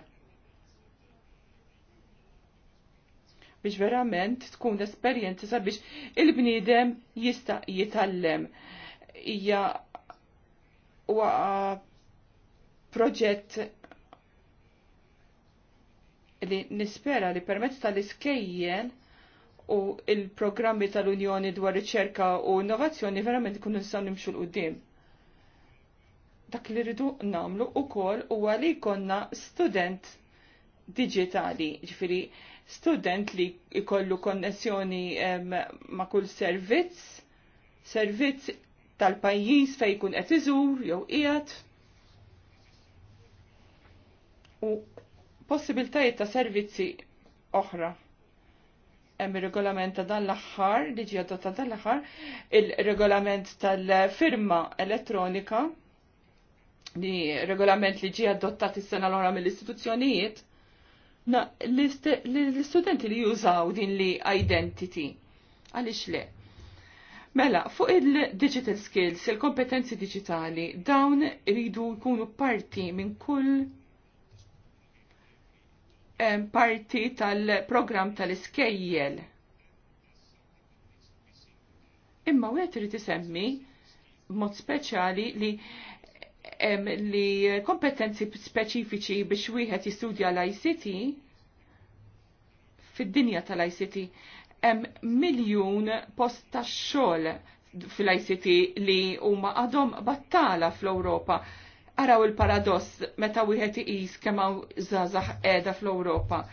biex verament tkun esperjenza sabiex il-bniedem jista' jitallem. Ija huwa proġett li nispera li permezz tal iskejjen u il-programmi tal-Unjoni dwar riċerka u innovazzjoni verament kun nistgħu nimxu l-qudiem. Dak li rridu namlu ukoll huwa li jkollna student digitali, ġifiri student li jkollu konnessjoni ma' kull servizz, servizz tal-pajjiż fejn jkun qed iżur jew qiegħed. U possibiltajiet ta' servizzi oħra. Hemm ir-regolament ta' dan l-aħħar, li ġie adottat dan l-aħħar, il-regolament tal-firma elettronika, li regolament li ġie adottat is-sena l-ora mill-istituzzjonijiet, l-istudenti li jużaw din li identity. Għaliex le? Mela, fuq il-digital skills, il-kompetenzi digitali, dawn iridu jkunu parti minn kull parti tal-program tal-iskejjel. Imma u għet irid isemmi mod speċjali li li kompetenzi speċifiċi biex wieħed jistudja l-ICT fid-dinja tal-ICT hemm miljun post tax-xogħol fil-ICT li huma għadhom battala fl-Ewropa. Araw il-paradoss meta wieħed iqis kemm hawn żgħażagħ qiegħda fl-Ewropa.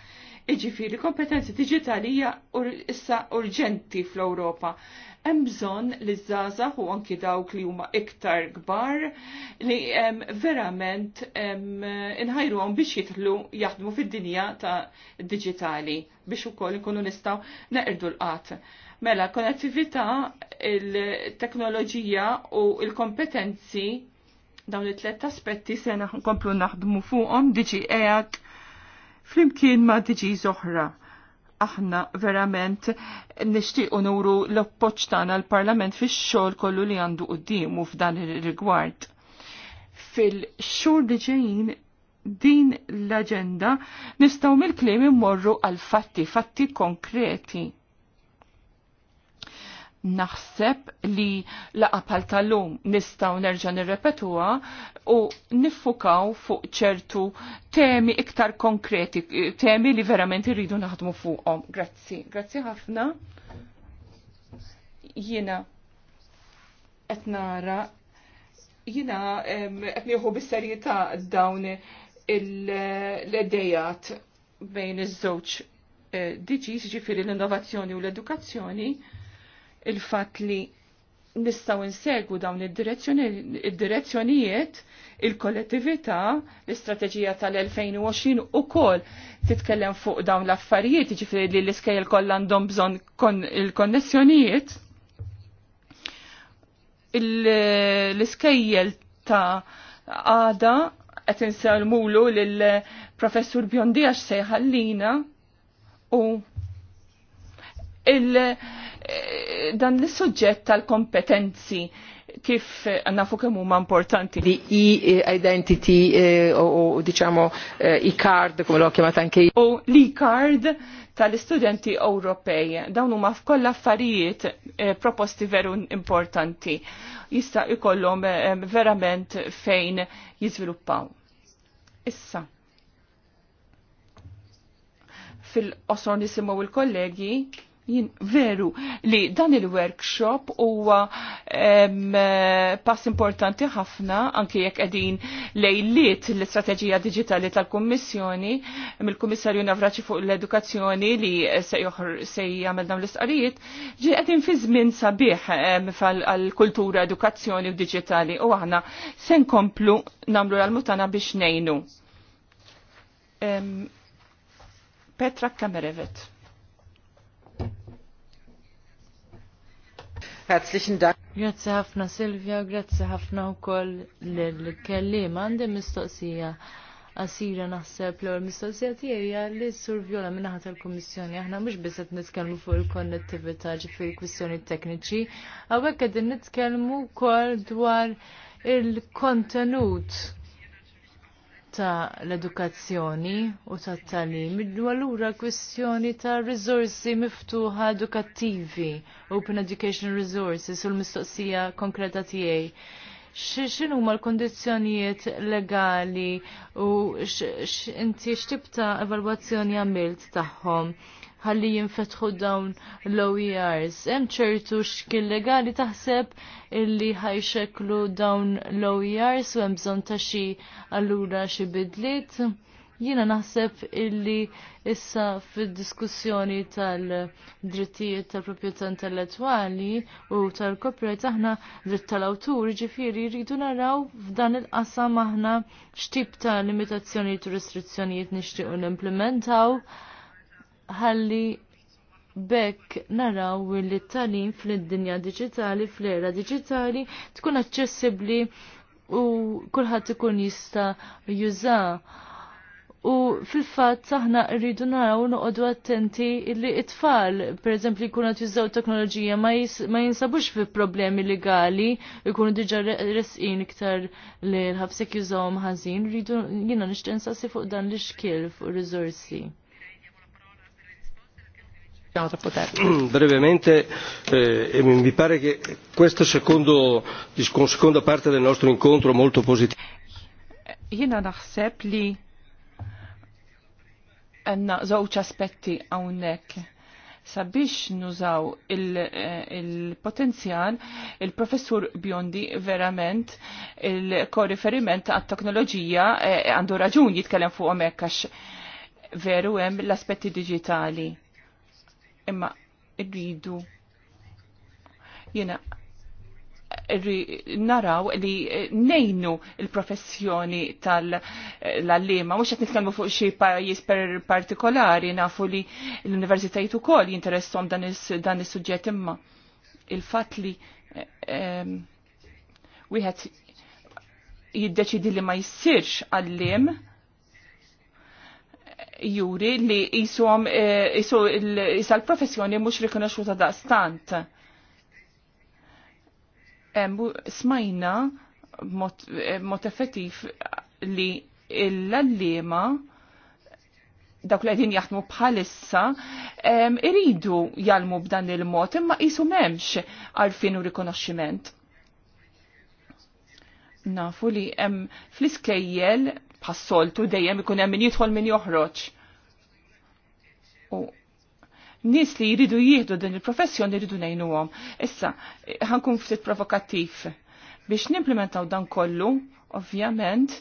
Iġifiri, kompetenzi digitalija hija issa urġenti fl-Ewropa. Hemm bżonn li żgħażagħ u anki dawk li huma iktar kbar li verament inħajruhom biex jidħlu jaħdmu fid-dinja ta' digitali biex ukoll ikunu nistgħu neqrdu l-qatt. Mela, konnettività, il-teknoloġija u il-kompetenzi dawn it-tlet aspetti se nkomplu naħdmu fuqhom diġi qiegħed flimkien ma' diġi oħra. Aħna verament nixtiequ nuru l-appoċ tagħna l-Parlament fix-xogħol kollu li għandu u f'dan ir-rigward. Fil-xhur li ġejjin din l-aġenda nistgħu mill-kliem immorru għal fatti, fatti konkreti naħseb li laqa tal-lum nistaw nerġa' nirrepetuha u niffukaw fuq ċertu temi iktar konkreti, temi li verament irridu naħdmu fuqhom. Grazzi, grazzi ħafna. Jiena qed nara jiena qed nieħu bis-serjetà dawn l-edejat bejn iż-żewġ eh, diġi, ġifiri l-innovazzjoni u l-edukazzjoni il-fat li nistaw insegu dawn id-direzzjonijiet il-kollettività, l-istrateġija tal-2020 u kol titkellem fuq dawn l-affarijiet, ġifri li l-iskejl koll għandhom bżon il-konnessjonijiet. L-iskejjel ta' għada qed insalmulu lill-professur Bjondi għax sejħallina u il- Eh, dan l-suġġett tal-kompetenzi kif nafu kemm huma importanti. Di e-identity eh, u eh, diciamo e-card come l'ho chiamata anche io. O l'e-card tal-istudenti Ewropej. Dawn huma f'koll affarijiet proposti veru importanti. Jista' ikollhom verament fejn jiżviluppaw. Issa. Fil-qosor nisimgħu il-kollegi jien veru li dan il-workshop huwa pass importanti ħafna anke jekk qegħdin lejliet l-istrateġija diġitali tal-Kummissjoni mill-Kummissarju Navraċi fuq l-Edukazzjoni li se joħor se jagħmel dawn l-istqarijiet, ġi qegħdin fi żmien sabiħ għall-kultura edukazzjoni u diġitali u aħna se nkomplu nagħmlu l-mutana biex ngħinu. Petra Kamerevet. Herzlichen Dank. Grazzi ħafna Silvia, grazzi ħafna wkoll lill-kelliem għandi mistoqsija għasira naħseb l-ewwel mistoqsija tiegħi li sur Viola minnaħat tal-Kummissjoni aħna mhux biss qed nitkellmu fuq il-konnettività ġifieri kwistjoni tekniċi, hawnhekk qegħdin nitkellmu wkoll dwar il-kontenut ta' l-edukazzjoni u ta' t talim għallura kwestjoni ta' rizorsi miftuħa edukattivi, open education resources, u l-mistoqsija konkreta tiegħi. Xinu ma l-kondizzjonijiet legali u inti x'tib ta' evalwazzjoni għamilt tagħhom? ħalli jinfetħu dawn l-OERs. Hemm ċertu xkil legali taħseb illi ħajxeklu dawn l-OERs u hemm bżonn ta' xi allura xi bidliet. Jiena naħseb illi issa fid-diskussjoni tal-drittijiet tal-proprjetà intellettwali u tal-copyright aħna dritt tal-awtur ġifieri jridu naraw f'dan il-qasam aħna x'tip ta' limitazzjonijiet u restrizzjonijiet nixtiequ nimplementaw. implementaw ħalli bekk naraw li t-talim fl-dinja digitali, fl-era digitali, tkun aċċessibbli u kulħadd ikun jista juża. U fil-fatt aħna rridu naraw noqogħdu attenti li t-tfal, pereżempju jkunu qed jużaw teknoloġija ma jinsabux fi problemi legali, jkunu diġà resqin iktar li l-ħabsek jużawhom ħażin, rridu jiena nixtieq fuq dan li xkil fuq rizorsi. Brevemente, eh, e mi pare che questa secondo, seconda parte del nostro incontro molto positiva. Eh, Jena naħseb li għanna żewġ aspetti hawnhekk sabiex nużaw il-potenzjal, il eh, il-professur Biondi verament il-korriferiment għat teknoloġija eh, għandu raġun jitkellem fuq għax veru hemm l-aspetti digitali imma rridu jena naraw li nejnu il-professjoni tal lema mux għet nitkellmu fuq xie pajis per partikolari, nafu li l-universitajt u kol jinteressom dan il-sujġet imma. Il-fat li wieħed jiddeċidi li ma jissirx għall-lema juri li jisom eh, jisu l-professjoni mux rikonoxuta da' stant. Smajna mot eh, effettiv li l-allima dawk li għedin jaħdmu bħalissa iridu jalmu b'dan il-mod imma jisu memx għalfin u rikonoxximent. Nafu li fl-iskejjel passoltu dejjem ikun hemm min jidħol min joħroġ. nies li jridu jieħdu din il-professjoni jridu ngħinuhom. Issa, ħankun ftit provokattiv. Biex nimplementaw dan kollu, ovvjament,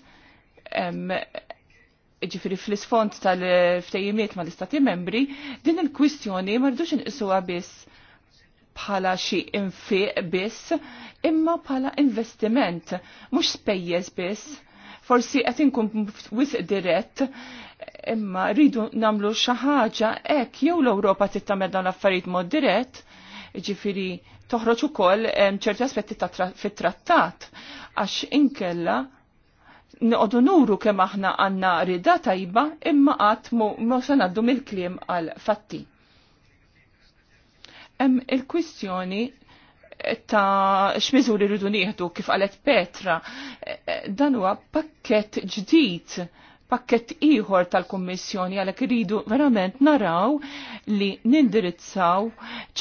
ġifiri fl-isfond tal-ftejimiet ma l-istati membri, din il-kwistjoni marridux inqisuha biss bħala xi infiq biss, imma bħala investiment, mhux spejjeż biss forsi qed inkun wisq dirett imma rridu nagħmlu xi ħaġa hekk jew l-Ewropa tittamel dawn l-affarijiet mod dirett, jiġifieri toħroġ ukoll ċerti aspetti fit-trattat għax inkella noqdu nuru kemm aħna għandna rida tajba imma qatt ma se ngħaddu mill-kliem għal fatti. Hemm il-kwistjoni ta' x'miżuri irridu nieħdu kif qalet Petra, dan huwa pakkett ġdid pakket iħor tal-Kommissjoni għalhekk iridu verament naraw li nindirizzaw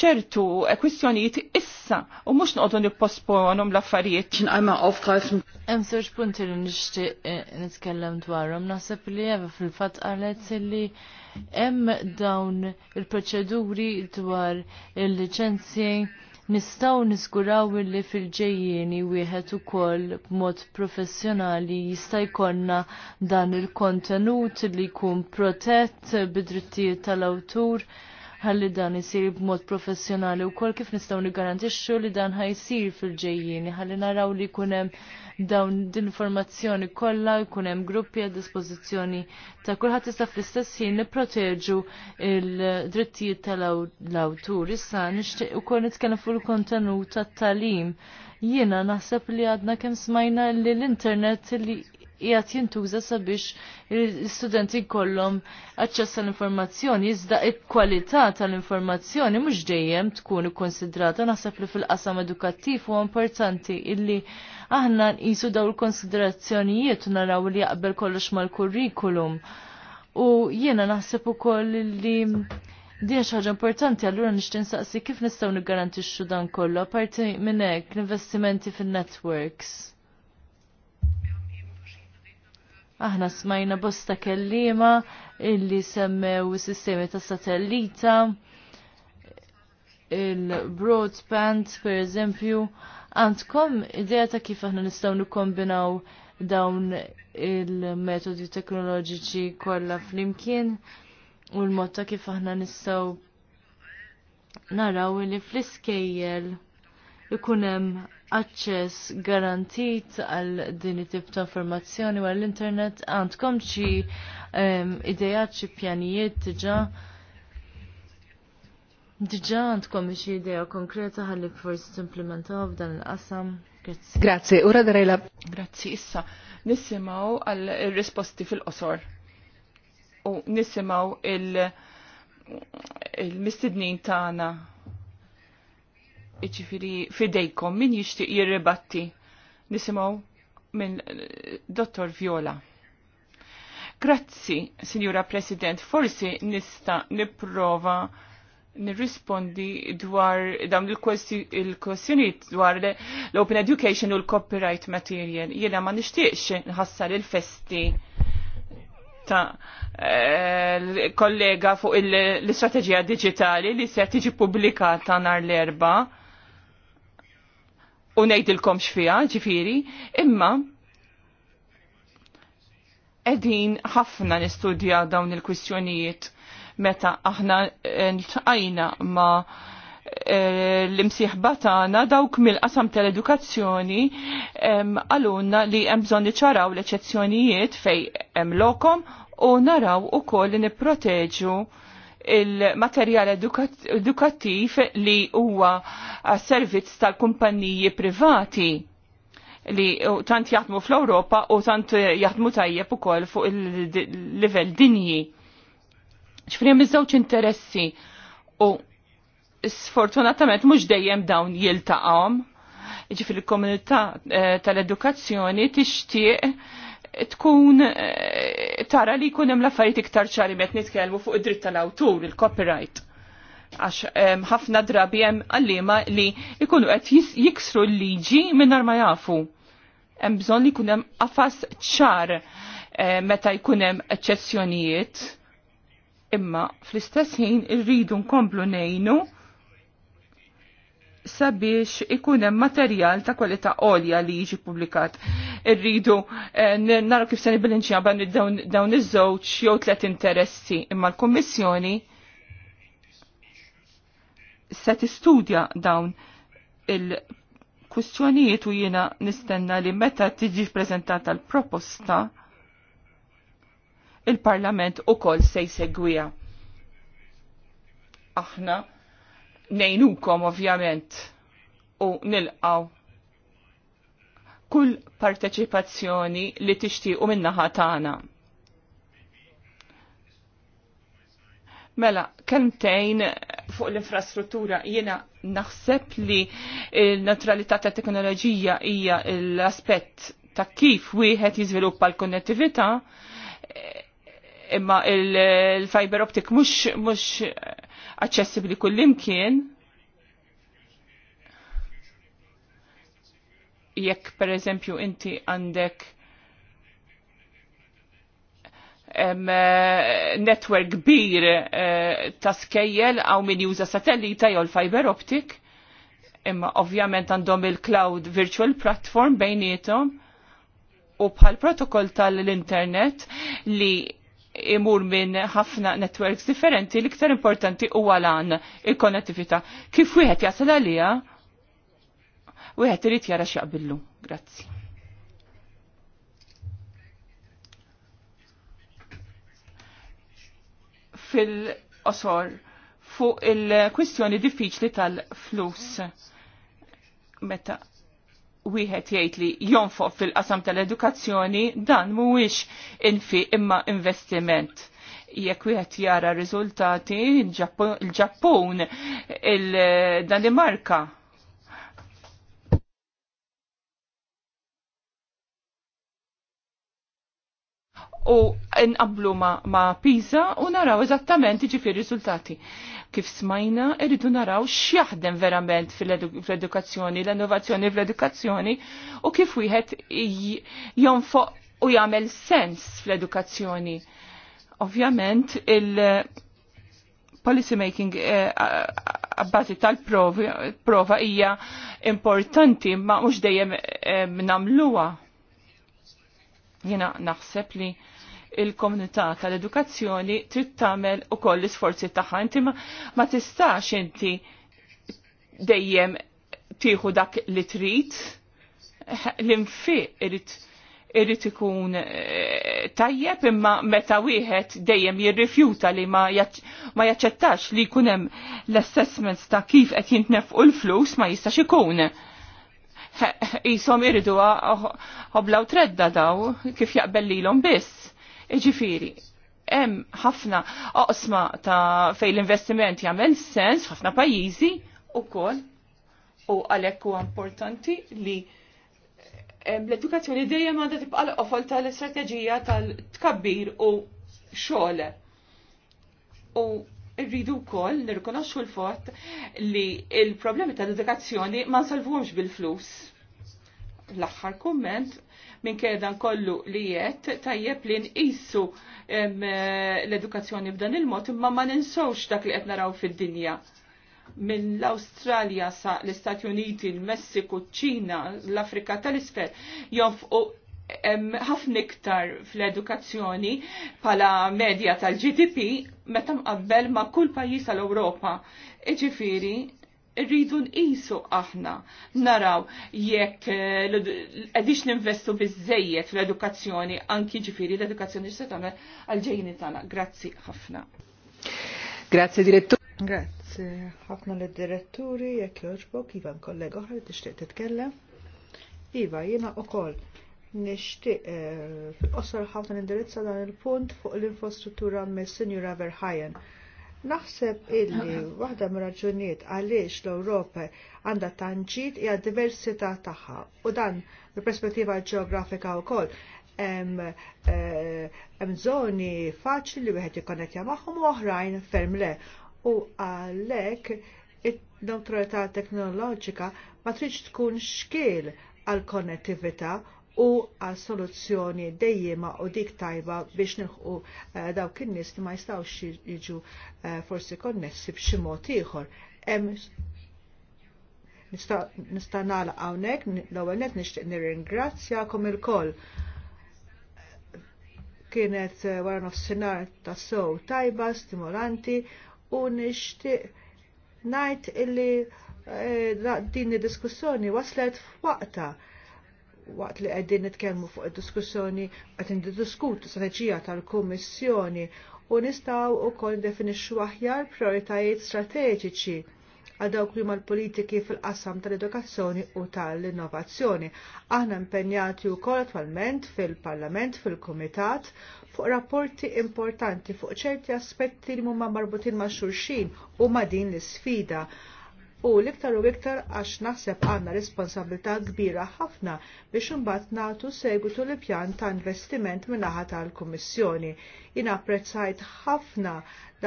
ċertu kwistjonijiet issa u mhux noqogħdu nipposponhom l-affarijiet. X'inqajma aufgreifen. Hemm żewġ punti li nixtieq eh, nitkellem dwarhom. Naħseb li hemm fil-fatt qalet li hemm dawn il-proċeduri dwar il-liċenzji nistaw niskuraw li fil-ġejjieni wieħed ukoll b'mod professjonali jista' jkollna dan il-kontenut li jkun protett bid-drittijiet tal-awtur ħalli dan isir b'mod professjonali u kol kif nistgħu nigarantixxu li dan ħajsir fil-ġejjini ħalli naraw li kunem dawn d-informazzjoni kollha jkun hemm gruppi għad dispożizzjoni ta' kulħadd tista' fl-istess ħin nipproteġu l-drittijiet tal-awtur. Issa nixtieq ukoll nitkellem fuq il-kontenut tat-talim. Jiena naħseb li għadna kemm smajna li l-internet li jgħat jintuża sabiex l-istudenti jkollhom aċċess għall-informazzjoni iżda l-kwalità tal-informazzjoni mhux dejjem tkun ikkonsidrata naħseb li fil-qasam edukattiv huwa importanti illi aħna nqisu daw il-konsiderazzjonijiet u naraw li jaqbel kollox mal-kurrikulum. U jiena naħseb ukoll li Din xaġa importanti, allura nishtin saqsi kif nistaw nigarantixxu dan kollu, parti minn hekk l-investimenti fin-networks. Aħna smajna bosta kellima illi semmew sistemi ta' satellita, il-broadband per eżempju. Għandkom idea ta' kif aħna nistgħu nikkombinaw dawn il-metodi teknoloġiċi kollha flimkien u l-mod ta' kif aħna nistgħu naraw li fl-iskejjel ikun hemm aċċess garantit għal din it-tip ta' informazzjoni u għall-internet għandkom xi um, idejat xi pjanijiet diġà diġa' għandkom xi idea konkreta ħalli forsi timplementaw f'dan il-qasam. Grazie. Grazie, ura darajla. Grazie, issa. Nissimaw għal-risposti fil-qosor. U nissimaw il-mistednin il, il mistednin tagħna iċifiri fidejkom, min jixtieq jirribatti? Nisimgħu minn eh, Dottor Viola. Grazzi, Signora President, forsi nista nipprova nirrispondi dwar dawn il-kwestjoniet dwar l-open education u l-copyright material. Jiena ma nixtieqx nħassar il-festi ta' eh, kollega fuq l-istrateġija digitali li se tiġi pubblikata nhar l-erba' u ngħidilkom xfija, ġifieri, imma qegħdin ħafna nistudja dawn il-kwistjonijiet meta aħna eh, ntqajna ma eh, l-imsieħba tagħna dawk mill-qasam tal-edukazzjoni għalunna li hemm bżonn iċaraw l-eċezzjonijiet fej hemm lokom u naraw ukoll li nipproteġu il-materjal edukattiv li huwa servizz tal-kumpanniji privati li tant jaħdmu fl-Ewropa u tant jaħdmu tajjeb ukoll fuq il-livell dinji. X'frim iż-żewġ interessi u sfortunatament mhux dejjem dawn jiltaqgħu ġifir il-komunità eh, tal-edukazzjoni tixtieq tkun eh, tara li jkun hemm l-affarijiet iktar ċari qed nitkellmu fuq id-dritt tal-awtur, il-copyright. Għax ħafna drabi hemm għalliema li jkunu qed jiksru l-liġi mingħajr ma jafu. Hemm bżonn li jkun hemm qafas ċar eh, meta jkun hemm eċċezzjonijiet. Imma fl-istess ħin irridu nkomplu ngħinu sabiex ikun hemm materjal ta' kwalità għolja li jiġi publikat irridu eh, naru kif se nibilinċja ban dawn iż-żewġ jew tliet interessi imma l-Kummissjoni se tistudja dawn il-kwistjonijiet u jiena nistenna li meta tiġi ppreżentata l-proposta il-Parlament ukoll se jsegwija. Aħna nejnukom ovvjament u nilqaw kull parteċipazzjoni li tixtiequ u naħa tagħna. Mela, kemtejn fuq l-infrastruttura jiena naħseb li l naturalità ta' teknoloġija hija l-aspett ta' kif wieħed jiżviluppa l-konnettività imma l-fiber optic mhux mhux aċċessibbli kullimkien jekk per eżempju inti għandek eh, netwerk kbir eh, ta' skejjel għaw min juża satellita jew fiber optic, imma ovvjament għandhom il-cloud virtual platform bejnietom u bħal protokoll tal-internet li imur minn ħafna networks differenti l-iktar importanti u għalan il-konnettività. Kif wieħed jasal għalija? wieħed irid jara xaqbillu. Grazzi. fil-qosor fuq il-kwistjoni diffiċli tal-flus. Meta wieħed jgħid li jonfoq fil-qasam tal-edukazzjoni dan mhuwiex infi imma investiment jekk wieħed jara riżultati il il-Danimarka, il u nqablu ma, ma Pisa u naraw eżattament ġifi jiġifieri riżultati. Kif smajna, irridu naraw x'jaħdem verament fil-edukazzjoni, l-innovazzjoni fl-edukazzjoni u kif wieħed jonfoq u jagħmel sens fl-edukazzjoni. Ovvjament il- policy making eh, eh, tal-prova hija importanti ma mhux dejjem eh, namluha. Jena naħseb li il-komunità tal-edukazzjoni trid tagħmel ukoll l-isforzi tagħha. Inti ma tistax inti dejjem tieħu dak li trid l-infiq irid irrit ikun eh, tajjeb imma meta wieħed dejjem jirrifjuta li ma jaċċettax li jkun hemm l-assessments ta' kif qed jintnefqu l-flus ma jistax ikun. Isom irridu hoblaw tredda daw kif jaqbel lilhom biss. Iġifiri, hemm ħafna oqsma ta' fej l-investiment jagħmel sens ħafna pajjiżi ukoll u għalhekk huwa importanti li eh, l-edukazzjoni dejjem għandha tibqa' l-qofol tal-istrateġija tal-tkabbir u xogħol. U rridu wkoll nirrikonoxxu l-fatt li l-problemi tal-edukazzjoni ma nsalvuhomx bil-flus. L-aħħar kumment minn kedan kollu li jett tajjeb li nqisu eh, l-edukazzjoni b'dan il-mod imma ma ninsawx dak li qed naraw fid-dinja minn l awstralja sa l-Istati Uniti, l-Messiku, ċina, l-Afrika tal-Isfer jonfqu ħafna iktar fl-edukazzjoni pala medja tal-GDP meta mqabbel ma' kull pajjiż tal-Ewropa. Iġifieri, rridu nqisu aħna naraw jekk eh, qegħdix ninvestu bizzejiet fl-edukazzjoni anki ġifieri l-edukazzjoni se tagħmel għal-ġejjini tagħna. Grazzi ħafna. Grazzi direttur. Grazzi ħafna lid diretturi jekk jogħġbok, Ivan, kollega oħra tixtieq titkellem. Iva, jiena ukoll nixtieq eh, fil qosar ħafna indirizza dan il-punt fuq l-infrastruttura mis Senjura Verħajen Naħseb illi waħda mraġuniet għaliex l-Ewropa għandha tanġid hija diversità tagħha u dan mill-perspettiva ġeografika wkoll hemm eh, hemm żoni faċli li wieħed jikkonnettja magħhom u oħrajn ferm le. U għalhekk it-neutralità teknoloġika ma tridx tkun xkiel għal konnettività u għal soluzzjoni dejjema u dik tajba biex nilħu eh, dawk in-nies li ma jistgħux jiġu eh, forsi konnessi b'xi mod ieħor. Nista' nagħlaq hawnhekk l-ewwel net nixtieq nirringrazzjakom ilkoll. Kienet eh, wara nofsinhar ta' sew tajba, stimolanti u nixtieq ngħid illi din id-diskussjoni waslet f'waqta waqt li qegħdin nitkellmu fuq id-diskussjoni qed niddiskutu strateġija tal-Kummissjoni u nistgħu wkoll definixxu aħjar prioritajiet strateġiċi għal dawk li mal politiki fil-qassam tal-edukazzjoni u tal-innovazzjoni. Aħna impenjati wkoll attualment fil-Parlament, fil-Kumitat, fuq rapporti importanti fuq ċerti aspetti li huma marbutin ma' xulxin u ma' din l-isfida u l-iktar u iktar għax naħseb għandna responsabilità kbira ħafna biex imbagħad nagħtu segwitu li pjan ta' investiment min-naħa tal-Kummissjoni. Jina apprezzajt ħafna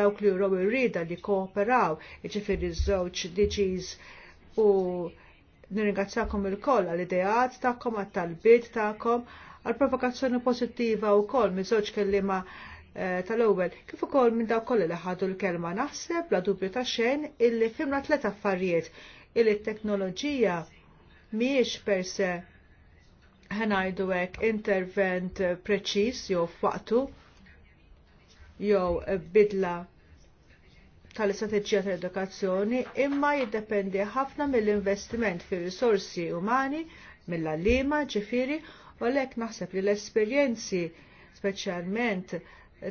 dawk li juraw irrida li kooperaw, iż jiġifieri żewġ DGs u nirringazzakom il-koll għal-idejat tagħkom għat-talbiet tagħkom għal provokazzjoni pozittiva u kol kelli ma' Eh, tal-ewwel kif ukoll minn dawk kollha li ħadu l-kelma naħseb la dubju ta' xejn illi fimna tliet affarijiet illi t-teknoloġija mhijiex per se ħanajdu hekk intervent preċiż jew f'waqtu jew bidla tal-istrateġija tal-edukazzjoni imma jiddependi ħafna mill-investiment fir risorsi umani mill-għallima ġifiri u għalhekk naħseb li l-esperjenzi speċjalment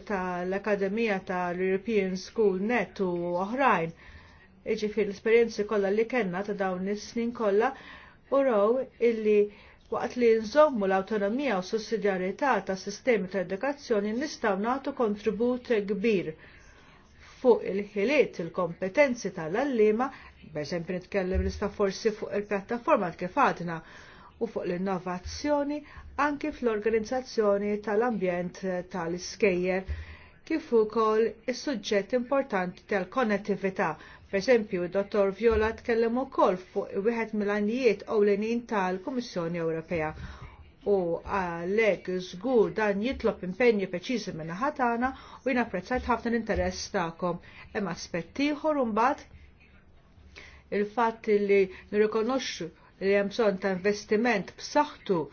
tal-Akademija tal-European School Net u oħrajn. Iġi l-esperienzi kollha li kellna ta' dawn is-snin kollha raw illi waqt li nżommu l-autonomija u sussidjarità ta' sistemi ta' edukazzjoni nistgħu nagħtu kontribut kbir fuq il-ħiliet il-kompetenzi tal-allima, b'eżempju nitkellem nista' forsi fuq il-pjattaforma kif għadna u fuq l-innovazzjoni anke fl-organizzazzjoni tal-ambjent tal-iskejjer kif ukoll is-suġġett importanti tal-konnettività. Pereżempju, dottor Viola tkellem ukoll fuq wieħed mill-għanijiet ewlenin tal-Kummissjoni Ewropea u għalhekk żgur dan jitlob impenju preċiżi minn ħatana u jien apprezzajt ħafna l-interess tagħkom. Hemm aspett ieħor imbagħad il-fatt li nirrikonoxxu li hemm bżonn ta' investiment b'saħħtu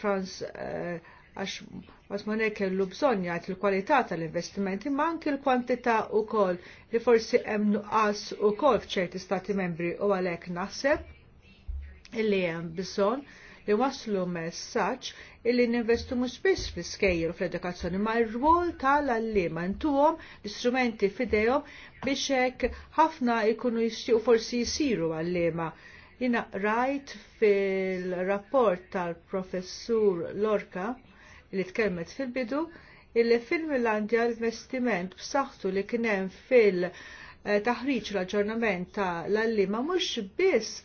Franz eh, għax għazmone kellu bżonn jgħid il-kwalità tal-investimenti ma anki l-kwantità wkoll li forsi hemm nuqqas ukoll f'ċerti stati membri u għalhekk naħseb illi hemm bżonn li waslu messaġġ illi ninvestu mhux biss fi skejjer u fl-edukazzjoni ma r-rwol tal-allima ntuhom l-istrumenti f'idejhom biex hekk ħafna jkunu jistgħu forsi jsiru għallima Jina rajt fil-rapport tal-professur Lorca li tkelmet fil-bidu illi fil-Milandja l-investiment b'saħħtu li kienem fil-taħriġ l-aġġornament ta' l-allima mhux biss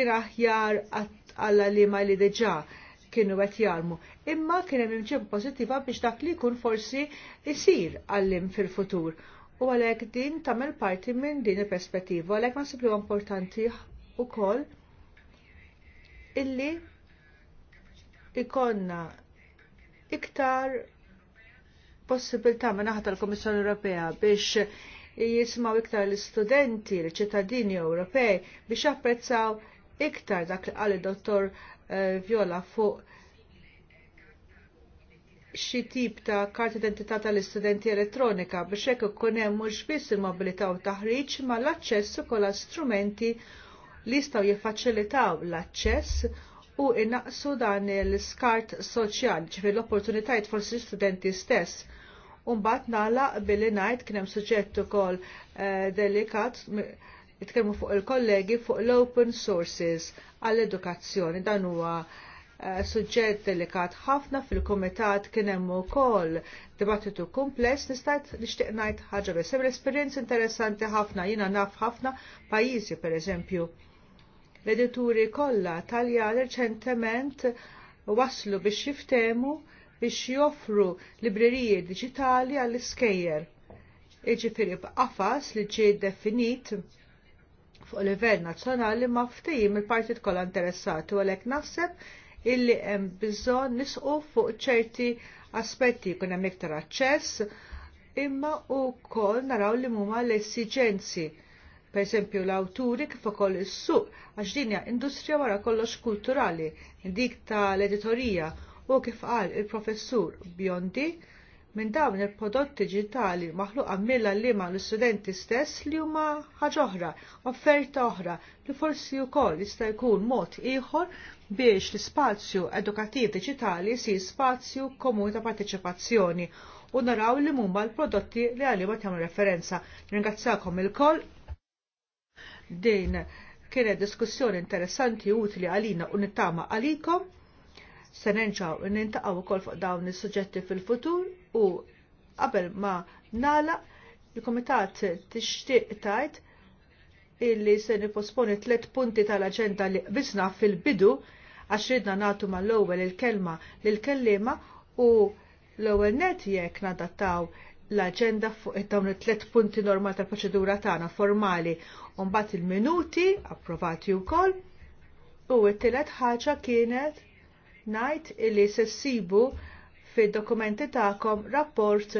kien aħjar għall-allima li deġa kienu għet jarmu. Imma kien hemm pozittiva biex dak li jkun forsi isir għallim fil-futur. U għalhekk din tagħmel parti minn din il-perspettiva, għalhekk ma sibli importanti wkoll illi ikonna iktar possibilità minn naħa tal-Komissjoni Ewropea biex jismaw iktar l-istudenti, l-ċittadini Ewropej biex apprezzaw iktar dak li qal dottor eh, Viola fuq xi tip ta' karta identità tal-istudenti elettronika biex hekk ikun hemm mhux biss il-mobilità u taħriġ ma l-aċċess ukoll strumenti li jistgħu jiffaċilitaw l-aċċess u innaqsu dan l-skart soċjali ġifier l-opportunitajiet forsi l-studenti stess. mbagħad nagħlaq billi ngħid kien hemm suġġett ukoll eh, delikat jitkellmu fuq il-kollegi fuq l-open sources għall-edukazzjoni dan huwa Eh, suġġett delikat ħafna fil-komitat kien hemm ukoll dibattitu kumpless nistajt nixtieq ngħid ħaġa biss. l-esperjenza interessanti ħafna jiena naf ħafna pajjiżi pereżempju. L-edituri kollha Talja reċentement waslu biex jiftemu biex joffru libreriji diġitali għall-iskejjer. Iġifieri b'qafas li ġie definit fuq livell nazzjonali ma ftehim il-partit kollha interessati u għalhekk naħseb illi hemm bżonn nisqu fuq ċerti aspetti jkun hemm iktar aċċess imma wkoll naraw li huma l-esiġenzi. Per esempio l-awturi kif ukoll is-suq għax din hija industrija wara kollox kulturali dik tal-editorija u kif qal il-professur Biondi minn dawn il-prodotti digitali maħluqa milla li ma l istudenti stess li huma ħaġa oħra, offerta oħra, li forsi wkoll jista' jkun mod ieħor biex l-spazju edukattiv digitali si spazju komuni ta' parteċipazzjoni u naraw li mumma l-prodotti li għalli ma tagħmlu referenza. Ringrazzakom il-koll din kienet diskussjoni interessanti u utli għalina u nittama għalikom se nintaqaw nintaqgħu wkoll fuq dawn is-suġġetti fil-futur u qabel ma nala il-Komitat tixtieq tajt illi se niposponi tliet punti tal-aġenda li bisna fil-bidu għax ridna nagħtu mal-ewwel il-kelma lil kellima u l-ewwel net jekk nadattaw l-aġenda fuq dawn it tlet punti normal tal-proċedura tagħna formali u mbagħad il-minuti approvati wkoll u t-tielet ħaġa kienet Najt illi sessibu fid dokumenti ta'kom rapport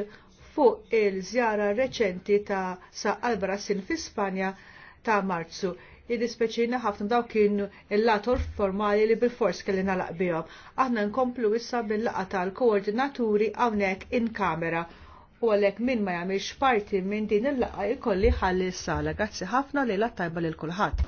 fuq il-żjara reċenti ta' sa' Albrasin fi Spanja ta' Marzu. speċina ħafna daw kienu il-lator formali li bil-fors kelli nalaq bihom. Aħna nkomplu issa bil-laqa tal-koordinaturi hawnhekk in kamera u għalhekk min ma jagħmilx parti minn din il-laqa jkolli ħalli s-sala. Grazzi ħafna li la tajba lil kulħadd.